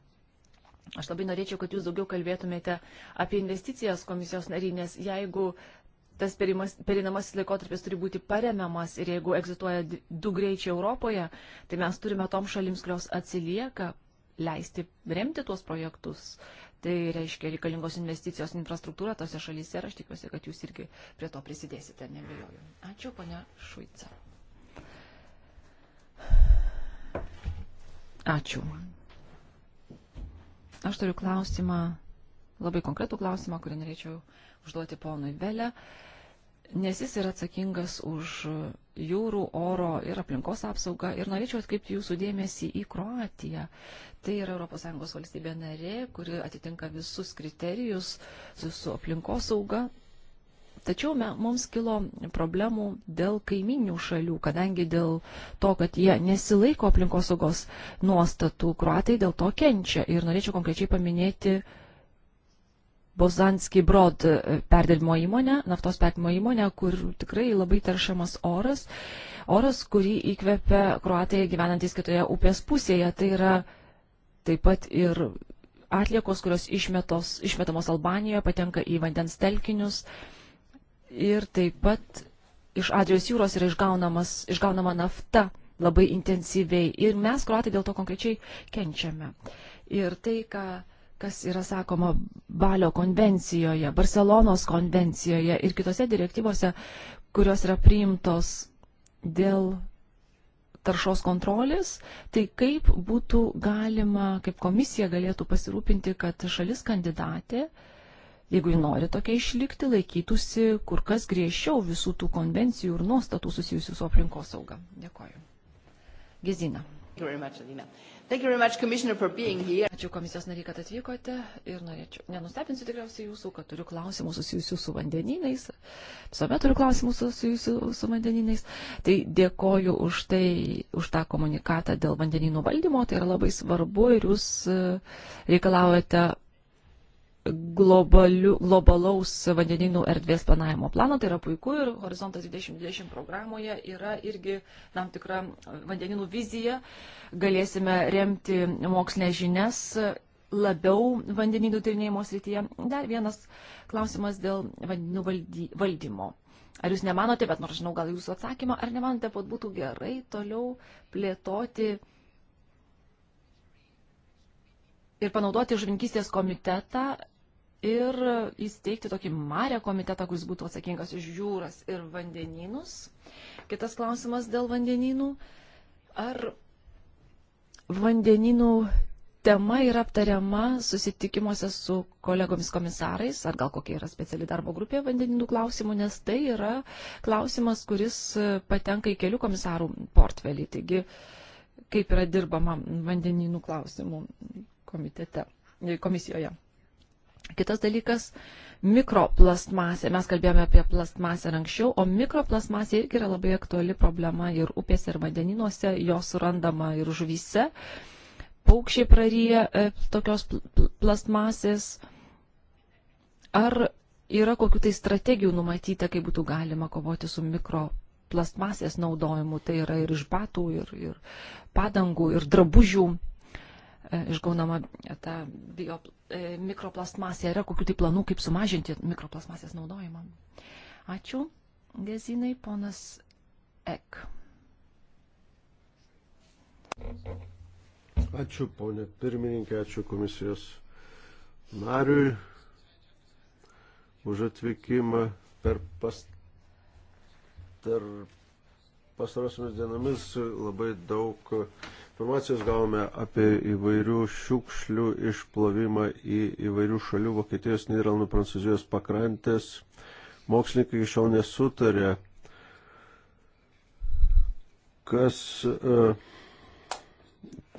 Aš labai norėčiau, kad jūs daugiau kalbėtumėte apie investicijas komisijos nariai, nes jeigu tas perinamasis laikotarpis turi būti paremiamas ir jeigu egzistuoja du greičiai Europoje, tai mes turime tom šalims, kurios atsilieka, leisti remti tuos projektus. Tai reiškia reikalingos investicijos infrastruktūra tose šalyse ir aš tikiuosi, kad jūs irgi prie to prisidėsite, nebejoju. Ačiū, ponia Šuica. Ačiū. Aš turiu klausimą, labai konkretų klausimą, kurį norėčiau užduoti ponui Velė. Uh, nes jis yra atsakingas už jūrų, oro ir aplinkos apsaugą. Ir norėčiau atkreipti jūsų dėmesį į Kroatiją. Tai yra ES valstybė narė, kuri atitinka visus kriterijus su, su aplinkos sauga. Tačiau me, mums kilo problemų dėl kaiminių šalių, kadangi dėl to, kad jie nesilaiko aplinkosaugos nuostatų, kruatai dėl to kenčia. Ir norėčiau konkrečiai paminėti Bozanski Brod e, perdirbimo įmonę, naftos perdirbimo įmonę, kur tikrai labai taršiamas oras, oras, kurį įkvepia kruatai gyvenantis kitoje upės pusėje. Tai yra taip pat ir atliekos, kurios išmetos, išmetamos Albanijoje, patenka į vandens telkinius ir taip pat iš Adrijos jūros yra išgaunama nafta labai intensyviai ir mes kruatai dėl to konkrečiai kenčiame. Ir tai, ką kas yra sakoma Balio konvencijoje, Barcelonos konvencijoje ir kitose direktyvose, kurios yra priimtos dėl taršos kontrolės, tai kaip būtų galima, kaip komisija galėtų pasirūpinti, kad šalis kandidatė, jeigu ji nori tokia išlikti, laikytųsi kur kas griežčiau visų tų konvencijų ir nuostatų susijusių su aplinkosauga. Dėkoju. Gezina. Thank you very much, Alina. Much, Ačiū komisijos nariai, kad atvykote ir norėčiau, nenustebinsiu tikriausiai jūsų, kad turiu klausimų susijusių su vandenynais, visuomet turiu klausimų susijusių su vandenynais, tai dėkoju už, tai, už tą komunikatą dėl vandenynų valdymo, tai yra labai svarbu ir jūs e, reikalaujate globaliu, globalaus vandeninų erdvės planavimo plano. Tai yra puiku ir Horizontas 2020 programoje yra irgi tam tikra vandeninų vizija. Galėsime remti mokslinės žinias labiau vandenynų tyrinėjimo srityje. Dar vienas klausimas dėl vandenų valdy, valdymo. Ar jūs nemanote, bet nors žinau gal jūsų atsakymą, ar nemanote, kad būtų gerai toliau plėtoti ir panaudoti žvinkystės komitetą ir įsteigti tokį marę komitetą, kuris būtų atsakingas už jūras ir vandenynus. Kitas klausimas dėl vandenynų. Ar vandenynų tema yra aptariama susitikimuose su kolegomis komisarais, ar gal kokia yra speciali darbo grupė vandeninų klausimų, nes tai yra klausimas, kuris patenka į kelių komisarų portfelį. Taigi, kaip yra dirbama vandeninų klausimų komitete, komisijoje. Kitas dalykas - mikroplastmasė. Mes kalbėjome apie plastmasę anksčiau, o mikroplastmasė irgi yra labai aktuali problema ir upėse, ir vandeninuose, jos surandama ir žuvyse. Paukščiai praryja e, tokios plastmasės. Ar yra kokiu tai strategijų numatyta, kaip būtų galima kovoti su mikroplastmasės naudojimu, tai yra ir iš batų, ir, ir padangų, ir drabužių e, išgaunama ta bio E, mikroplastmasė. Yra kokių tai planų, kaip sumažinti mikroplastmasės naudojimą. Ačiū. Gezinai, ponas Ek. Ačiū, ponė pirmininkė, ačiū komisijos nariui už atvykimą per pastarosiamis dienomis labai daug Informacijos gavome apie įvairių šiukšlių išplovimą į įvairių šalių Vokietijos, Nyderlandų, Prancūzijos pakrantės. Mokslininkai iš jau nesutarė, kas e,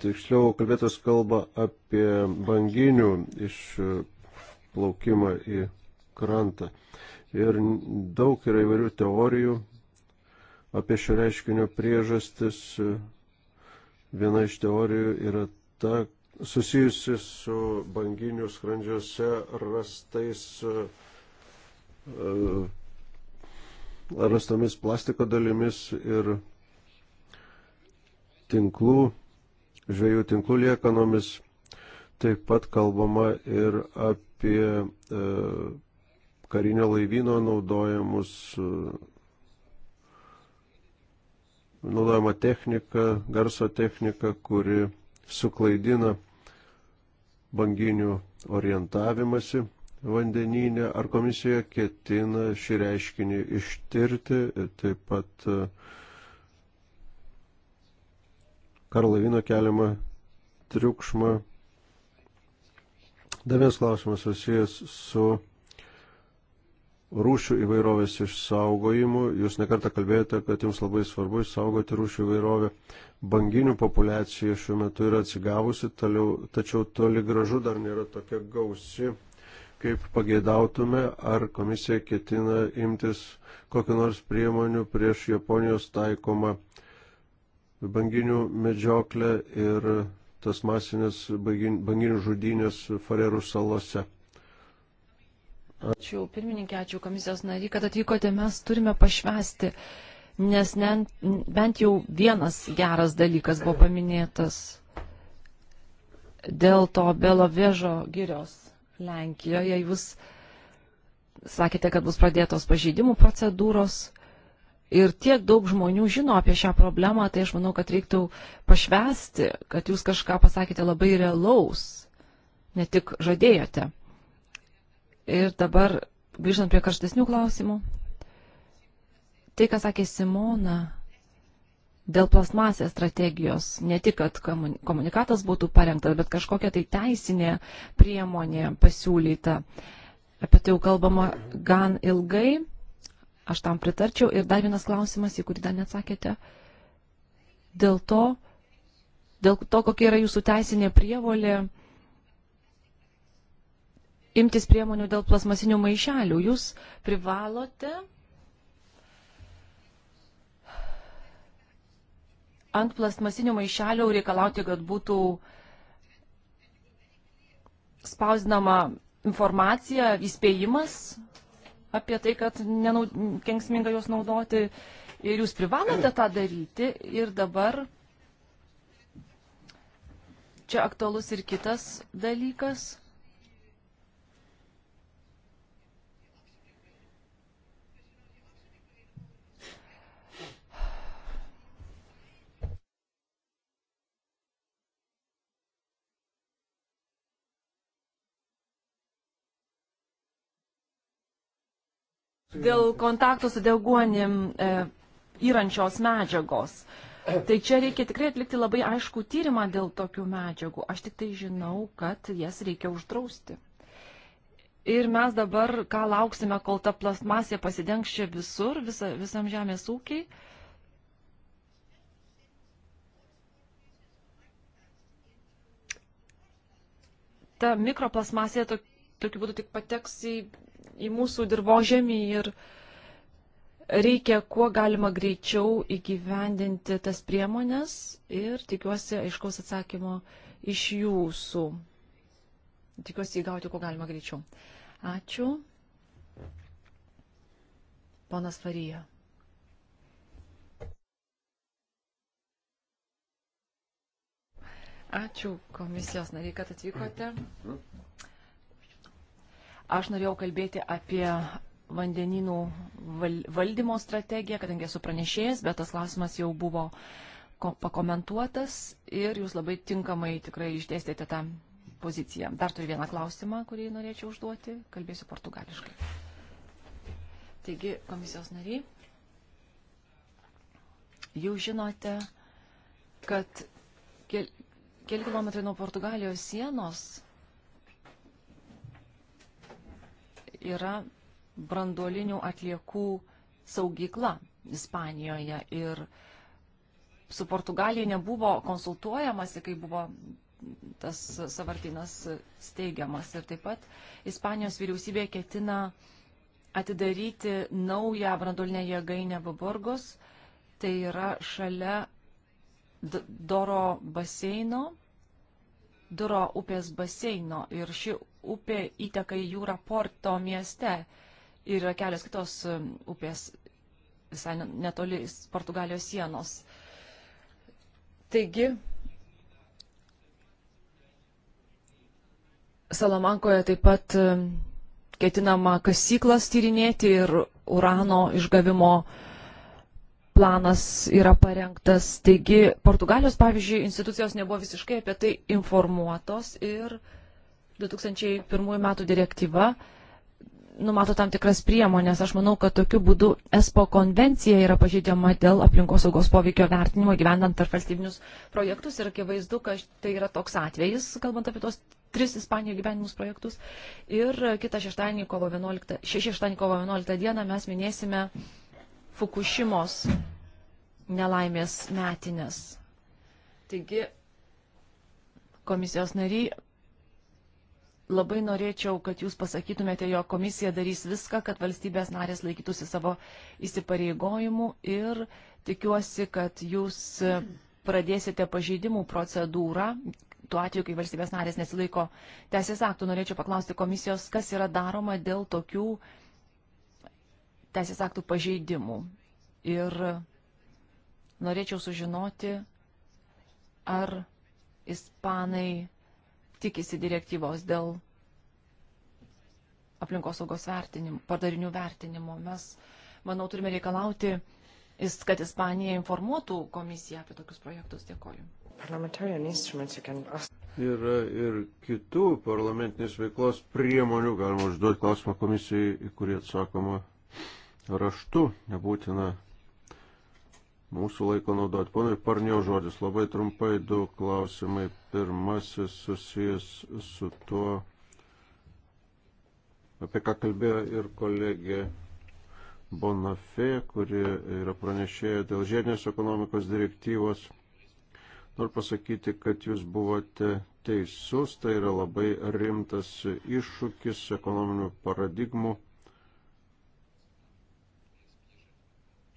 tiksliau kalbėtas kalba apie banginių išplaukimą į krantą. Ir daug yra įvairių teorijų apie šio reiškinio priežastis Viena iš teorijų yra ta susijusi su banginių skrandžiuose rastais e, rastomis plastiko dalimis ir tinklų, žvėjų tinklų liekanomis. Taip pat kalbama ir apie e, karinio laivyno naudojamus naudojama technika, garso technika, kuri suklaidina banginių orientavimasi vandenyne. Ar komisija ketina šį reiškinį ištirti, taip pat e, karlavino keliamą triukšmą. Davės klausimas susijęs su rūšių įvairovės išsaugojimu. Jūs nekartą kalbėjote, kad jums labai svarbu išsaugoti rūšių įvairovę. Banginių populiacija šiuo metu yra atsigavusi, toliau, tačiau toli gražu dar nėra tokia gausi, kaip pageidautume, ar komisija ketina imtis kokiu nors priemonių prieš Japonijos taikomą banginių medžioklę ir tas masinės banginių žudynės Farerų salose. Ačiū pirmininkė, ačiū komisijos nary, kad atvykote, mes turime pašvesti, nes ne, bent jau vienas geras dalykas buvo paminėtas dėl to Belovėžo girios Lenkijoje. Jūs sakėte, kad bus pradėtos pažeidimų procedūros ir tiek daug žmonių žino apie šią problemą, tai aš manau, kad reiktų pašvesti, kad jūs kažką pasakėte labai realaus, ne tik žadėjote. Ir dabar, grįžtant prie karštesnių klausimų, tai, ką sakė Simona, dėl plasmasės strategijos, ne tik, kad komunikatas būtų parengtas, bet kažkokia tai teisinė priemonė pasiūlyta. Apie tai jau kalbama gan ilgai, aš tam pritarčiau. Ir dar vienas klausimas, į kurį dar neatsakėte. Dėl to, dėl to, kokia yra jūsų teisinė prievolė imtis priemonių dėl plasmasinių maišelių. Jūs privalote ant plasmasinių maišelių reikalauti, kad būtų spausdinama informacija, įspėjimas apie tai, kad nenaud... kenksminga juos naudoti. Ir jūs privalote tą daryti. Ir dabar čia aktualus ir kitas dalykas Dėl kontaktų su deguonim e, įrančios medžiagos. Tai čia reikia tikrai atlikti labai aišku tyrimą dėl tokių medžiagų. Aš tik tai žinau, kad jas reikia uždrausti. Ir mes dabar, ką lauksime, kol ta plastmasė pasidengs čia visur, visa, visam žemės ūkiai. Ta mikroplasmasė tokiu būdu tik pateks į į mūsų dirbožėmį ir reikia kuo galima greičiau įgyvendinti tas priemonės ir tikiuosi aiškaus atsakymo iš jūsų. Tikiuosi įgauti kuo galima greičiau. Ačiū. Ponas Farija. Ačiū komisijos nariai, kad atvykote. Mhm. Aš norėjau kalbėti apie vandeninų valdymo strategiją, kadangi esu pranešėjęs, bet tas klausimas jau buvo pakomentuotas ir jūs labai tinkamai tikrai išdėstėte tą poziciją. Dar turiu vieną klausimą, kurį norėčiau užduoti. Kalbėsiu portugališkai. Taigi, komisijos nariai, jūs žinote, kad keli kil kilometrai nuo Portugalijos sienos yra branduolinių atliekų saugykla Ispanijoje ir su Portugalija nebuvo konsultuojamasi, kai buvo tas savartinas steigiamas. Ir taip pat Ispanijos vyriausybė ketina atidaryti naują branduolinę jėgainę Vaburgus, tai yra šalia Doro baseino Duro upės baseino ir ši upė įteka į jūrą Porto mieste ir yra kelios kitos um, upės visai netoli Portugalijos sienos. Taigi, Salamankoje taip pat um, ketinama kasyklas tyrinėti ir urano išgavimo uh, planas yra parengtas. Taigi, Portugalijos, pavyzdžiui, institucijos nebuvo visiškai apie tai informuotos ir 2001 metų direktyva numato tam tikras priemonės. Aš manau, kad tokiu būdu ESPO konvencija yra pažydžiama dėl aplinkosaugos poveikio vertinimo gyvendant tarp valstybinius projektus ir akivaizdu, kad tai yra toks atvejis, kalbant apie tos tris Ispanijoje gyvenimus projektus. Ir kitą šeštadienį kovo 11, šeštadienį kovo 11 dieną mes minėsime Fukushimos nelaimės metinės. Taigi, komisijos nariai, labai norėčiau, kad jūs pasakytumėte, jo komisija darys viską, kad valstybės narės laikytųsi savo įsipareigojimų ir tikiuosi, kad jūs pradėsite pažeidimų procedūrą. Tuo atveju, kai valstybės narės nesilaiko teisės aktų, norėčiau paklausti komisijos, kas yra daroma dėl tokių uh, teisės aktų pažeidimų. Ir norėčiau sužinoti, ar ispanai tikisi direktyvos dėl aplinkosaugos vertinimo, padarinių vertinimo. Mes, manau, turime reikalauti, kad Ispanija informuotų komisiją apie tokius projektus. Dėkoju. Yra ir kitų parlamentinės veiklos priemonių, galima užduoti klausimą komisijai, į kurį atsakoma raštu, nebūtina mūsų laiko naudoti. Ponai, parniau žodis, labai trumpai du klausimai. Pirmasis susijęs su tuo, apie ką kalbėjo ir kolegė Bonafė, kuri yra pranešėja dėl žiedinės ekonomikos direktyvos. Noriu pasakyti, kad jūs buvote teisus, tai yra labai rimtas iššūkis ekonominių paradigmų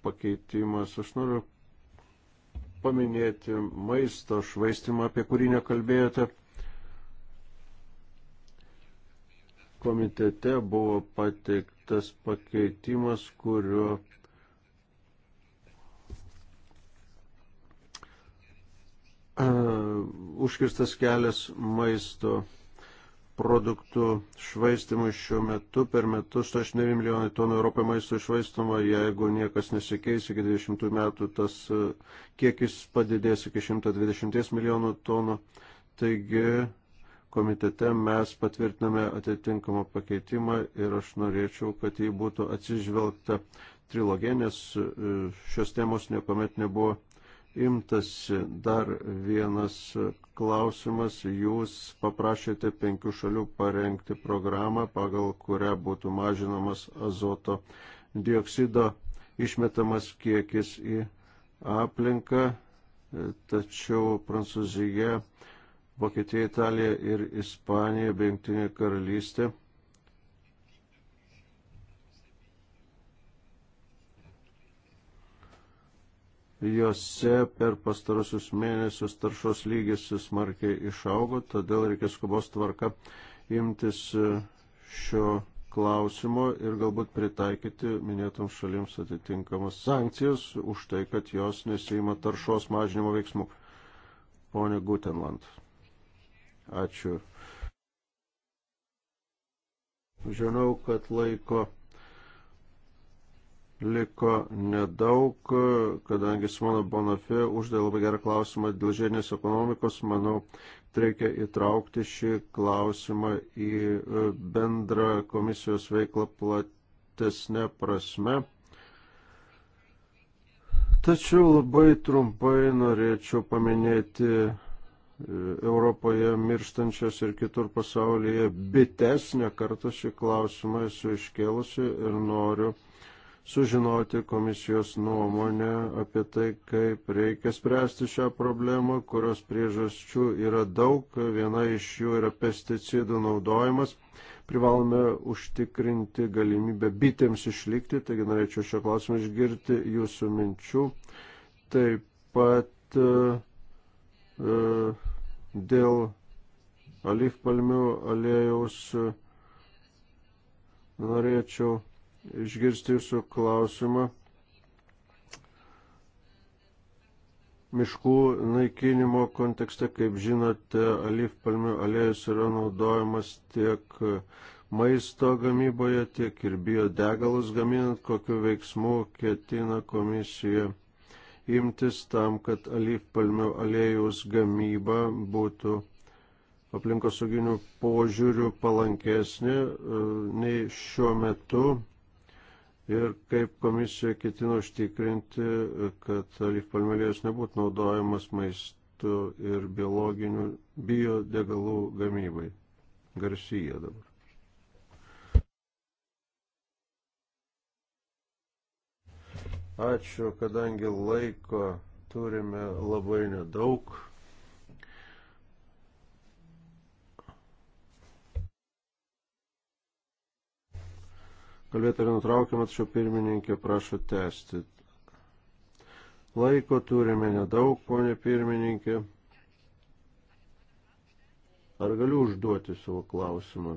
pakeitimas. Aš noriu paminėti maisto švaistimą, apie kurį nekalbėjote. Komitete buvo pateiktas pakeitimas, kurio uh, užkirstas kelias maisto produktų švaistimui šiuo metu per metus 89 milijonai tonų Europoje maisto išvaistoma, jeigu niekas nesikeis iki 20 metų, tas e, kiekis padidės iki 120 milijonų tonų. Taigi komitete mes patvirtiname atitinkamą pakeitimą ir aš norėčiau, kad jį būtų atsižvelgta trilogė, nes e, šios temos niekuomet nebuvo imtasi. Dar vienas klausimas. Jūs paprašėte penkių šalių parengti programą, pagal kurią būtų mažinamas azoto dioksido išmetamas kiekis į aplinką, tačiau Prancūzija, Vokietija, Italija ir Ispanija bei Junktinė karalystė Jose per pastarusius mėnesius taršos lygis smarkiai išaugo, todėl reikia skubos tvarka imtis e, šio klausimo ir galbūt pritaikyti minėtoms šalims atitinkamas sankcijas už tai, kad jos nesima taršos mažinimo veiksmų. Pone Gutenland. Ačiū. Žinau, kad laiko liko nedaug, kadangi Simona Bonafė uždavė labai gerą klausimą dėl žiedinės ekonomikos, manau, reikia įtraukti šį klausimą į e, bendrą komisijos veiklą platesnė prasme. Tačiau labai trumpai norėčiau paminėti e, Europoje mirštančias ir kitur pasaulyje bites, nekartą šį klausimą esu iškėlusi ir noriu sužinoti komisijos nuomonę apie tai, kaip reikia spręsti šią problemą, kurios priežasčių yra daug, viena iš jų yra pesticidų naudojimas. Privalome užtikrinti galimybę bitėms išlikti, taigi norėčiau šio klausimą išgirti jūsų minčių. Taip pat uh, uh, dėl alyvpalmių aliejaus uh, norėčiau išgirsti jūsų klausimą. Miškų naikinimo kontekste, kaip žinote, alyvpalmių aliejus yra naudojamas tiek maisto gamyboje, tiek ir biodegalus gaminant, kokiu veiksmu ketina komisija imtis tam, kad alyvpalmių aliejus gamyba būtų aplinkosauginių požiūrių palankesnė e, nei šiuo metu ir kaip komisija ketino užtikrinti, kad alif palmelėjus nebūtų naudojamas maistų ir biologinių biodegalų gamybai. Garsyje dabar. Ačiū, kadangi laiko turime labai nedaug. Kalbėti yra nutraukiama, tačiau pirmininkė prašo tęsti. Laiko turime nedaug, ponė pirmininkė. Ar galiu užduoti savo klausimą?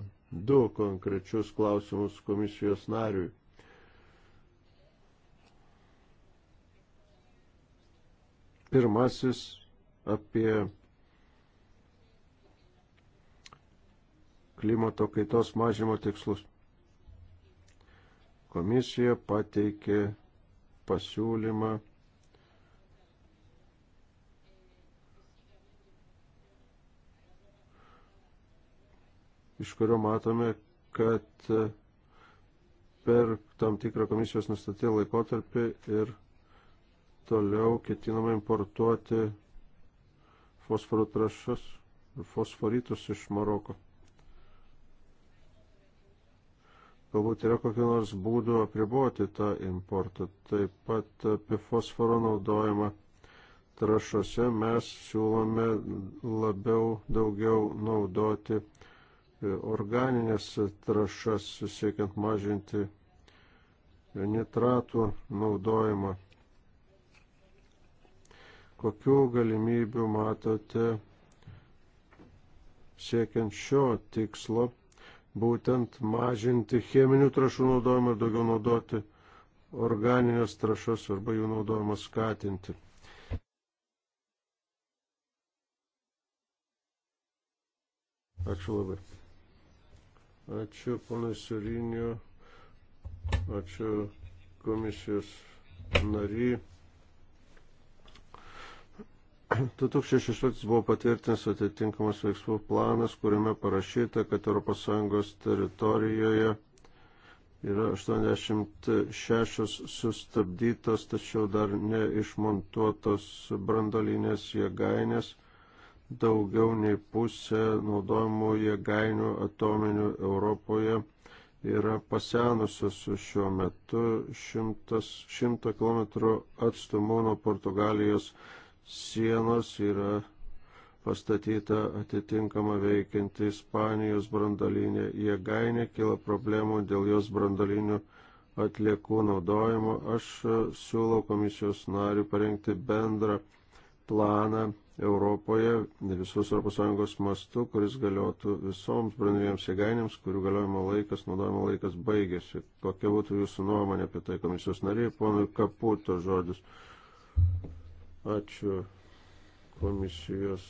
Du konkrečius klausimus komisijos nariui. Pirmasis apie klimato kaitos mažimo tikslus. Komisija pateikė pasiūlymą iš kurio matome, kad per tam tikrą komisijos nustatytą laikotarpį ir toliau ketinama importuoti fosforų trašas ir fosforitus iš Maroko. Galbūt yra kokiu nors būdu apriboti tą importą. Taip pat apie fosforo naudojimą trašose mes siūlome labiau daugiau naudoti e, organinės trašas, siekiant mažinti nitratų naudojimą. Kokių galimybių matote siekiant šio tikslo būtent mažinti cheminių trašų naudojimą ir daugiau naudoti organinės trašas arba jų naudojimą skatinti. Ačiū labai. Ačiū ponai Surinio, ačiū komisijos nariai. 2016 buvo patvirtintas atitinkamas veiksmų planas, kuriame parašyta, kad ES teritorijoje yra 86 sustabdytos, tačiau dar neišmontuotos brandolinės jėgainės, daugiau nei pusė naudojimų jėgainių atominių Europoje yra pasenusios šiuo metu 100, 100 km atstumu nuo Portugalijos sienos yra pastatyta atitinkama veikianti Ispanijos brandalinė jėgainė, kila problemų dėl jos brandalinių atliekų naudojimo. Aš e, siūlau komisijos nariui parengti bendrą planą Europoje, visos ES mastu, kuris galiotų visoms branduolėms jėgainėms, kurių galiojimo laikas, naudojimo laikas baigėsi. Kokia būtų jūsų nuomonė apie tai komisijos nariai, ponui Kaputo žodis. Ačiū komisijos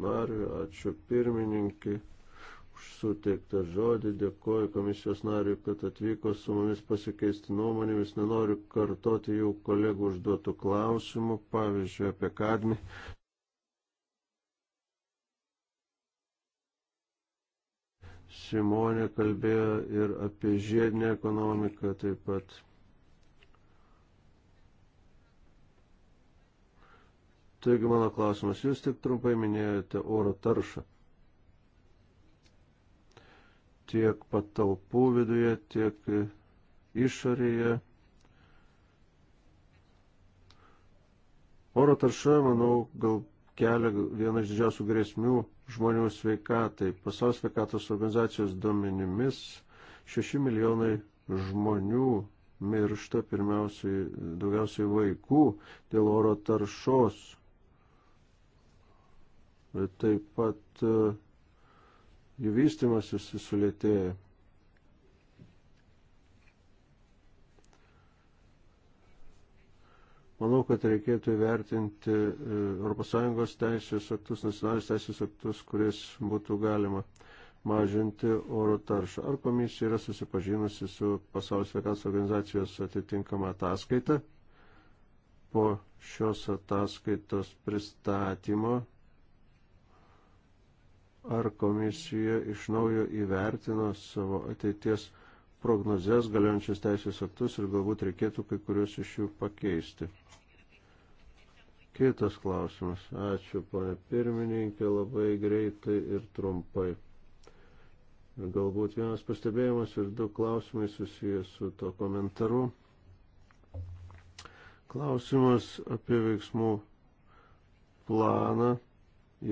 nariui, ačiū pirmininkai už suteiktą žodį, dėkoju komisijos nariui, kad atvyko su mumis pasikeisti nuomonėmis, nenoriu kartoti jau kolegų užduotų klausimų, pavyzdžiui, apie kadmį. Simonė kalbėjo ir apie žiedinę ekonomiką, taip pat Taigi mano klausimas, jūs tik trumpai minėjote oro taršą. Tiek patalpų viduje, tiek išorėje. Oro tarša, manau, gal kelia vieną iš didžiausių grėsmių žmonių sveikatai. Pasaulio sveikatos organizacijos duomenimis 6 milijonai žmonių miršta, pirmiausiai daugiausiai vaikų dėl oro taršos taip pat e, jų vystimas susulėtėja. Manau, kad reikėtų įvertinti e, ES teisės aktus, nacionalinės teisės aktus, kuris būtų galima mažinti oro taršą. Ar komisija yra susipažinusi su Pasaulio sveikatos organizacijos atitinkama ataskaita? Po šios ataskaitos pristatymo ar komisija iš naujo įvertino savo ateities prognozes galiojančias teisės aktus ir galbūt reikėtų kai kuriuos iš jų pakeisti. Kitas klausimas. Ačiū, ponė pirmininkė, labai greitai ir trumpai. Ir galbūt vienas pastebėjimas ir du klausimai susijęs su to komentaru. Klausimas apie veiksmų planą,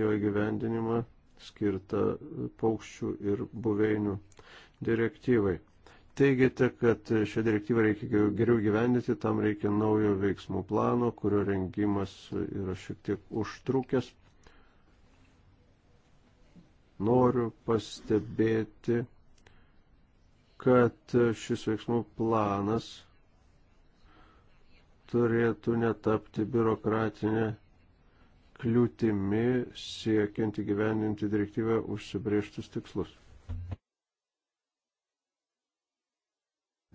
jo įgyvendinimą skirtą paukščių ir buveinių direktyvai. Teigite, kad šią direktyvą reikia geriau gyvendyti, tam reikia naujo veiksmų plano, kurio rengimas yra šiek tiek užtrukęs. Noriu pastebėti, kad šis veiksmų planas turėtų netapti biurokratinė kliūtimi siekiant įgyvendinti direktyvą užsibrėžtus tikslus.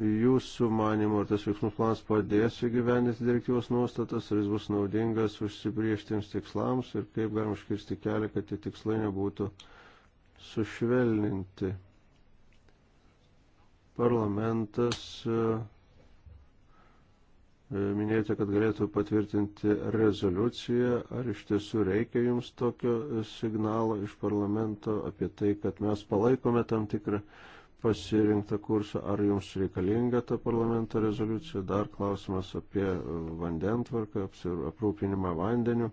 Jūsų manimo, ar tas veiksmų planas padės įgyvendinti direktyvos nuostatas, ar jis bus naudingas užsibrieštiems tikslams ir kaip galima iškirsti kelią, kad tie tikslai nebūtų sušvelninti. Parlamentas uh, E, minėjote, kad galėtų patvirtinti rezoliuciją. Ar iš tiesų reikia jums tokio e, signalo iš parlamento apie tai, kad mes palaikome tam tikrą pasirinktą kursą, ar jums reikalinga ta parlamento rezoliucija? Dar klausimas apie e, vandentvarką, aprūpinimą vandeniu.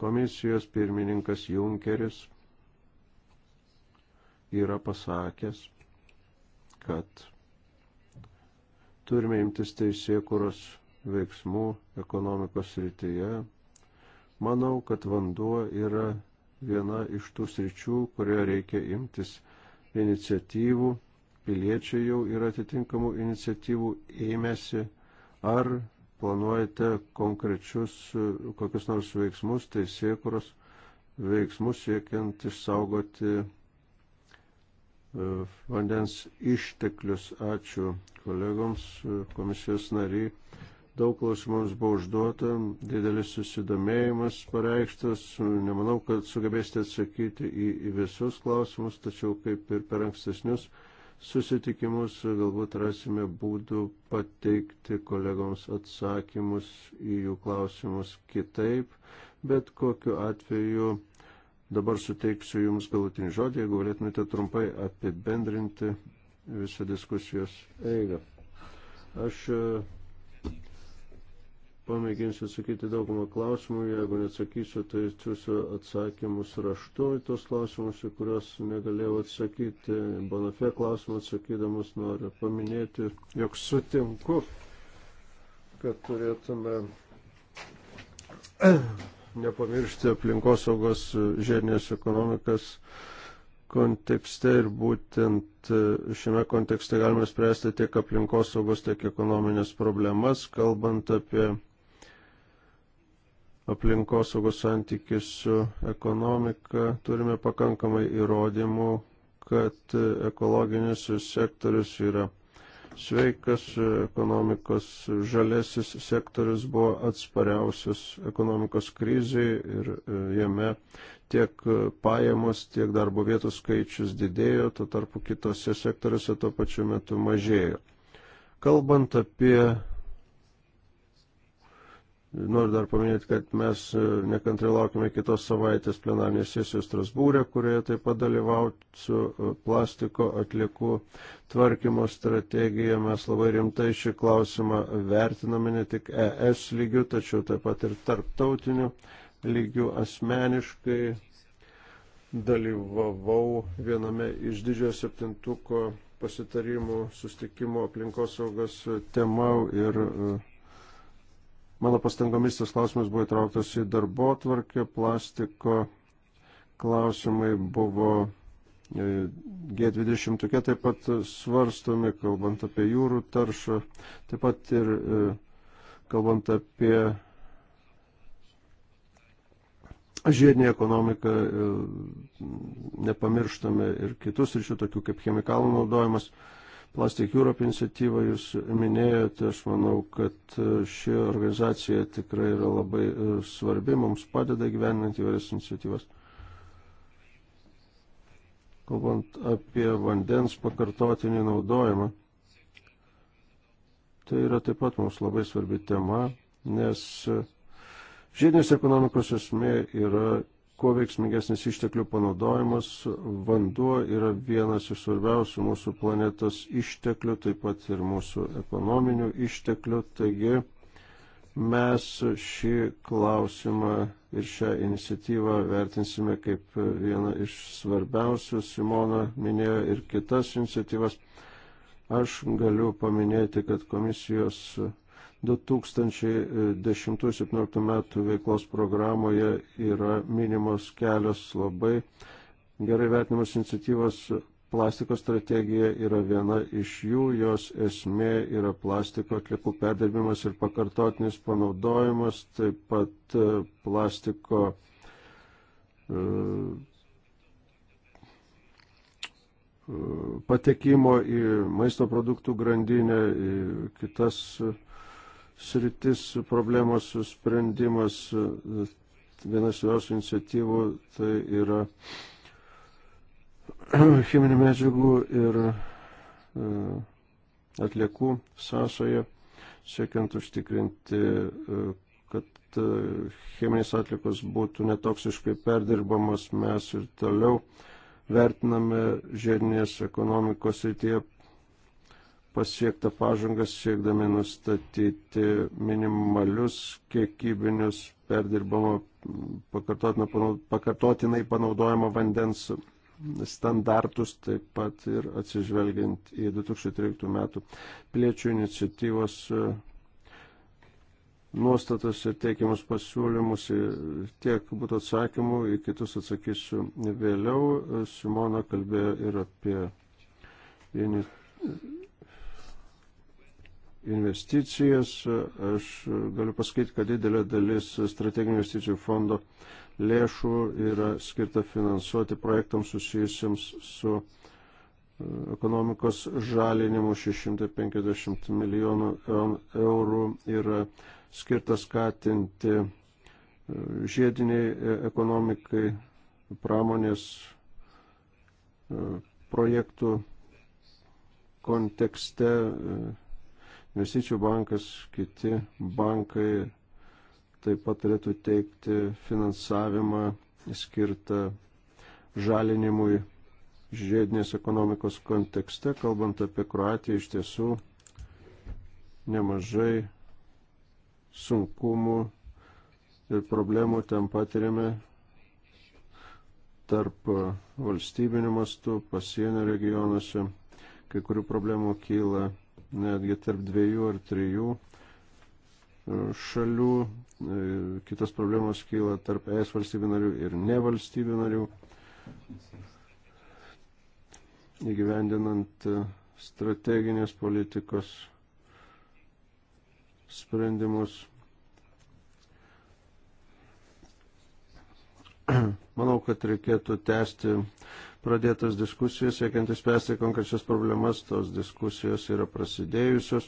Komisijos pirmininkas Junkeris yra pasakęs, kad Turime imtis teisėkuros veiksmų ekonomikos srityje. Manau, kad vanduo yra viena iš tų sričių, kurioje reikia imtis iniciatyvų. Piliečiai jau yra atitinkamų iniciatyvų ėmėsi. Ar planuojate konkrečius kokius nors veiksmus, teisėkuros veiksmus siekiant išsaugoti E, vandens išteklius. Ačiū kolegoms, e, komisijos nariai. Daug klausimams buvo užduota, didelis susidomėjimas pareikštas. Nemanau, kad sugebėsite atsakyti į, į visus klausimus, tačiau kaip ir per ankstesnius susitikimus galbūt rasime būdų pateikti kolegoms atsakymus į jų klausimus kitaip, bet kokiu atveju Dabar suteiksiu Jums galutinį žodį, jeigu galėtumėte trumpai apibendrinti visą diskusijos eigą. Aš e, pamėginsiu atsakyti daugumą klausimų, jeigu neatsakysiu, tai atsiųsiu atsakymus raštu į tos klausimus, į kuriuos negalėjau atsakyti. Bonafė klausimą atsakydamas noriu paminėti, jog sutinku, kad turėtume nepamiršti aplinkosaugos e, žiedinės ekonomikas kontekste ir būtent e, šiame kontekste galime spręsti tiek aplinkosaugos, tiek ekonominės problemas, kalbant apie aplinkosaugos santykis su ekonomika, turime pakankamai įrodymų, kad e, ekologinis sektorius yra sveikas e, ekonomikos e, žalesis sektorius buvo atspariausias ekonomikos kriziai ir e, jame tiek pajamos, tiek darbo vietų skaičius didėjo, tuo tarpu kitose sektoriuose tuo pačiu metu mažėjo. Kalbant apie Noriu dar paminėti, kad mes e, nekantrai laukime kitos savaitės plenarnės sesijos Strasbūrė, kurioje taip pat dalyvausiu e, plastiko atliekų tvarkymo strategiją. Mes labai rimtai šį klausimą vertiname ne tik ES lygių, tačiau taip pat ir tarptautiniu lygių asmeniškai. Dalyvavau viename iš didžiojo septintuko pasitarimų sustikimo aplinkosaugos tema ir uh, Mano pastangomis tas klausimas buvo įtrauktas į darbo tvarkę, plastiko klausimai buvo e, G20 taip pat svarstomi, kalbant apie jūrų taršą, taip pat ir e, kalbant apie žiedinį ekonomiką, e, nepamirštame ir kitus ryšių, tokių kaip chemikalų naudojimas. Plastic Europe iniciatyvą jūs minėjote, aš manau, kad e, ši organizacija tikrai yra labai e, svarbi, mums padeda gyveninant įvairias iniciatyvas. Kalbant apie vandens pakartotinį naudojimą, tai yra taip pat mums labai svarbi tema, nes e, žiedinės ekonomikos esmė yra kuo veiksmingesnis išteklių panaudojimas. Vanduo yra vienas iš svarbiausių mūsų planetos išteklių, taip pat ir mūsų ekonominių išteklių. Taigi mes šį klausimą ir šią iniciatyvą vertinsime kaip vieną iš svarbiausių. Simona minėjo ir kitas iniciatyvas. Aš galiu paminėti, kad komisijos 2010-2017 metų veiklos programoje yra minimos kelios labai gerai vertinamos iniciatyvos. Plastiko strategija yra viena iš jų, jos esmė yra plastiko atliekų perdirbimas ir pakartotinis panaudojimas, taip pat e, plastiko e, e, patekimo į maisto produktų grandinę, į kitas sritis problemos sprendimas. Vienas jos iniciatyvų tai yra [clears throat] cheminių medžiagų ir e, atliekų sąsoje, siekiant užtikrinti, e, kad e, cheminės atlikos būtų netoksiškai perdirbamos, mes ir toliau vertiname žiedinės ekonomikos srityje pasiektą pažangą siekdami nustatyti minimalius kiekybinius perdirbamo pakartotinai panaudojimo vandens standartus, taip pat ir atsižvelgiant į 2013 metų piliečių iniciatyvos e, nuostatas ir teikiamus pasiūlymus, e, tiek būtų atsakymų, į kitus atsakysiu vėliau. E, Simona kalbėjo ir apie investicijas. Aš galiu pasakyti, kad didelė dalis strateginių investicijų fondo lėšų yra skirta finansuoti projektams susijusiams su e, ekonomikos žalinimu 650 milijonų e, eurų yra skirta skatinti e, žiediniai ekonomikai, pramonės projektų kontekste investicijų bankas, kiti bankai taip pat turėtų teikti finansavimą skirtą žalinimui žiedinės ekonomikos kontekste, kalbant apie Kroatiją, iš tiesų nemažai sunkumų ir problemų ten patiriame tarp valstybinių mastų, pasienio regionuose, kai kurių problemų kyla netgi tarp dviejų ar trijų e, šalių. E, kitos problemos kyla tarp ES valstybių narių ir ne valstybių narių. Įgyvendinant e, strateginės politikos sprendimus. [clears throat] Manau, kad reikėtų tęsti pradėtas diskusijas, siekiant įspręsti konkrečias problemas, tos diskusijos yra prasidėjusios.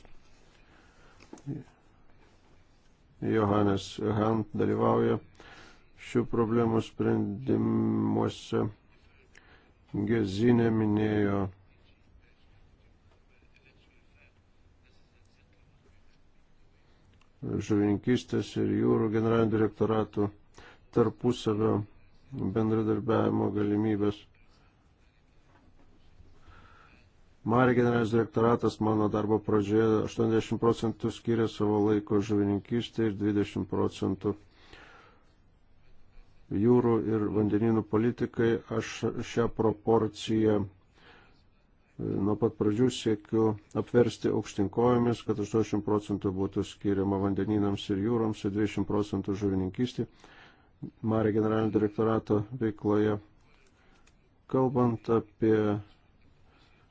Johannes Han dalyvauja šių problemų sprendimuose. Gezinė minėjo žuvininkystės ir jūrų generalinių direktoratų tarpusavio bendradarbiavimo galimybės. Marė generalinis direktoratas mano darbo pradžioje 80 procentų skiria savo laiko žuvininkystė ir 20 procentų jūrų ir vandeninų politikai. Aš šią proporciją e, nuo pat pradžių siekiu apversti aukštinkojomis, kad 80 procentų būtų skiriama vandeninams ir jūroms ir 20 procentų žuvininkystė. Marė generalinio direktorato veikloje. Kalbant apie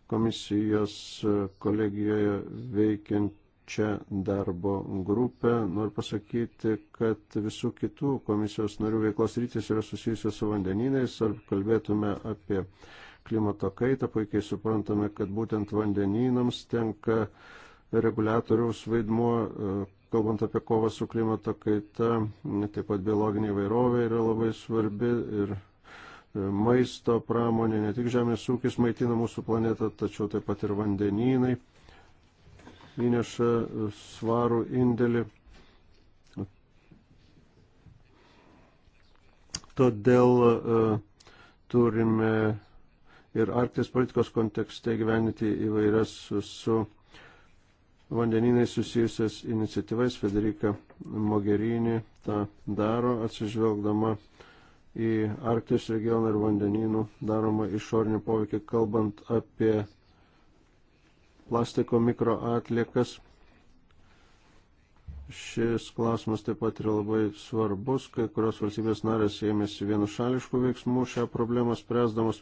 komisijos e, kolegijoje veikiančią darbo grupę. Noriu pasakyti, kad visų kitų komisijos narių veiklos rytis yra susijusios su vandenynais, ar kalbėtume apie klimato kaitą, puikiai suprantame, kad būtent vandenynams tenka reguliatoriaus vaidmuo, e, kalbant apie kovą su klimato kaita, taip pat biologinė įvairovė yra labai svarbi ir maisto pramonė, ne tik žemės ūkis maitina mūsų planetą, tačiau taip pat ir vandenynai įneša svarų indėlį. Todėl e, turime ir Arktis politikos kontekste gyveninti įvairias su vandeninai susijusias iniciatyvas. Federika Mogherini tą daro atsižvelgdama į Arktis regioną ir vandenynų daroma išorinį poveikį, kalbant apie plastiko mikroatliekas. Šis klausimas taip pat yra labai svarbus, kai kurios valstybės narės ėmėsi vienušališkų veiksmų šią problemą spręsdamos.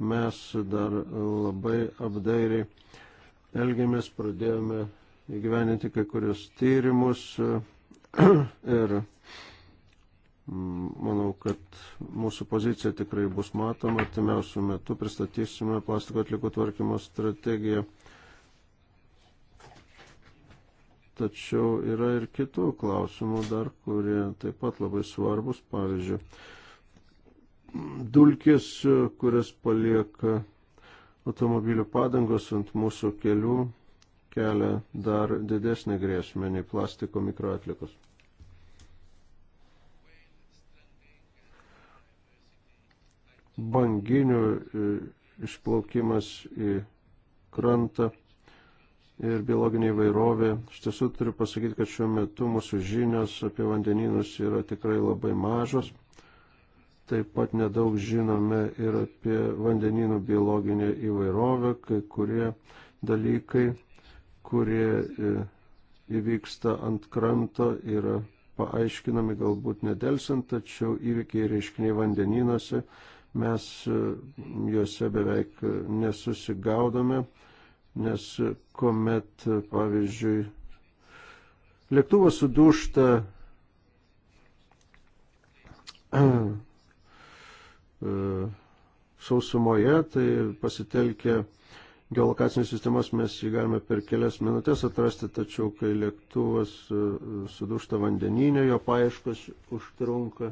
Mes dar labai apdairiai elgėmės, pradėjome įgyveninti kai kurios tyrimus [clears throat] ir Mm, manau, kad mūsų pozicija tikrai bus matoma. Artimiausių metų pristatysime plastiko atlikų tvarkymo strategiją. Tačiau yra ir kitų klausimų dar, kurie taip pat labai svarbus. Pavyzdžiui, dulkės, kurias palieka automobilių padangos ant mūsų kelių, kelia dar didesnį grėsmę nei plastiko mikroatlikos. banginių e, išplaukimas į krantą ir biologinė įvairovė. Iš tiesų turiu pasakyti, kad šiuo metu mūsų žinios apie vandeninus yra tikrai labai mažos. Taip pat nedaug žinome ir apie vandeninų biologinę įvairovę, kai kurie dalykai, kurie e, įvyksta ant kranto, yra paaiškinami galbūt nedelsiant, tačiau įvykiai reiškiniai vandeninose mes e, juose beveik nesusigaudome, nes kuomet, e, pavyzdžiui, lėktuvas sudūšta [clears throat] e, sausumoje, tai pasitelkę geolokacinės sistemas mes jį galime per kelias minutės atrasti, tačiau kai lėktuvas sudūšta vandeninio, jo paaiškos užtrunka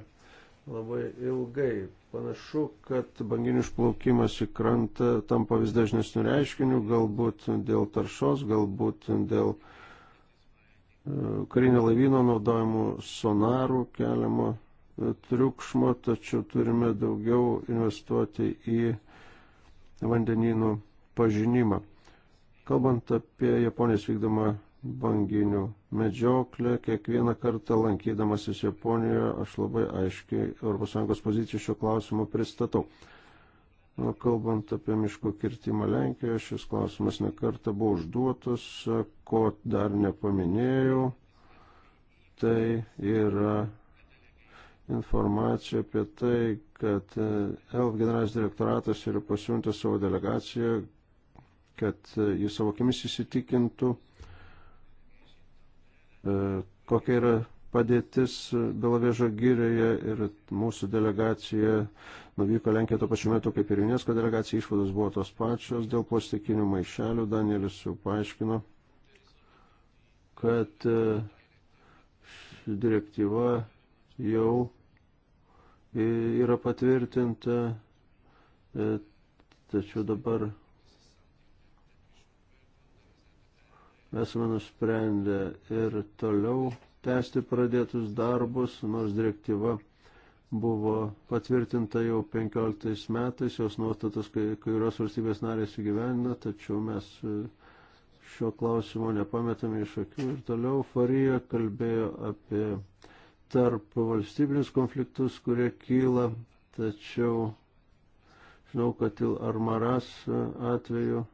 labai ilgai. Panašu, kad banginių išplaukimas į krantą tampa vis dažnesnių reiškinių, galbūt dėl taršos, galbūt dėl e, karinio laivyno naudojimų sonarų keliamo e, triukšmo, tačiau turime daugiau investuoti į vandenynų pažinimą. Kalbant apie Japonijos vykdomą banginių medžioklė. Kiekvieną kartą lankydamasis Japonijoje aš labai aiškiai ES poziciją šio klausimu pristatau. Nu, kalbant apie miškų kirtimą Lenkijoje, šis klausimas nekarta buvo užduotas, ko dar nepaminėjau. Tai yra informacija apie tai, kad ELF generalinis direktoratas yra pasiuntęs savo delegaciją, kad jis savo akimis įsitikintų, E, kokia yra padėtis Belavėžo gyrėje ir mūsų delegacija nuvyko Lenkiją tuo pačiu metu kaip ir UNESCO delegacija, išvados buvo tos pačios dėl plastikinių maišelių, Danielis jau paaiškino, kad e, direktyva jau yra patvirtinta, e, tačiau dabar esame nusprendę ir toliau tęsti pradėtus darbus, nors direktyva buvo patvirtinta jau 15 metais, jos nuostatas kai kurios valstybės narės įgyvendina, tačiau mes e, šio klausimo nepametame iš akių ir toliau Farija kalbėjo apie tarp valstybinius konfliktus, kurie kyla, tačiau žinau, kad il Armaras e, atveju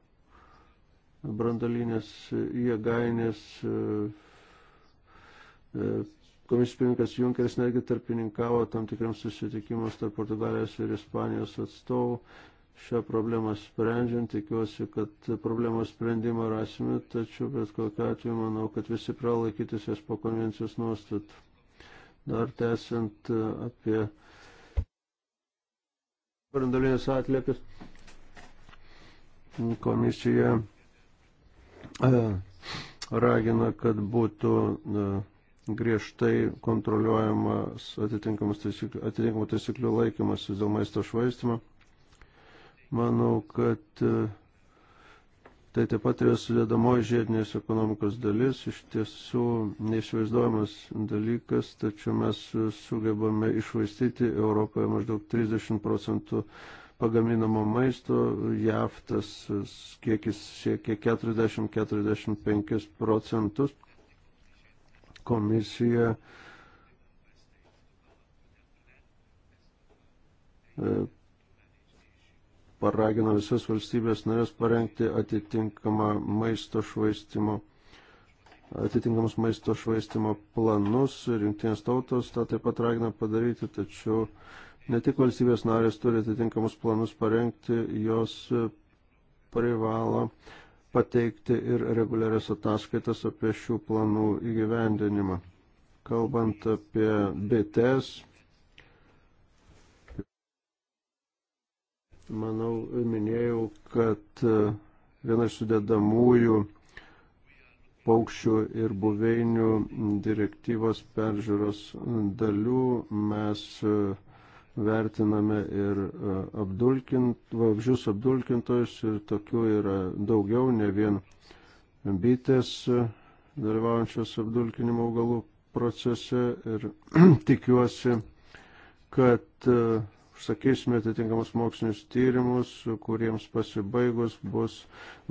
brandolinės jėgainės. E, e, komisijos pirmininkas Junkeris netgi tarpininkavo tam tikriams susitikimus tarp Portugalijos ir Ispanijos atstovų. Šią problemą sprendžiant, tikiuosi, kad problemos sprendimą rasime, tačiau bet kokiu atveju manau, kad visi pralaikytis jas po konvencijos nuostatų. Dar tęsiant e, apie brandolinės atliekas, komisija. Mm E, ragina, kad būtų e, griežtai kontroliuojamas atitinkamas taisyklių, atitinkamų taisyklių laikymas dėl maisto švaistimo. Manau, kad e, tai taip pat yra sudėdamoji žiedinės ekonomikos dalis, iš tiesų neišvaizduojamas dalykas, tačiau mes sugebame išvaistyti Europoje maždaug 30 procentų pagaminamo maisto, JAV tas e, kiekis siekia 40-45 procentus. Komisija e, paragino visas valstybės narės parengti atitinkamą maisto švaistimo atitinkamus maisto švaistimo planus ir jungtinės tautos tą taip pat ragina padaryti, tačiau uh, Ne tik valstybės narės turi atitinkamus planus parengti, jos e, privalo pateikti ir reguliarias ataskaitas apie šių planų įgyvendinimą. Kalbant apie BTS, manau, minėjau, kad e, viena iš sudėdamųjų paukščių ir buveinių direktyvos peržiūros dalių mes uh, vertiname ir e, apdulkint, vabžius apdulkintojus ir tokių yra daugiau, ne vien bitės e, dalyvaujančios apdulkinimo augalų procese ir [clears throat] tikiuosi, kad uh, užsakysime atitinkamus mokslinius tyrimus, kuriems pasibaigus bus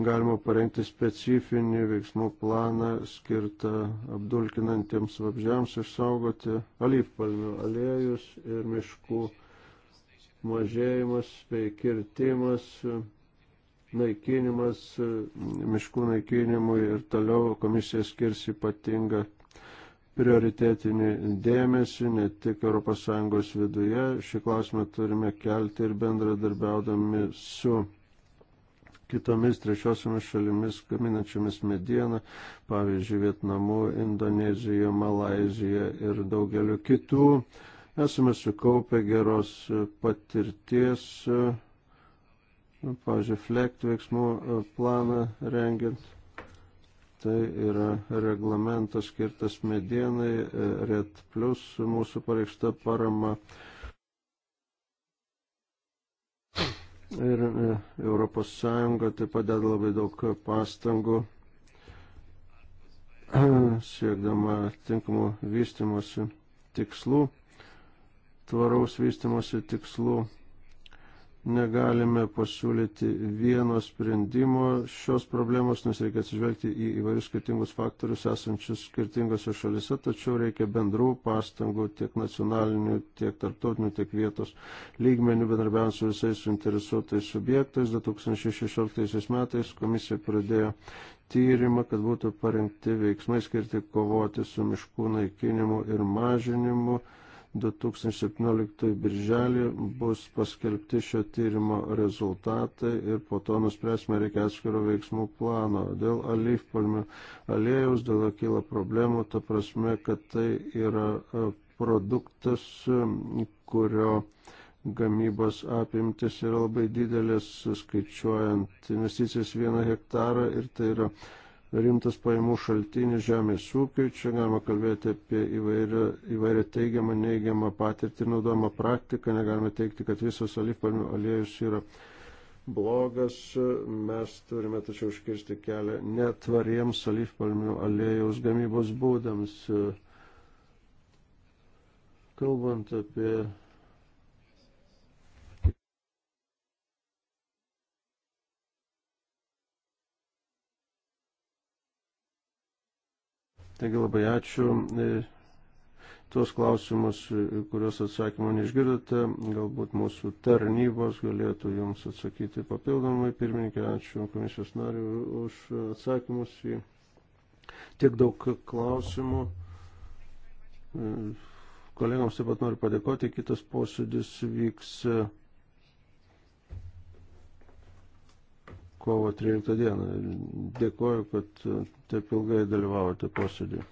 galima parengti specifinį veiksmų planą skirtą apdulkinantiems vabžiams išsaugoti alyvpalmių aliejus ir miškų mažėjimas bei kirtimas naikinimas, miškų naikinimui ir toliau komisija skirs ypatingą prioritetinį dėmesį ne tik ES viduje. Šį klausimą turime kelti ir bendradarbiaudami su kitomis trečiosiomis šalimis gaminančiomis medieną, pavyzdžiui, Vietnamu, Indonezija, Malazija ir daugeliu kitų. Esame sukaupę geros patirties, pavyzdžiui, flekt veiksmų planą rengiant Tai yra reglamentas skirtas medienai, e, RED plus mūsų pareikšta parama. Ir e, Europos Sąjunga taip pat deda labai daug pastangų [clears throat] siekdama tinkamų vystimosi tikslų, tvaraus vystimosi tikslų negalime pasiūlyti vieno sprendimo šios problemos, nes reikia atsižvelgti į įvairius skirtingus faktorius esančius skirtingose šalise, tačiau reikia bendrų pastangų tiek nacionalinių, tiek tarptautinių, tiek vietos lygmenių bendarbiavant su visais suinteresuotais subjektais. 2016 metais komisija pradėjo tyrimą, kad būtų parengti veiksmai skirti kovoti su miškų naikinimu ir mažinimu 2017 birželį bus paskelbti šio tyrimo rezultatai ir po to nuspręsime reikia atskiro veiksmų plano. Dėl alyvpalmių aliejaus dėl kyla problemų, ta prasme, kad tai yra e, produktas, kurio gamybos apimtis yra labai didelės, skaičiuojant investicijas vieną hektarą ir tai yra rimtas pajamų šaltinis žemės ūkiui. Čia galima kalbėti apie įvairią, įvairią teigiamą, neigiamą patirtį ir naudojamą praktiką. Negalime teikti, kad visas alyvpalmių aliejus yra blogas. Mes turime tačiau užkirsti kelią netvariems alyvpalmių aliejus gamybos būdams. Kalbant apie Taigi labai ačiū. E, tuos klausimus, e, kuriuos atsakymą neišgirdote, galbūt mūsų tarnybos galėtų jums atsakyti papildomai. Pirmininkė, ačiū komisijos nariu už atsakymus į tiek daug klausimų. E, Kolegams taip pat noriu padėkoti. Kitas posėdis vyks. kovo 13 dieną. Dėkoju, kad taip ilgai dalyvavote posėdėje.